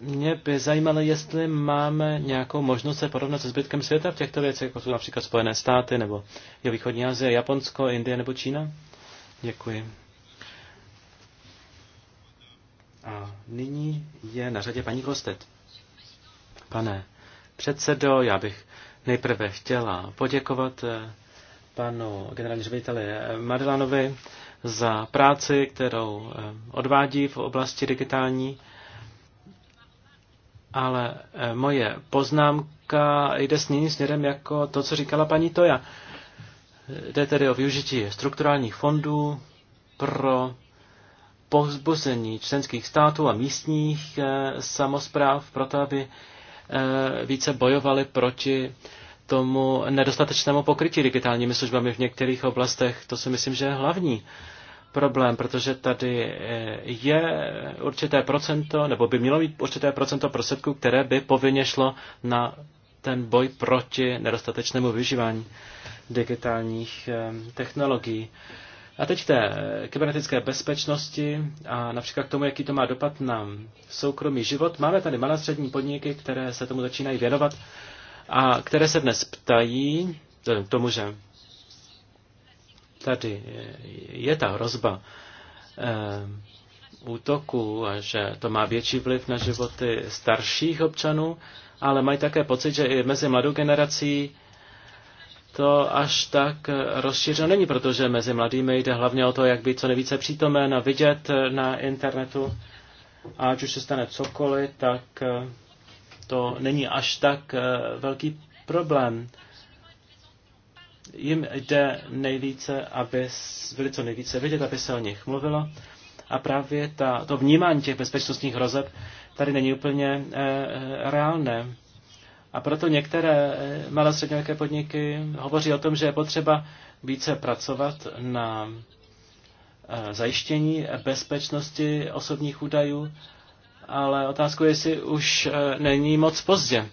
Mě by zajímalo, jestli máme nějakou možnost se porovnat se zbytkem světa v těchto věcech, jako jsou například Spojené státy nebo je východní Asie, Japonsko, Indie nebo Čína. Děkuji. A nyní je na řadě paní Kostet. Pane předsedo, já bych nejprve chtěla poděkovat eh, panu generální řediteli eh, Madelanovi za práci, kterou eh, odvádí v oblasti digitální. Ale moje poznámka jde s ní směrem jako to, co říkala paní Toja. Jde tedy o využití strukturálních fondů pro povzbuzení členských států a místních eh, samozpráv proto, aby eh, více bojovali proti tomu nedostatečnému pokrytí digitálními službami v některých oblastech. To si myslím, že je hlavní problém, protože tady eh, je určité procento, nebo by mělo být určité procento prostředků, které by povinně šlo na ten boj proti nedostatečnému využívání digitálních technologií. A teď té kybernetické bezpečnosti a například k tomu, jaký to má dopad na soukromý život. Máme tady malé střední podniky, které se tomu začínají věnovat a které se dnes ptají, k tomu, že tady je ta hrozba útoku a že to má větší vliv na životy starších občanů, ale mají také pocit, že i mezi mladou generací to až tak rozšířeno není, protože mezi mladými jde hlavně o to, jak být co nejvíce přítomen a vidět na internetu. A ať už se stane cokoliv, tak eh, to není až tak eh, velký problém. Jim jde nejvíce, aby byli co nejvíce vidět, aby se o nich mluvilo. A právě ta, to vnímání těch bezpečnostních hrozeb tady není úplně e, reálné. A proto některé eh, malé středněké podniky hovoří o tom, že je potřeba více pracovat na eh, zajištění bezpečnosti osobních údajů, ale otázkou je, jestli už eh, není moc pozdě.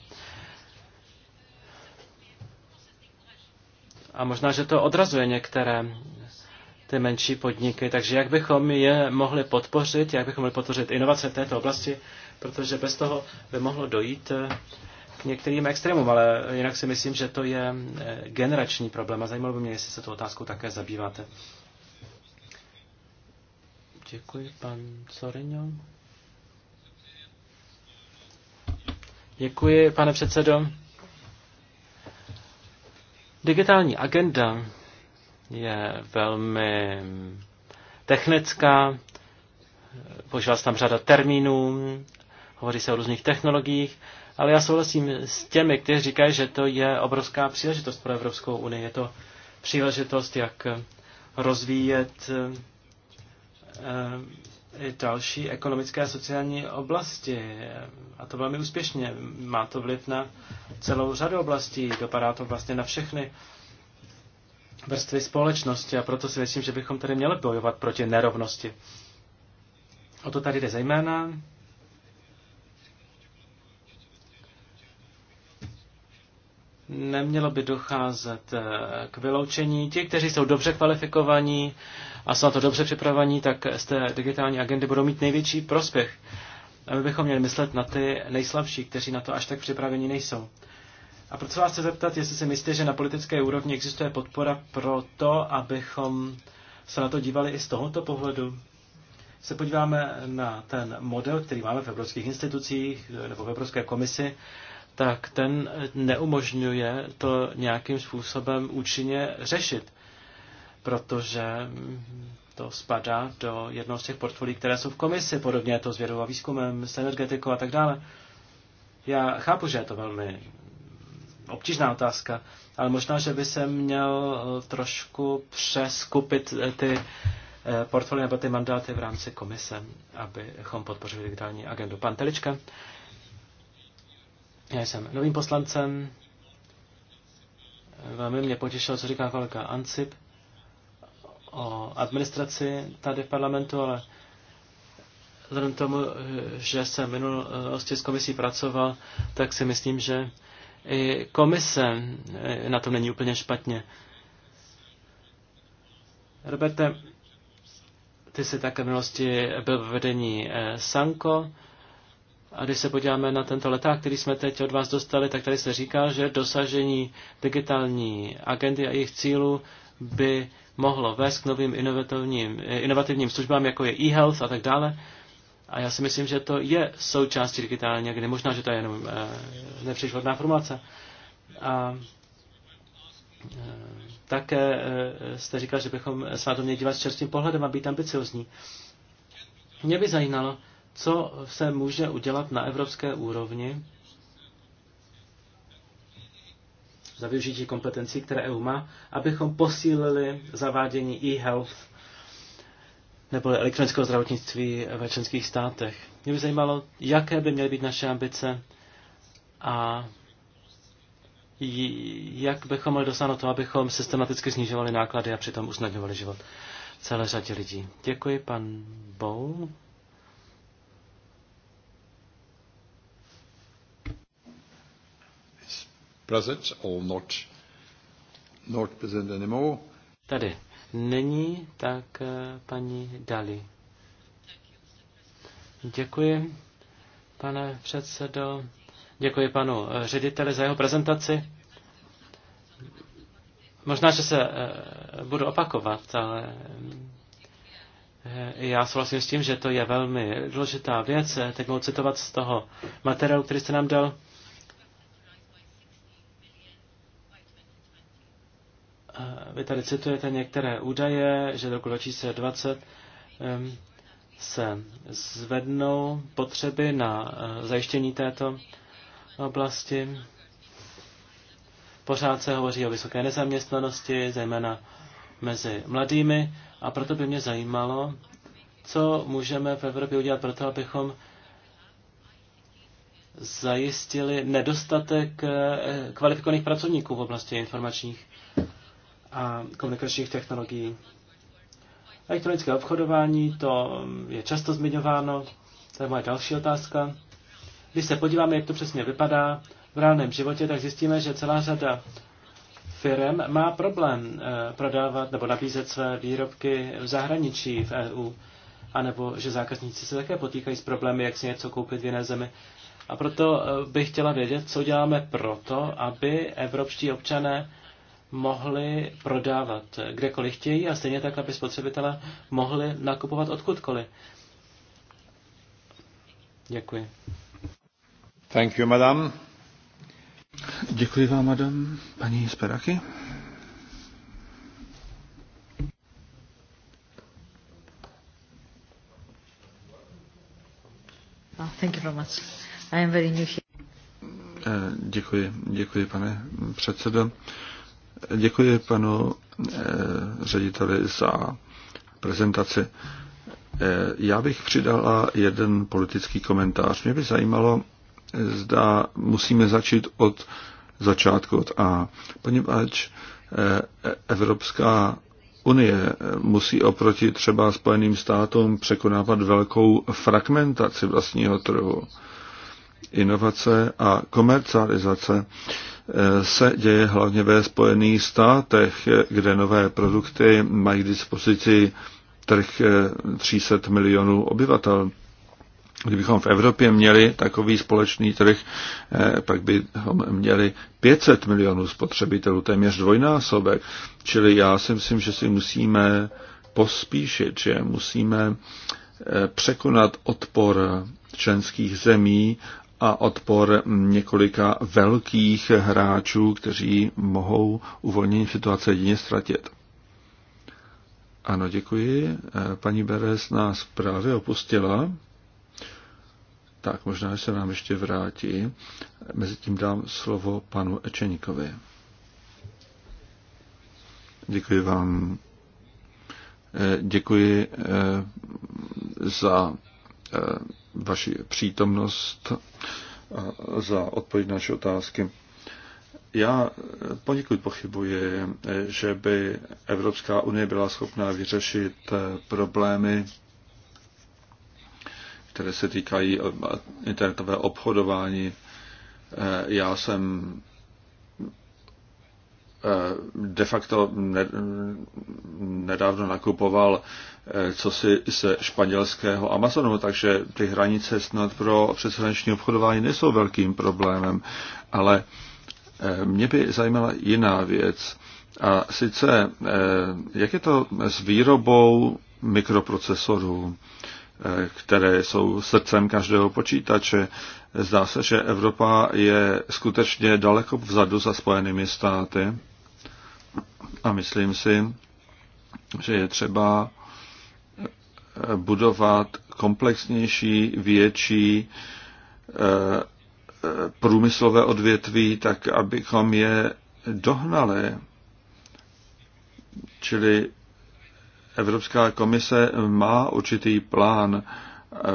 A možná, že to odrazuje některé ty menší podniky. Takže jak bychom je mohli podpořit, jak bychom mohli podpořit inovace v této oblasti, protože bez toho by mohlo dojít k některým extrémům, ale jinak si myslím, že to je eh, generační problém a zajímalo by mě, jestli se tu otázkou také zabýváte. Děkuji, pan Sorino. Děkuji, pane předsedo. Digitální agenda je velmi technická, používá se tam řada termínů, hovoří se o různých technologiích ale já souhlasím s těmi, kteří říkají, že to je obrovská příležitost pro Evropskou unii. Je to příležitost, jak rozvíjet eh, i další ekonomické a sociální oblasti. A to velmi úspěšně. Má to vliv na celou řadu oblastí. Dopadá to vlastně na všechny vrstvy společnosti a proto si myslím, že bychom tady měli bojovat proti nerovnosti. O to tady jde zejména. nemělo by docházet eh, k vyloučení. Ti, kteří jsou dobře kvalifikovaní a jsou na to dobře připravení, tak z té digitální agendy budou mít největší prospěch. A my bychom měli myslet na ty nejslabší, kteří na to až tak připraveni nejsou. A proč vás chci zeptat, jestli si myslíte, že na politické úrovni existuje podpora pro to, abychom se na to dívali i z tohoto pohledu. Se podíváme na ten model, který máme v evropských institucích nebo v Evropské komisi, tak ten neumožňuje to nějakým způsobem účinně řešit, protože to spadá do jednoho z těch portfolií, které jsou v komisi, podobně je to s vědou a výzkumem, s energetikou a tak dále. Já chápu, že je to velmi obtížná otázka, ale možná, že by se měl trošku přeskupit ty eh, portfolie nebo ty mandáty v rámci komise, abychom podpořili digitální agendu. Pan Telička. Já jsem novým poslancem. Velmi mě potěšilo, co říká kolega Ancip o administraci tady v parlamentu, ale vzhledem tomu, že jsem v minulosti s komisí pracoval, tak si myslím, že i komise na tom není úplně špatně. Roberte, ty jsi také v minulosti byl ve vedení eh, Sanko, a když se podíváme na tento leták, který jsme teď od vás dostali, tak tady se říká, že dosažení digitální agendy a jejich cílů by mohlo vést k novým inovativním, inovativním službám, jako je e-health a tak dále. A já si myslím, že to je součástí digitální agendy. Možná, že to je jenom e, eh, nepřišvodná formulace. A e, také e, jste říkal, že bychom se na to měli dívat s čerstvým pohledem a být ambiciozní. Mě by zajímalo, co se může udělat na evropské úrovni za využití kompetencí, které EU má, abychom posílili zavádění e-health nebo elektronického zdravotnictví ve členských státech. Mě by zajímalo, jaké by měly být naše ambice a jak bychom mohli dosáhnout toho, abychom systematicky snižovali náklady a přitom usnadňovali život celé řadě lidí. Děkuji, pan Boul. present or not, not present anymore. Tady není, tak eh, paní Dali. Děkuji, pane předsedo. Děkuji panu eh, řediteli za jeho prezentaci. Možná, že se eh, budu opakovat, ale já souhlasím s tím, že to je velmi důležitá věc. Teď mohu citovat z toho materiálu, který jste nám dal. Vy tady citujete některé údaje, že do roku 2020 se zvednou potřeby na eh, zajištění této oblasti. Pořád se hovoří o vysoké nezaměstnanosti, zejména mezi mladými, a proto by mě zajímalo, co můžeme v Evropě udělat pro to, abychom zajistili nedostatek eh, kvalifikovaných pracovníků v oblasti informačních a komunikačních technologií. Elektronické obchodování, to je často zmiňováno, to je moje další otázka. Když se podíváme, jak to přesně vypadá v reálném životě, tak zjistíme, že celá řada firm má problém eh, prodávat nebo nabízet své výrobky v zahraničí, v EU, anebo že zákazníci se také potýkají s problémy, jak si něco koupit v jiné zemi. A proto eh, bych chtěla vědět, co děláme proto, aby evropští občané mohli prodávat kdekoliv chtějí a stejně tak, aby spotřebitelé mohli nakupovat odkudkoliv. Děkuji. Thank you, madam. Děkuji vám, madam. Paní Speraky. Oh, thank you very much. I am very new here. Eh, děkuji, děkuji, pane předsedo. Děkuji panu eh, řediteli za prezentaci. Eh, já bych přidala jeden politický komentář. Mě by zajímalo, zda musíme začít od začátku, od A, poněvadž eh, Evropská unie musí oproti třeba Spojeným státům překonávat velkou fragmentaci vlastního trhu inovace a komercializace eh, se děje hlavně ve Spojených státech, kde nové produkty mají k dispozici trh 300 eh, milionů obyvatel. Kdybychom v Evropě měli takový společný trh, eh, pak bychom měli 500 milionů spotřebitelů, téměř dvojnásobek. Čili já si myslím, že si musíme pospíšit, že musíme překonat odpor členských zemí a odpor několika velkých hráčů, kteří mohou uvolnění situace jedině ztratit. Ano, děkuji. Paní Beres nás právě opustila. Tak, možná, že se nám ještě vrátí. Mezitím dám slovo panu Ečeníkovi. Děkuji vám. Děkuji eh, za eh, vaši přítomnost a za odpověď na naše otázky. Já poněkud pochybuji, že by Evropská unie byla schopná vyřešit problémy, které se týkají internetové obchodování. Já jsem Eh, de facto nedávno nakupoval eh, co si se španělského Amazonu, takže ty hranice snad pro přeshraniční obchodování nejsou velkým problémem, ale eh, mě by zajímala jiná věc. A sice, jak je to s výrobou mikroprocesorů, které jsou srdcem každého počítače? Zdá se, že Evropa je skutečně daleko vzadu za Spojenými státy. A myslím si, že je třeba eh, budovat komplexnější, větší eh, eh, průmyslové odvětví, tak abychom je dohnali. Čili Evropská komise má určitý plán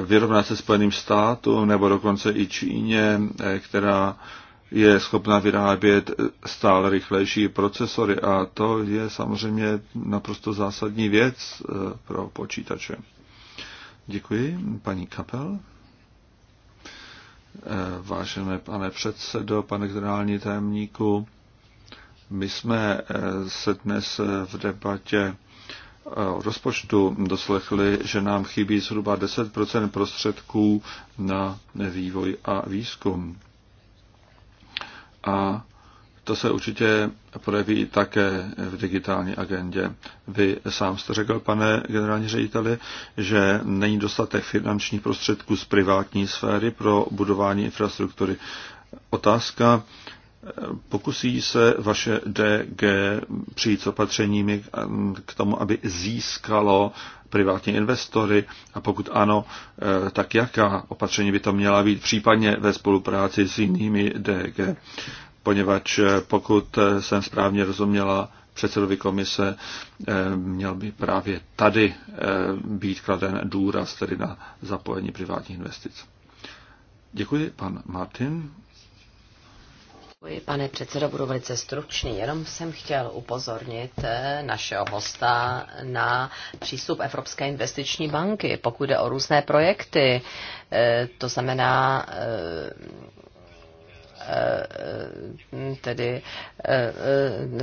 vyrovnat se Spojeným státům nebo dokonce i Číně, která je schopna vyrábět stále rychlejší procesory a to je samozřejmě naprosto zásadní věc eh, pro počítače. Děkuji, paní Kapel. Eh, vážené pane předsedo, pane generální tajemníku, my jsme eh, se dnes v debatě o rozpočtu doslechli, že nám chybí zhruba 10 prostředků na vývoj a výzkum a to se určitě projeví také v digitální agendě. Vy sám jste řekl, pane generální řediteli, že není dostatek finančních prostředků z privátní sféry pro budování infrastruktury. Otázka, pokusí se vaše DG přijít s opatřeními k tomu, aby získalo privátní investory a pokud ano, eh, tak jaká opatření by to měla být, případně ve spolupráci s jinými DG, poněvadž eh, pokud eh, jsem správně rozuměla předsedovi komise, měl by právě tady být kladen důraz tedy na zapojení privátních investic. Děkuji, pan Martin. Děkuji, pane předsedo, budu velice stručný. Jenom jsem chtěl upozornit eh, našeho hosta na přístup Evropské investiční banky, pokud jde o různé projekty. Eh, to znamená, eh, Eh, tedy eh,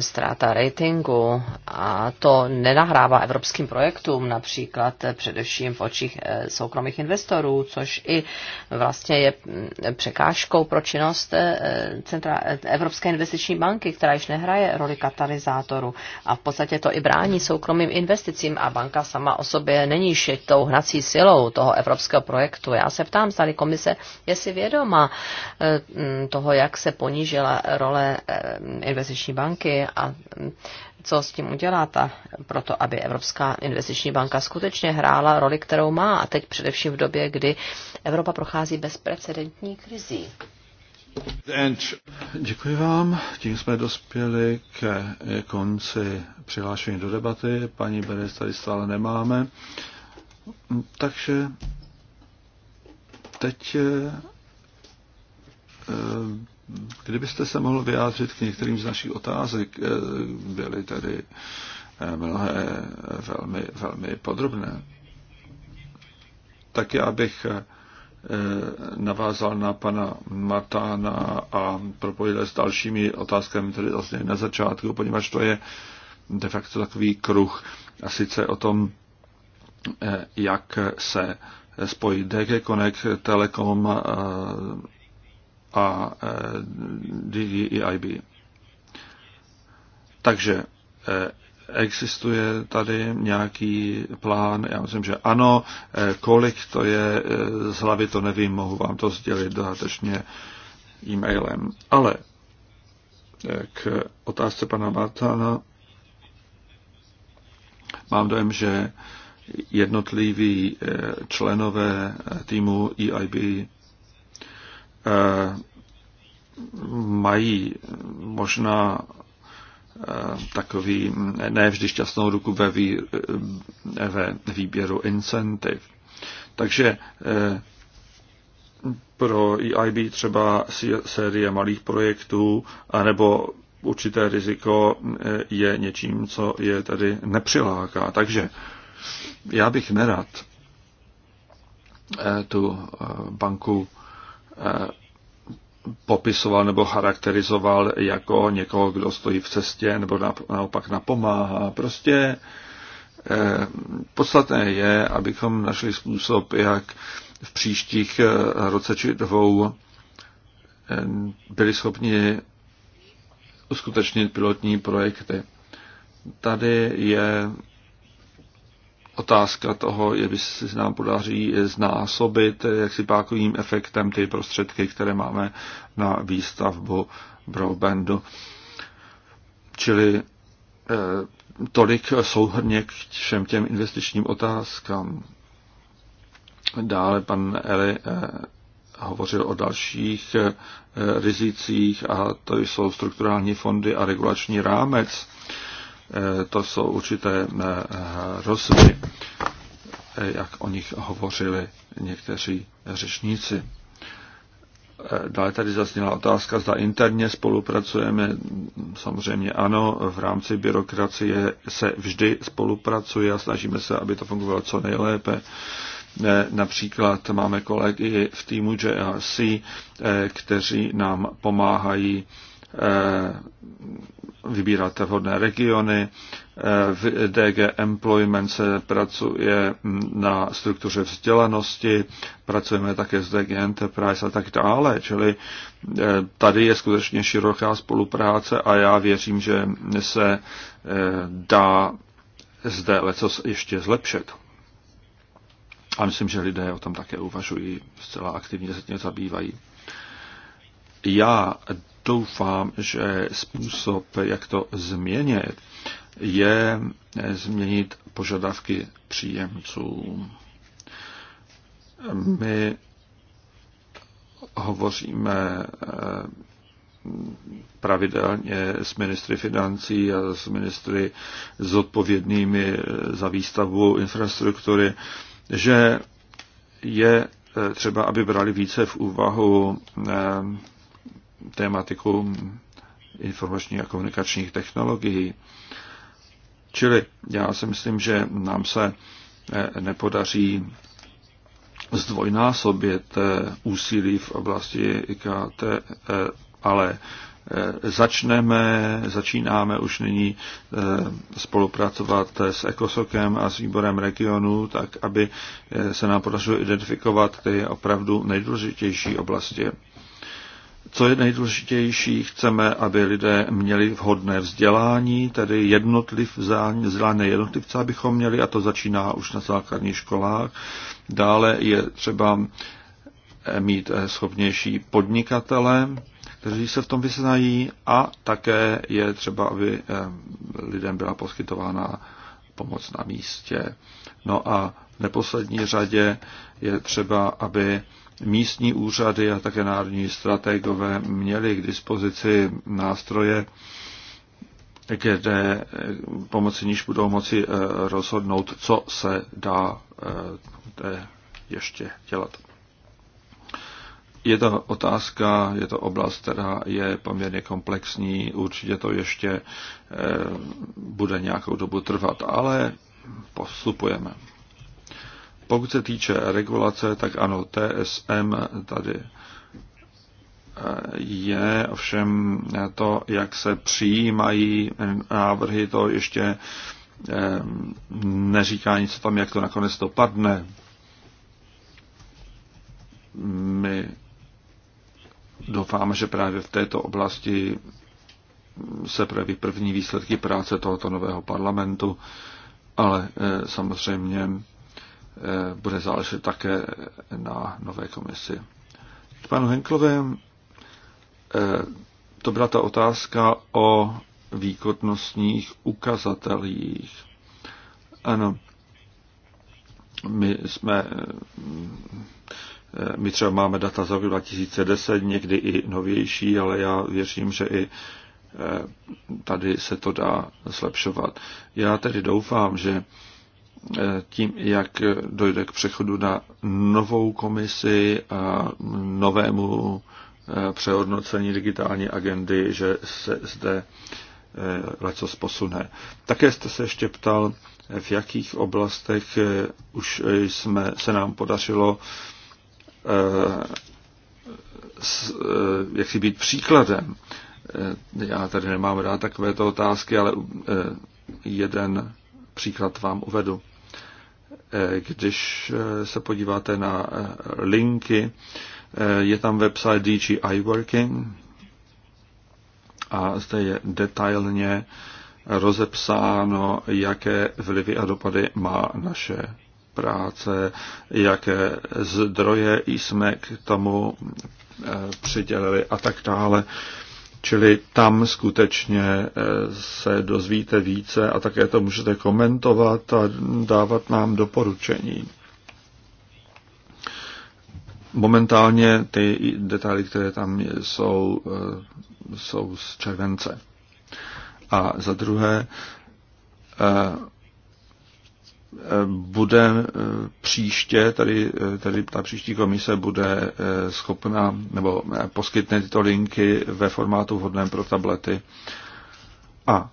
ztráta ratingu a to nenahrává evropským projektům, například především v očích eh, soukromých investorů, což i vlastně je mm, překážkou pro činnost Centra, Evropské investiční banky, která již nehraje roli katalyzátoru a v podstatě to i brání soukromým investicím a banka sama o sobě není tou hnací silou toho evropského projektu. Já se ptám, zda komise jestli vědoma mm, toho, jak se ponížila role eh, investiční banky a hm, co s tím udělá ta, proto, aby Evropská investiční banka skutečně hrála roli, kterou má a teď především v době, kdy Evropa prochází bezprecedentní krizí. Děkuji vám. Tím jsme dospěli ke konci přihlášení do debaty. Paní Beres tady stále nemáme. Takže teď eh, Eh, kdybyste se mohl vyjádřit k některým z našich otázek, eh, byly tady eh, mnohé velmi, velmi podrobné, tak já bych navázal na pana Matána a propojil s dalšími otázkami, které vlastně na začátku, poněvadž to je de facto takový kruh. A sice o tom, jak se spojit DG Connect, Telekom, a e, DDEIB. E, Takže e, existuje tady nějaký plán? Já myslím, že ano. Kolik to je z hlavy, to nevím, mohu vám to sdělit dodatečně e-mailem. Ale k otázce pana Martana mám dojem, že jednotliví členové týmu EIB Eh, mají možná eh, takový ne vždy šťastnou ruku ve, vý, eh, ve výběru incentiv. Takže pro EIB třeba série malých projektů anebo určité riziko je něčím, co je tady nepřiláká. Takže já bych nerad tu banku Eh, popisoval nebo charakterizoval jako někoho, kdo stojí v cestě nebo naopak napomáhá. Prostě eh, podstatné je, abychom našli způsob, jak v příštích eh, roce či dvou byli schopni uskutečnit pilotní projekty. Tady je otázka toho, jestli se nám podaří znásobit jaksi pákovým efektem ty prostředky, které máme na výstavbu broadbandu. Čili e, tolik souhrně k všem těm investičním otázkám. Dále pan Eli eh, hovořil o dalších eh, rizicích a to jsou strukturální fondy a regulační rámec. Eh, to jsou určité eh, hrozby, eh, jak o nich hovořili někteří řečníci. Dále tady zazněla otázka, zda interně spolupracujeme. Samozřejmě ano, v rámci byrokracie se vždy spolupracuje a snažíme se, aby to fungovalo co nejlépe. Například máme kolegy v týmu JRC, kteří nám pomáhají Eh, vybíráte vhodné regiony. Eh, v DG Employment se pracuje na struktuře vzdělanosti, pracujeme také s DG Enterprise a tak dále, čili eh, tady je skutečně široká spolupráce a já věřím, že se dá zde leco ještě zlepšit. A myslím, že lidé o tom také uvažují, zcela aktivně se tím zabývají. Já doufám, že způsob, jak to změnit, je změnit požadavky příjemců. My hovoříme eh, pravidelně s ministry financí a s ministry zodpovědnými eh, za výstavbu infrastruktury, že je eh, třeba, aby brali více v úvahu tématiku informačních a komunikačních technologií. Čili já si myslím, že nám se eh, nepodaří zdvojnásobit eh, úsilí v oblasti IKT, eh, ale začneme, začínáme už nyní spolupracovat s Ekosokem a s výborem regionu, tak aby se nám podařilo identifikovat ty opravdu nejdůležitější oblasti. Co je nejdůležitější, chceme, aby lidé měli vhodné vzdělání, tedy jednotliv, vzdělané jednotlivce, abychom měli, a to začíná už na základních školách. Dále je třeba eh, mít eh, schopnější podnikatele, kteří se v tom vyznají a také je třeba, aby eh, lidem byla poskytována pomoc na místě. No a v neposlední řadě je třeba, aby místní úřady a také národní strategové měli k dispozici nástroje, kde pomocí níž budou moci eh, rozhodnout, co se dá eh, ještě dělat. Je to otázka, je to oblast, která je poměrně komplexní, určitě to ještě eh, bude nějakou dobu trvat, ale postupujeme. Pokud se týče regulace, tak ano, TSM tady eh, je, ovšem to, jak se přijímají návrhy, to ještě eh, neříká nic tam, jak to nakonec dopadne. My doufáme, že právě v této oblasti se projeví první výsledky práce tohoto nového parlamentu, ale eh, samozřejmě Eh, bude záležet také na nové komisi. K panu Henklové, eh, to byla ta otázka o výkonnostních ukazatelích. Ano, my jsme, eh, my třeba máme data za rok 2010, někdy i novější, ale já věřím, že i tady se to dá zlepšovat. Já tedy doufám, že Eh, tím, jak dojde k přechodu na novou komisi a novému eh, přehodnocení digitální agendy, že se zde eh, leco posune. Také jste se ještě ptal, v jakých oblastech už jsme, se nám podařilo jak si být příkladem. Já tady nemám rád takovéto otázky, ale jeden příklad vám uvedu když eh, se podíváte na eh, linky, eh, je tam website DG iWorking a zde je detailně rozepsáno, jaké vlivy a dopady má naše práce, jaké zdroje jsme k tomu přidělili a tak dále. Čili tam skutečně eh, se dozvíte více a také to můžete komentovat a dávat nám doporučení. Momentálně ty detaily, které tam jsou, eh, jsou z července. A za druhé, eh, bude eh, příště, tady, eh, tady ta příští komise bude eh, schopna nebo poskytne tyto linky ve formátu vhodném pro tablety. A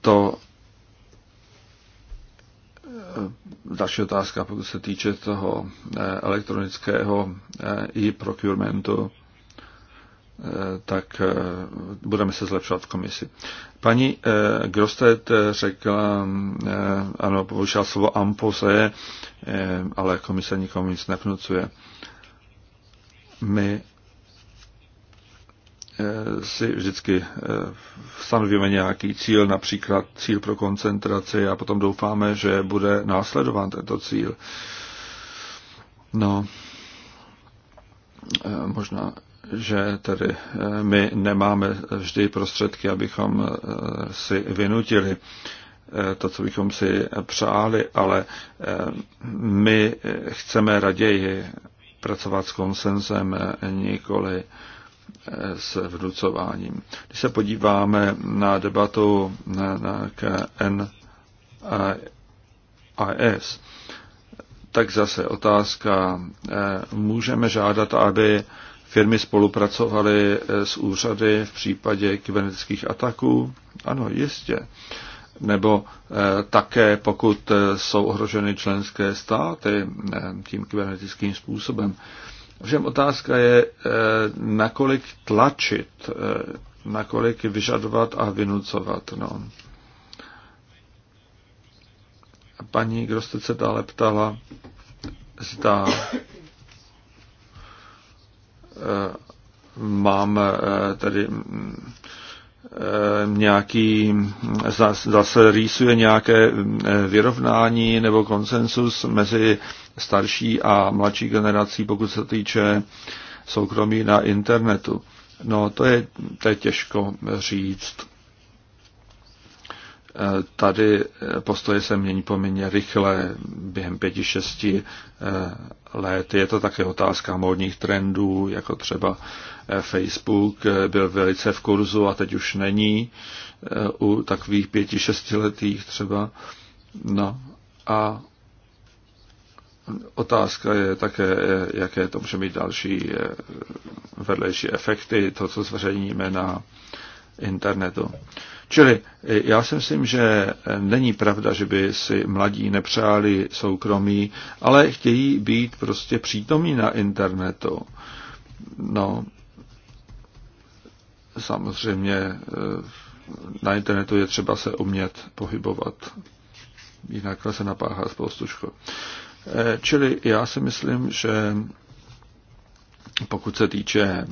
to další otázka, pokud se týče toho elektronického e-procurementu, Eh, tak eh, budeme se zlepšovat v komisi. Paní eh, Grostet řekla, ano, použila slovo ampose, ale komise nikomu nic nepnucuje. My si vždycky stanovíme nějaký cíl, například cíl pro koncentraci a potom doufáme, že bude následován tento cíl. No, možná že tedy eh, my nemáme vždy prostředky, abychom eh, si vynutili eh, to, co bychom si přáli, ale my chceme raději pracovat s konsenzem, nikoli s vnucováním. Když se podíváme na debatu na, na KNIS, tak zase otázka, můžeme žádat, aby Firmy spolupracovaly eh, s úřady v případě kybernetických ataků? Ano, jistě. Nebo eh, také pokud eh, jsou ohroženy členské státy tím kybernetickým způsobem. Všem otázka je, nakolik tlačit, nakolik vyžadovat a vynucovat. No. Paní Grostec se dále ptala, zda Eh, mám eh, tady mm, eh, nějaký, mm, zase rýsuje nějaké mm, vyrovnání nebo konsensus mezi starší a mladší generací, pokud se týče soukromí na internetu. No, to je, to je těžko říct. Tady eh, postoje se mění poměrně rychle během pěti, šesti eh, let. Je to také otázka módních trendů, jako třeba eh, Facebook byl velice v kurzu a teď už není u takových pěti, šestiletých třeba. No a Otázka je také, jaké to může mít další vedlejší efekty, to, co zveřejníme na internetu. Čili eh, já si myslím, že eh, není pravda, že by si mladí nepřáli soukromí, ale chtějí být prostě přítomní na internetu. No, samozřejmě eh, na internetu je třeba se umět pohybovat, jinak se napáhá spoustu škod. Čili já si myslím, že pokud se týče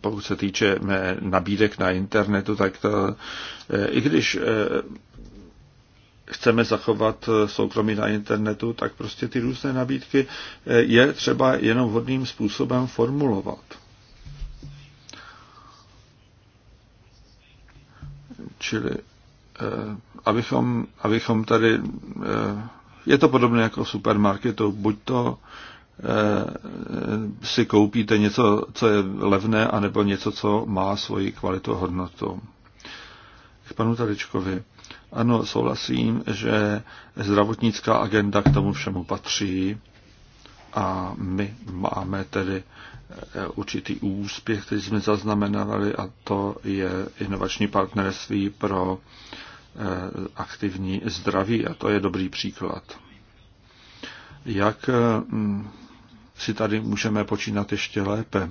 pokud se týče eh, nabídek na internetu, tak to, eh, i když eh, chceme zachovat soukromí na internetu, tak prostě ty různé nabídky je třeba jenom vhodným způsobem formulovat. Čili abychom, abychom tady, je to podobné jako v supermarketu, buď to Eh, si koupíte něco, co je levné, anebo něco, co má svoji kvalitu a hodnotu. K panu Taličkovi. Ano, souhlasím, že zdravotnická agenda k tomu všemu patří a my máme tedy eh, určitý úspěch, který jsme zaznamenali a to je inovační partnerství pro eh, aktivní zdraví a to je dobrý příklad. Jak hm, si tady můžeme počínat ještě lépe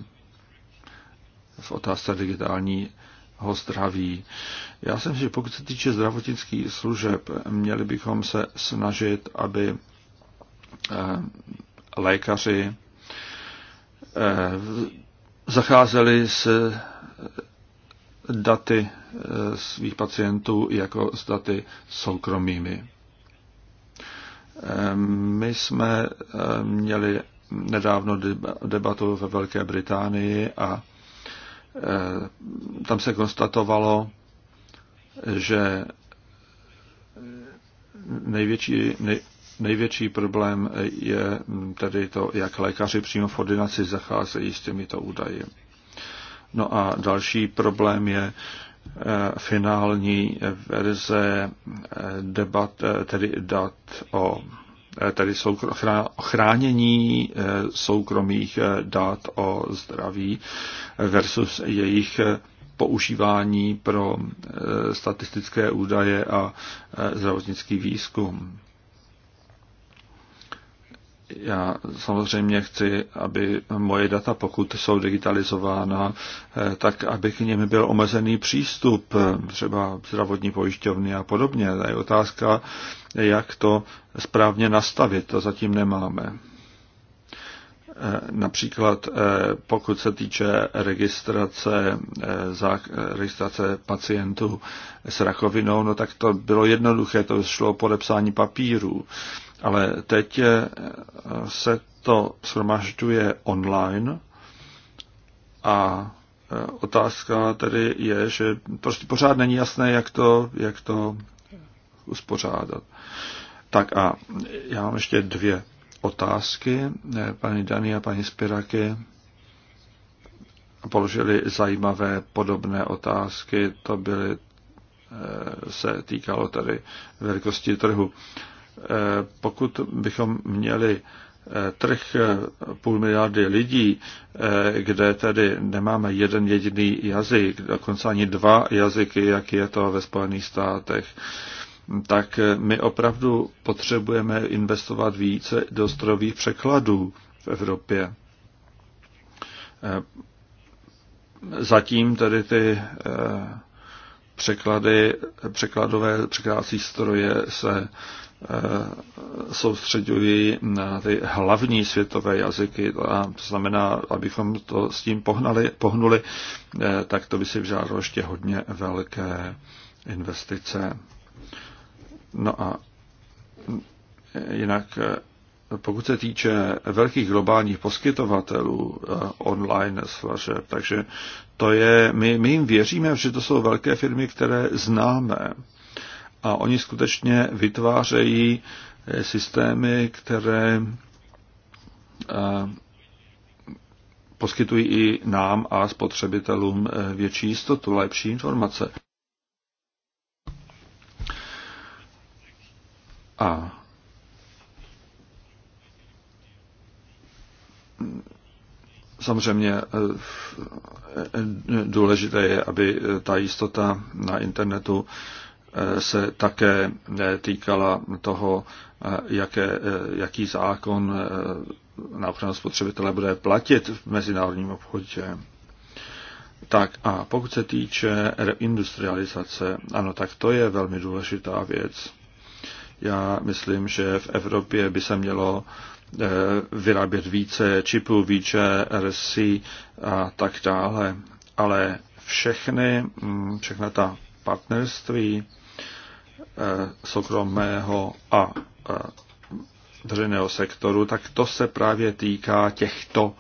v otázce digitálního zdraví. Já jsem si, pokud se týče zdravotnických služeb, měli bychom se snažit, aby eh, lékaři eh, zacházeli s eh, daty svých pacientů jako s daty soukromými. My jsme měli nedávno debatu ve Velké Británii a e, tam se konstatovalo, že největší, nej, největší problém je tedy to, jak lékaři přímo v ordinaci zacházejí s těmito údaji. No a další problém je e, finální verze e, debat, tedy dat o Eh, tedy ochránění eh, soukromých eh, dát o zdraví versus jejich používání pro statistické údaje a zdravotnický výzkum. Já samozřejmě chci, aby moje data, pokud jsou digitalizována, eh, tak aby k nim byl omezený přístup, třeba zdravotní pojišťovny a podobně. A je otázka, jak to správně nastavit, to zatím nemáme. Eh, například eh, pokud se týče registrace, registrace pacientů s rakovinou, no tak to bylo jednoduché, to šlo o podepsání papíru. Ale teď eh, se to shromažďuje online a eh, otázka tedy je, že prostě pořád není jasné, jak to, jak to uspořádat. Tak a já mám ještě dvě otázky. Eh, paní Dani a paní Spiraky položili zajímavé podobné otázky. To byly, se týkalo tady velikosti trhu. Eh, pokud bychom měli eh, trh eh, půl miliardy lidí, kde tedy nemáme jeden jediný jazyk, dokonce ani dva jazyky, jak je to ve Spojených státech, tak my opravdu potřebujeme investovat více do strojových překladů v Evropě. Zatím tedy ty překlady, překladové překládací stroje se Eh, soustředují na ty hlavní světové jazyky, a to znamená, abychom to s tím pohnali, pohnuli, eh, tak to by si vžádalo ještě hodně velké investice. No a jinak eh, pokud se týče velkých globálních poskytovatelů online služeb, takže to je, my, my jim věříme, že to jsou velké firmy, které známe a oni skutečně vytvářejí eh, systémy, které eh, poskytují i nám a spotřebitelům eh, větší jistotu, lepší informace. A samozřejmě důležité je, aby ta jistota na internetu se také eh, týkala toho, eh, jaké, eh, jaký zákon na ochranu spotřebitele bude platit v mezinárodním obchodě. Tak a pokud se týče reindustrializace, ano, tak to je velmi důležitá věc. Já myslím, že v Evropě by se mělo vyrábět více čipů, více RC, a tak dále. Ale všechny, mm, všechna ta partnerství Eh, soukromého a eh, veřejného sektoru, tak to se právě týká těchto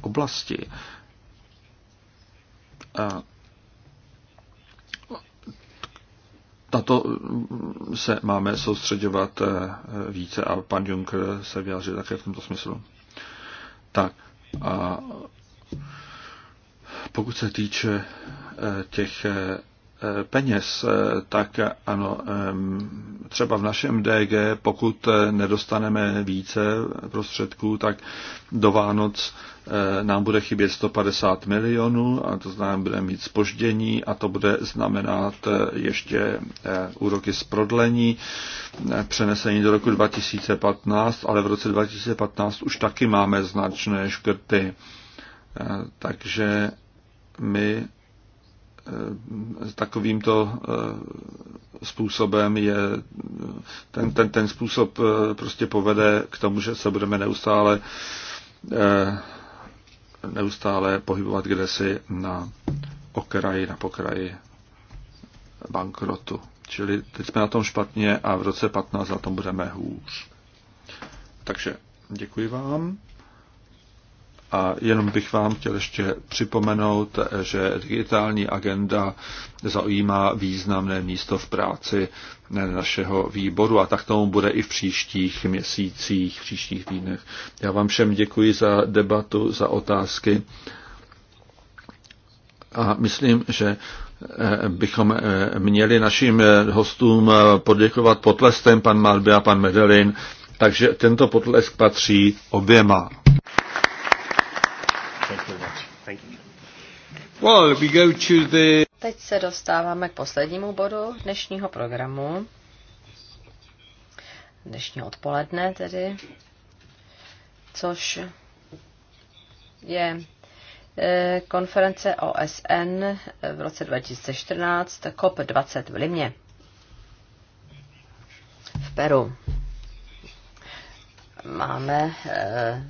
oblastí. Na eh, to mm, se máme soustředovat více a pan Juncker se vyjádřil také v tomto smyslu. Tak a pokud se týče těch Eh, peněz, eh, tak ano, třeba v našem DG, pokud eh, nedostaneme více prostředků, tak do Vánoc nám bude chybět 150 milionů a to znamená, bude mít spoždění a to bude znamenat ještě úroky z prodlení, přenesení do roku 2015, ale v roce 2015 už taky máme značné škrty. Takže my Eh, takovýmto eh, způsobem je, ten, ten, ten způsob eh, prostě povede k tomu, že se budeme neustále neustále pohybovat kdesi na okraji, na pokraji bankrotu. Čili teď jsme na tom špatně a v roce 15 na tom budeme hůř. Takže děkuji vám. A jenom bych vám chtěl ještě připomenout, že digitální agenda zaujímá významné místo v práci našeho výboru a tak tomu bude i v příštích měsících, v příštích týdnech. Já vám všem děkuji za debatu, za otázky a myslím, že eh, bychom eh, měli našim eh, hostům poděkovat potlestem pan Malby a pan Medelin, takže tento potlesk patří oběma. Teď se dostáváme k poslednímu bodu dnešního programu. Dnešního odpoledne tedy. Což je eh, konference OSN v roce 2014 COP20 v Limě v Peru. Máme eh,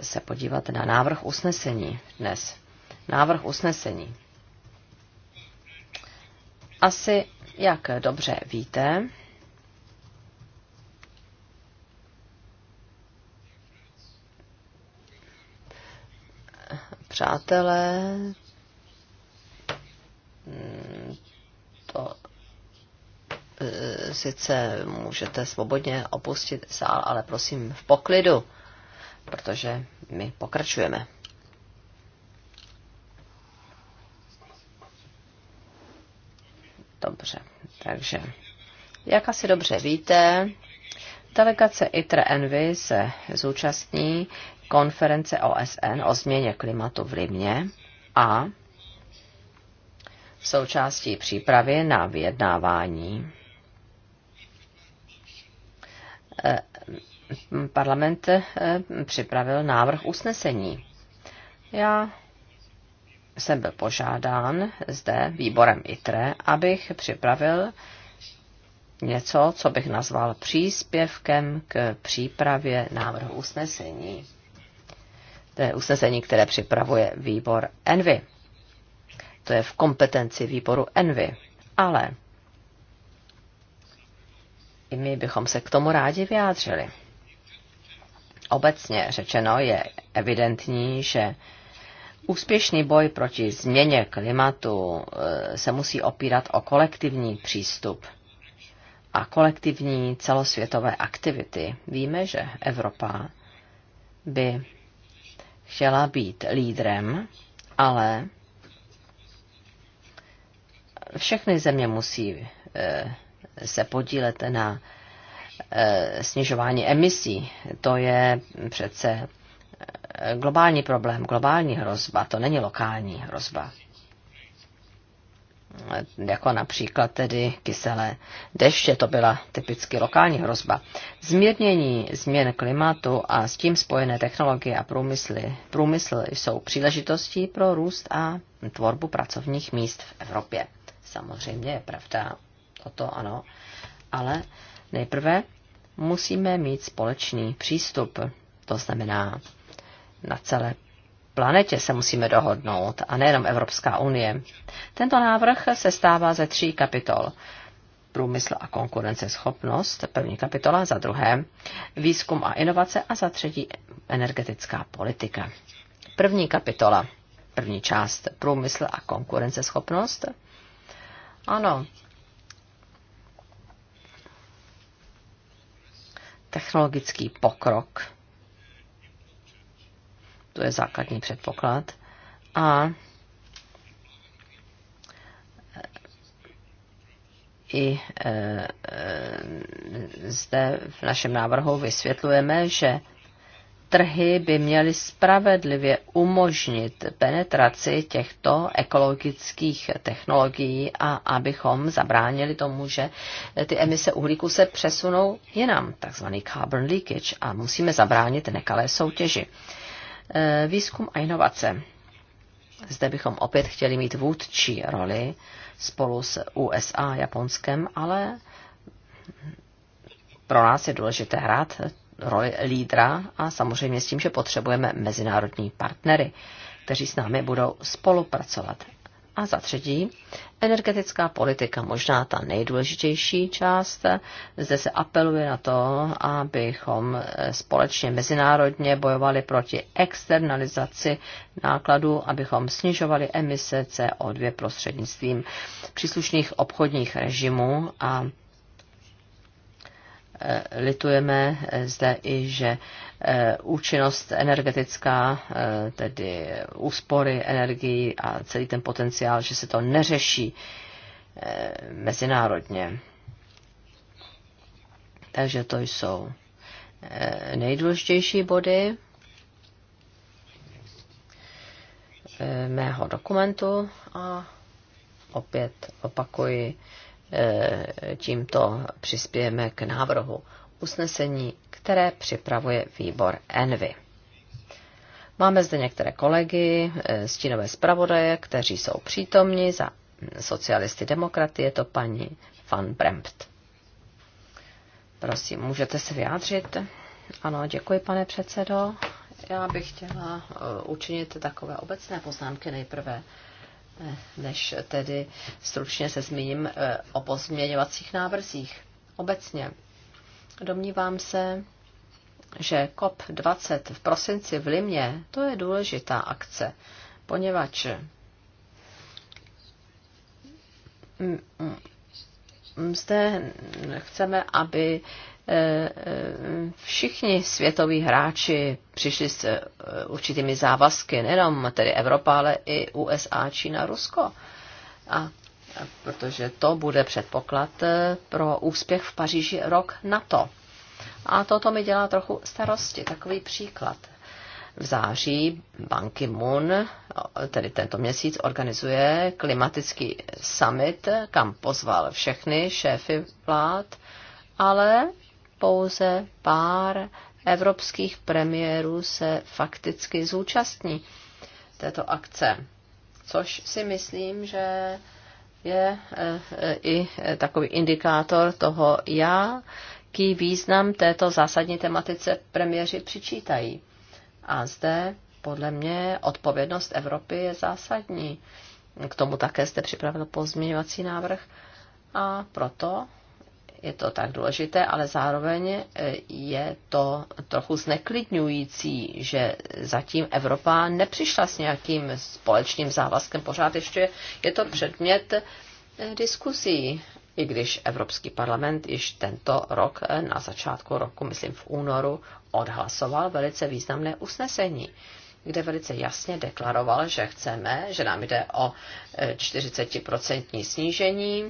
se podívat na návrh usnesení dnes. Návrh usnesení. Asi, jak dobře víte, přátelé, to e, sice můžete svobodně opustit sál, ale prosím v poklidu protože my pokračujeme. Dobře, takže jak asi dobře víte, delegace ITRE Envy se zúčastní konference OSN o změně klimatu v Limě a v součástí přípravy na vyjednávání parlament eh, připravil návrh usnesení. Já jsem byl požádán zde výborem ITRE, abych připravil něco, co bych nazval příspěvkem k přípravě návrhu usnesení. To je usnesení, které připravuje výbor ENVY. To je v kompetenci výboru ENVY. Ale i my bychom se k tomu rádi vyjádřili. Obecně řečeno je evidentní, že úspěšný boj proti změně klimatu eh, se musí opírat o kolektivní přístup a kolektivní celosvětové aktivity. Víme, že Evropa by chtěla být lídrem, ale všechny země musí eh, se podílet na Eh, snižování emisí. To je přece eh, globální problém, globální hrozba, to není lokální hrozba. Eh, jako například tedy kyselé deště, to byla typicky lokální hrozba. Zmírnění změn klimatu a s tím spojené technologie a průmysly, průmysl jsou příležitostí pro růst a tvorbu pracovních míst v Evropě. Samozřejmě je pravda, to ano, ale Nejprve musíme mít společný přístup, to znamená na celé planetě se musíme dohodnout, a nejenom Evropská unie. Tento návrh se stává ze tří kapitol. Průmysl a konkurenceschopnost, první kapitola, za druhé výzkum a inovace a za třetí energetická politika. První kapitola, první část, průmysl a konkurenceschopnost. Ano, technologický pokrok. To je základní předpoklad. A i e, e, zde v našem návrhu vysvětlujeme, že trhy by měly spravedlivě umožnit penetraci těchto ekologických technologií a abychom zabránili tomu, že ty emise uhlíku se přesunou jinam, takzvaný carbon leakage, a musíme zabránit nekalé soutěži. E, výzkum a inovace. Zde bychom opět chtěli mít vůdčí roli spolu s USA a Japonskem, ale pro nás je důležité hrát roli lídra a samozřejmě s tím, že potřebujeme mezinárodní partnery, kteří s námi budou spolupracovat. A za třetí, energetická politika, možná ta nejdůležitější část. Zde se apeluje na to, abychom eh, společně mezinárodně bojovali proti externalizaci nákladů, abychom snižovali emise CO2 prostřednictvím příslušných obchodních režimů a Eh, litujeme eh, zde i, že eh, účinnost energetická, tedy úspory energií a celý ten potenciál, že se to neřeší mezinárodně. Takže to jsou nejdůležitější body mého dokumentu a opět opakuji, tímto přispějeme k návrhu usnesení, které připravuje výbor Envy. Máme zde některé kolegy, eh, stínové zpravodaje, kteří jsou přítomni za socialisty demokraty, je to paní Van Brempt. Prosím, můžete se vyjádřit? Ano, děkuji, pane předsedo. Já bych chtěla eh, učinit takové obecné poznámky nejprve než tedy stručně se zmíním eh, o pozměňovacích návrzích. Obecně domnívám se, že COP20 v prosinci v Limě, to je důležitá akce, poněvadž zde chceme, aby Eh, eh, všichni světoví hráči přišli s eh, určitými závazky, nejenom tedy Evropa, ale i USA, Čína, Rusko. A protože to bude předpoklad pro úspěch v Paříži rok na to. A toto mi dělá trochu starosti. Takový příklad. V září Banky moon tedy tento měsíc, organizuje klimatický summit, kam pozval všechny šéfy vlád, ale pouze pár evropských premiérů se fakticky zúčastní této akce. Což si myslím, že je eh, i takový indikátor toho, jaký význam této zásadní tematice premiéři přičítají. A zde podle mě odpovědnost Evropy je zásadní. K tomu také jste připravil pozměňovací návrh a proto je to tak důležité, ale zároveň e, je to trochu zneklidňující, že zatím Evropa nepřišla s nějakým společným závazkem. Pořád ještě je to předmět e, diskusí, i když Evropský parlament již tento rok e, na začátku roku, myslím v únoru, odhlasoval velice významné usnesení kde velice jasně deklaroval, že chceme, že nám jde o 40% snížení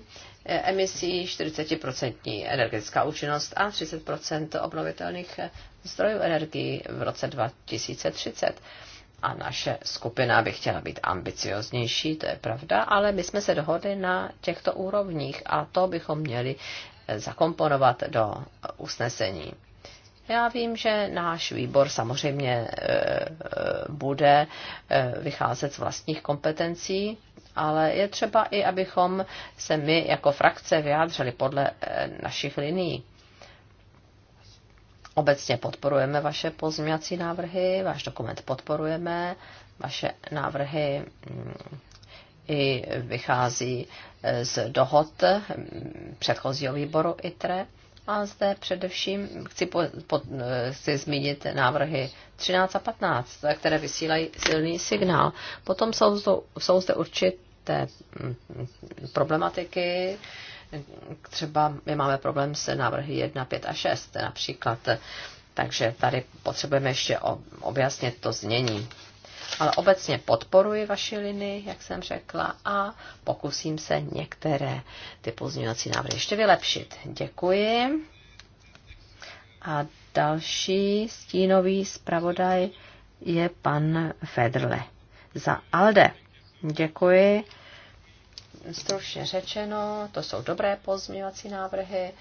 emisí, 40% energetická účinnost a 30% obnovitelných zdrojů energií v roce 2030. A naše skupina by chtěla být ambicioznější, to je pravda, ale my jsme se dohodli na těchto úrovních a to bychom měli zakomponovat do usnesení. Já vím, že náš výbor samozřejmě eh, eh, bude eh, vycházet z vlastních kompetencí, ale je třeba i, abychom se my jako frakce vyjádřili podle našich linií. Obecně podporujeme vaše pozměňovací návrhy, váš dokument podporujeme, vaše návrhy mm, i vychází z dohod mm, předchozího výboru ITRE a zde především chci, po, po, chci zmínit návrhy 13 a 15, které vysílají silný signál. Potom jsou, jsou zde určité mm, mm, problematiky, třeba my máme problém se návrhy 1, 5 a 6 například. Takže tady potřebujeme ještě objasnit to znění. Ale obecně podporuji vaši linii, jak jsem řekla, a pokusím se některé ty pozměňovací návrhy ještě vylepšit. Děkuji. A další stínový zpravodaj je pan Federle za ALDE. Děkuji. Stručně řečeno, to jsou dobré pozměňovací návrhy.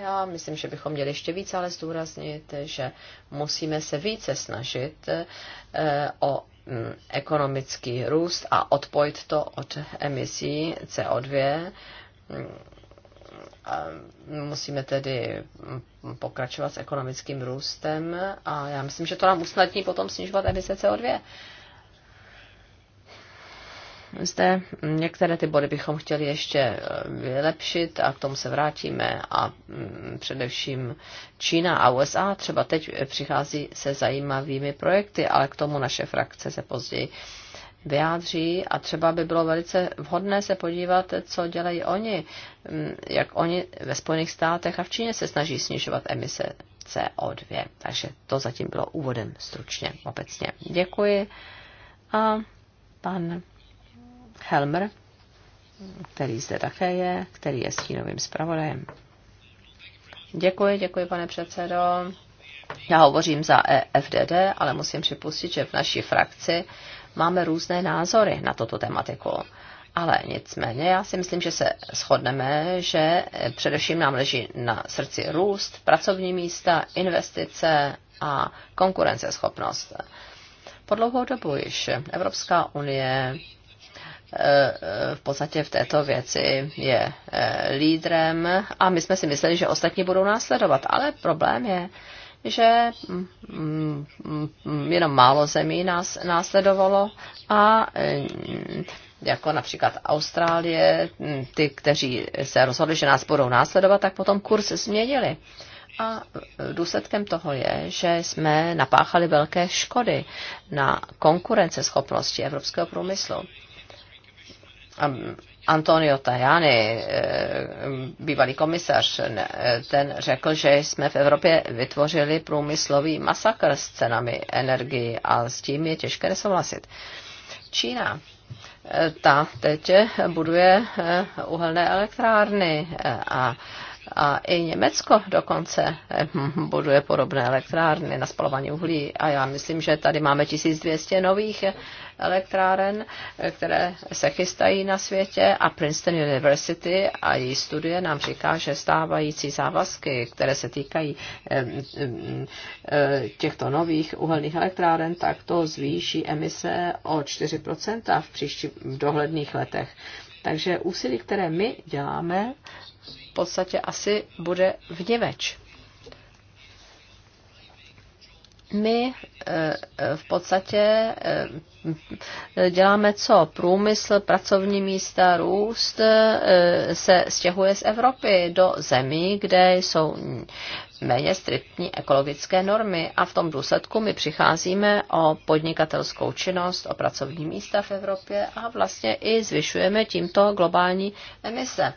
Já myslím, že bychom měli ještě více ale zdůraznit, že musíme se více snažit eh, o Eh, ekonomický růst a odpojit to od emisí CO2. Eh, musíme tedy pokračovat s ekonomickým růstem a já myslím, že to nám usnadní potom snižovat emise CO2 zde některé ty body bychom chtěli ještě eh, vylepšit a k tomu se vrátíme. A mm, především Čína a USA třeba teď přichází se zajímavými projekty, ale k tomu naše frakce se později vyjádří a třeba by bylo velice vhodné se podívat, co dělají oni, mm, jak oni ve Spojených státech a v Číně se snaží snižovat emise CO2. Takže to zatím bylo úvodem stručně obecně. Děkuji. A pan Helmer, který zde také je, který je stínovým zpravodajem. Děkuji, děkuji, pane předsedo. Já hovořím za EFDD, ale musím připustit, že v naší frakci máme různé názory na toto tematiku. Ale nicméně, já si myslím, že se shodneme, že především nám leží na srdci růst, pracovní místa, investice a konkurenceschopnost. Po dlouhou dobu již Evropská unie Eh, v podstatě v této věci je eh, lídrem a my jsme si mysleli, že ostatní budou následovat, ale problém je, že mm, mm, mm, jenom málo zemí nás následovalo a eh, jako například Austrálie, ty, kteří se rozhodli, že nás budou následovat, tak potom kurz změnili. A důsledkem toho je, že jsme napáchali velké škody na konkurenceschopnosti evropského průmyslu. Antonio Tajani, eh, bývalý komisař, ten řekl, že jsme v Evropě vytvořili průmyslový masakr s cenami energii a s tím je těžké nesouhlasit. Čína eh, ta teď buduje eh, uhelné elektrárny a a i Německo dokonce eh, buduje podobné elektrárny na spalování uhlí. A já myslím, že tady máme 1200 nových elektráren, eh, které se chystají na světě a Princeton University a její studie nám říká, že stávající závazky, které se týkají eh, těchto nových uhelných elektráren, tak to zvýší emise o 4% v příštích dohledných letech. Takže úsilí, které my děláme, v podstatě asi bude vněveč. My eh, eh, v podstatě eh, děláme co? Průmysl, pracovní místa, růst se stěhuje z Evropy do zemí, kde jsou méně striktní ekologické normy a v tom důsledku my přicházíme o podnikatelskou činnost, o pracovní místa v Evropě a vlastně i zvyšujeme tímto globální emise.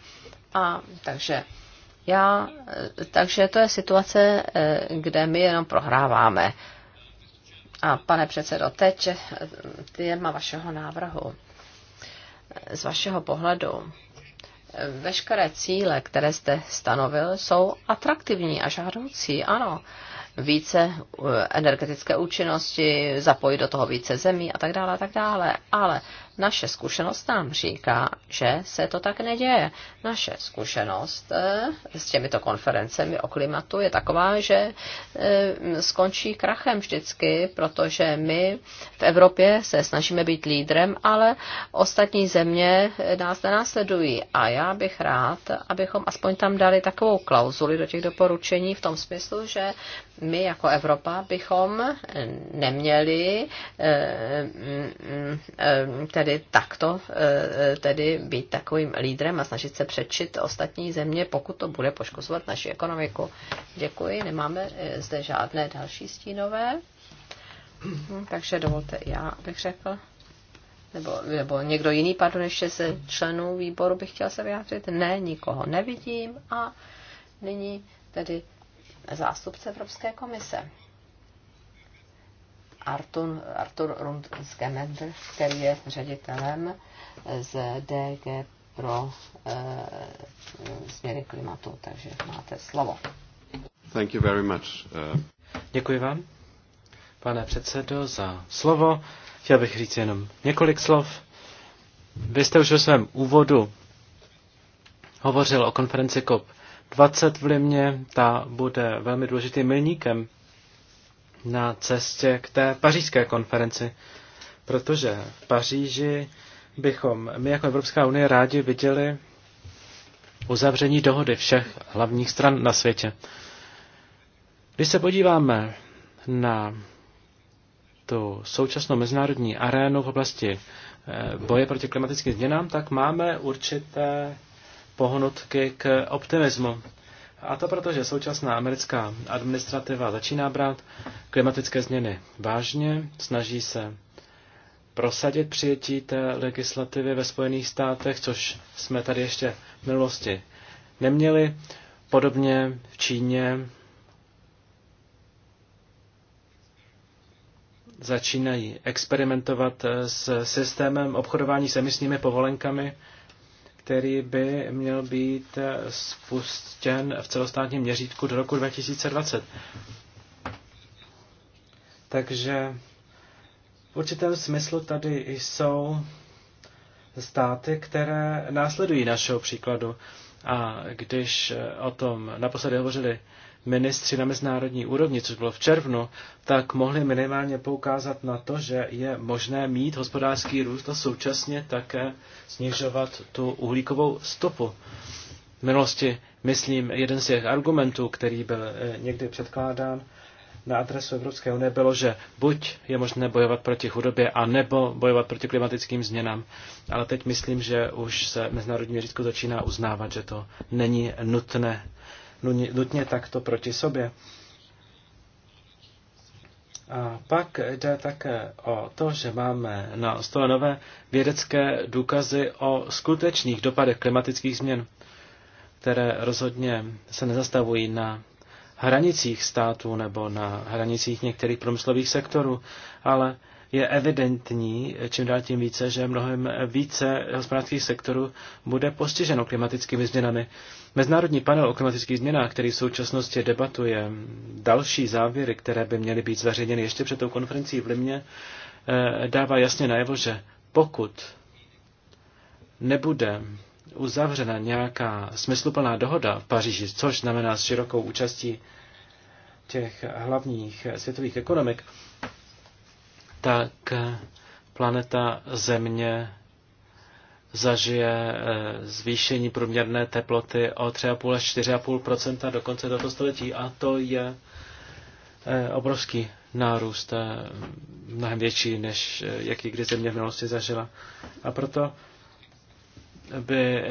A takže já, takže to je situace, eh, kde my jenom prohráváme. A pane předsedo, teď eh, téma vašeho návrhu. Eh, z vašeho pohledu, veškeré cíle, které jste stanovil, jsou atraktivní a žádoucí, ano. Více energetické účinnosti, zapojit do toho více zemí a tak dále, a tak dále. Ale naše zkušenost nám říká, že se to tak neděje. Naše zkušenost eh, s těmito konferencemi o klimatu je taková, že eh, skončí krachem vždycky, protože my v Evropě se snažíme být lídrem, ale ostatní země eh, nás nenásledují. A já bych rád, abychom aspoň tam dali takovou klauzuli do těch doporučení v tom smyslu, že my jako Evropa bychom neměli mm, mm, tedy tedy takto eh, eh, tedy být takovým lídrem a snažit se přečit ostatní země, pokud to bude poškozovat naši ekonomiku. Děkuji, nemáme eh, zde žádné další stínové. Hm, takže dovolte, já bych řekl, nebo, nebo někdo jiný, pardon, ještě ze členů výboru bych chtěl se vyjádřit. Ne, nikoho nevidím a nyní tedy zástupce Evropské komise. Artur, Artur Rundskemender, který je ředitelem z DG pro e, změny klimatu. Takže máte slovo. Thank you very much. Uh... Děkuji vám, pane předsedo, za slovo. Chtěl bych říct jenom několik slov. Vy jste už ve svém úvodu hovořil o konferenci COP 20 v Limě. Ta bude velmi důležitým milníkem na cestě k té pařížské konferenci, protože v Paříži bychom my jako Evropská unie rádi viděli uzavření dohody všech hlavních stran na světě. Když se podíváme na tu současnou mezinárodní arénu v oblasti eh, boje proti klimatickým změnám, tak máme určité pohnutky k optimismu. A to proto, že současná americká administrativa začíná brát klimatické změny vážně, snaží se prosadit přijetí té legislativy ve Spojených státech, což jsme tady ještě v minulosti neměli. Podobně v Číně začínají experimentovat s systémem obchodování s emisními povolenkami, který by měl být spustěn v celostátním měřítku do roku 2020. Takže v určitém smyslu tady jsou státy, které následují našeho příkladu. A když o tom naposledy hovořili ministři na mezinárodní úrovni, což bylo v červnu, tak mohli minimálně poukázat na to, že je možné mít hospodářský růst a současně také snižovat tu uhlíkovou stopu. V minulosti, myslím, jeden z těch argumentů, který byl eh, někdy předkládán na adresu Evropské unie, bylo, že buď je možné bojovat proti chudobě, a nebo bojovat proti klimatickým změnám. Ale teď myslím, že už se mezinárodní měřítko začíná uznávat, že to není nutné nutně takto proti sobě. A pak jde také o to, že máme na stole nové vědecké důkazy o skutečných dopadech klimatických změn, které rozhodně se nezastavují na hranicích států nebo na hranicích některých průmyslových sektorů, ale je evidentní, čím dál tím více, že mnohem více hospodářských sektorů bude postiženo klimatickými změnami. Mezinárodní panel o klimatických změnách, který v současnosti debatuje další závěry, které by měly být zveřejněny ještě před tou konferencí v Limě, eh, dává jasně najevo, že pokud nebude uzavřena nějaká smysluplná dohoda v Paříži, což znamená s širokou účastí těch hlavních světových ekonomik, tak planeta Země zažije eh, zvýšení průměrné teploty o 3,5 až 4,5 do konce tohoto století. A to je eh, obrovský nárůst, eh, mnohem větší, než jaký kdy země v minulosti zažila. A proto by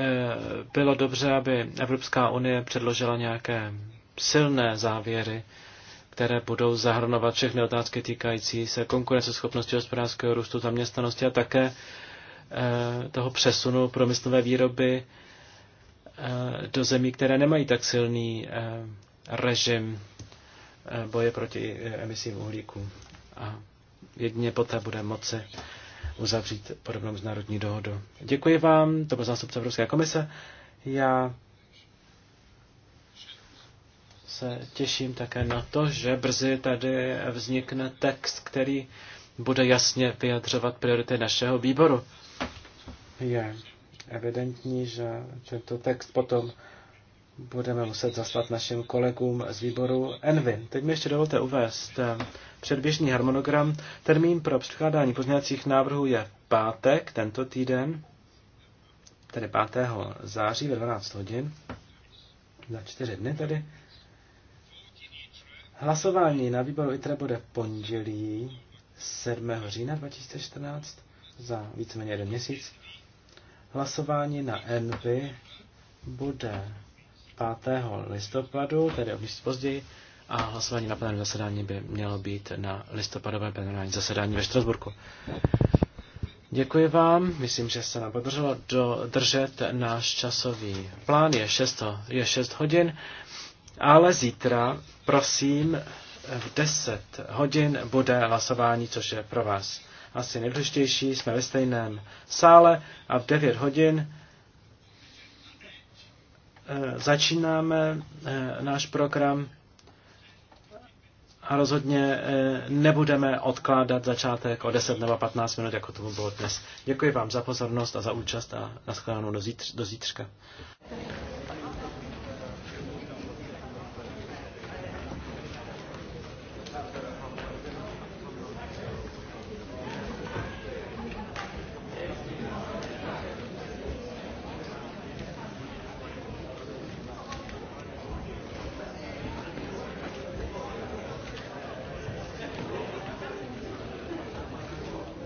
bylo dobře, aby Evropská unie předložila nějaké silné závěry které budou zahrnovat všechny otázky týkající se konkurenceschopnosti hospodářského růstu, zaměstnanosti a také eh, toho přesunu promyslové výroby eh, do zemí, které nemají tak silný eh, režim boje proti emisím uhlíku. A jedině poté bude moci uzavřít podobnou mezinárodní dohodu. Děkuji vám, to byl zástupce Evropské komise. Já se těším také na to, že brzy tady vznikne text, který bude jasně vyjadřovat priority našeho výboru. Je evidentní, že tento text potom budeme muset zaslat našim kolegům z výboru Envy. Teď mi ještě dovolte uvést eh, předběžný harmonogram. Termín pro předkládání pozměňovacích návrhů je pátek tento týden, tedy 5. září ve 12 hodin, za čtyři dny tedy. Hlasování na výboru ITRE bude v pondělí 7. října 2014 za víceméně jeden měsíc. Hlasování na ENVY bude 5. listopadu, tedy o měsíc později, a hlasování na plenární zasedání by mělo být na listopadové plenární zasedání ve Štrasburku. Děkuji vám, myslím, že se nám podařilo dodržet náš časový plán, je 6, je 6 hodin. Ale zítra, prosím, v 10 hodin bude hlasování, což je pro vás asi nejdůležitější. Jsme ve stejném sále a v 9 hodin eh, začínáme eh, náš program a rozhodně eh, nebudeme odkládat začátek o 10 nebo 15 minut, jako tomu bylo dnes. Děkuji vám za pozornost a za účast a nashledanou do, zítř, do zítřka.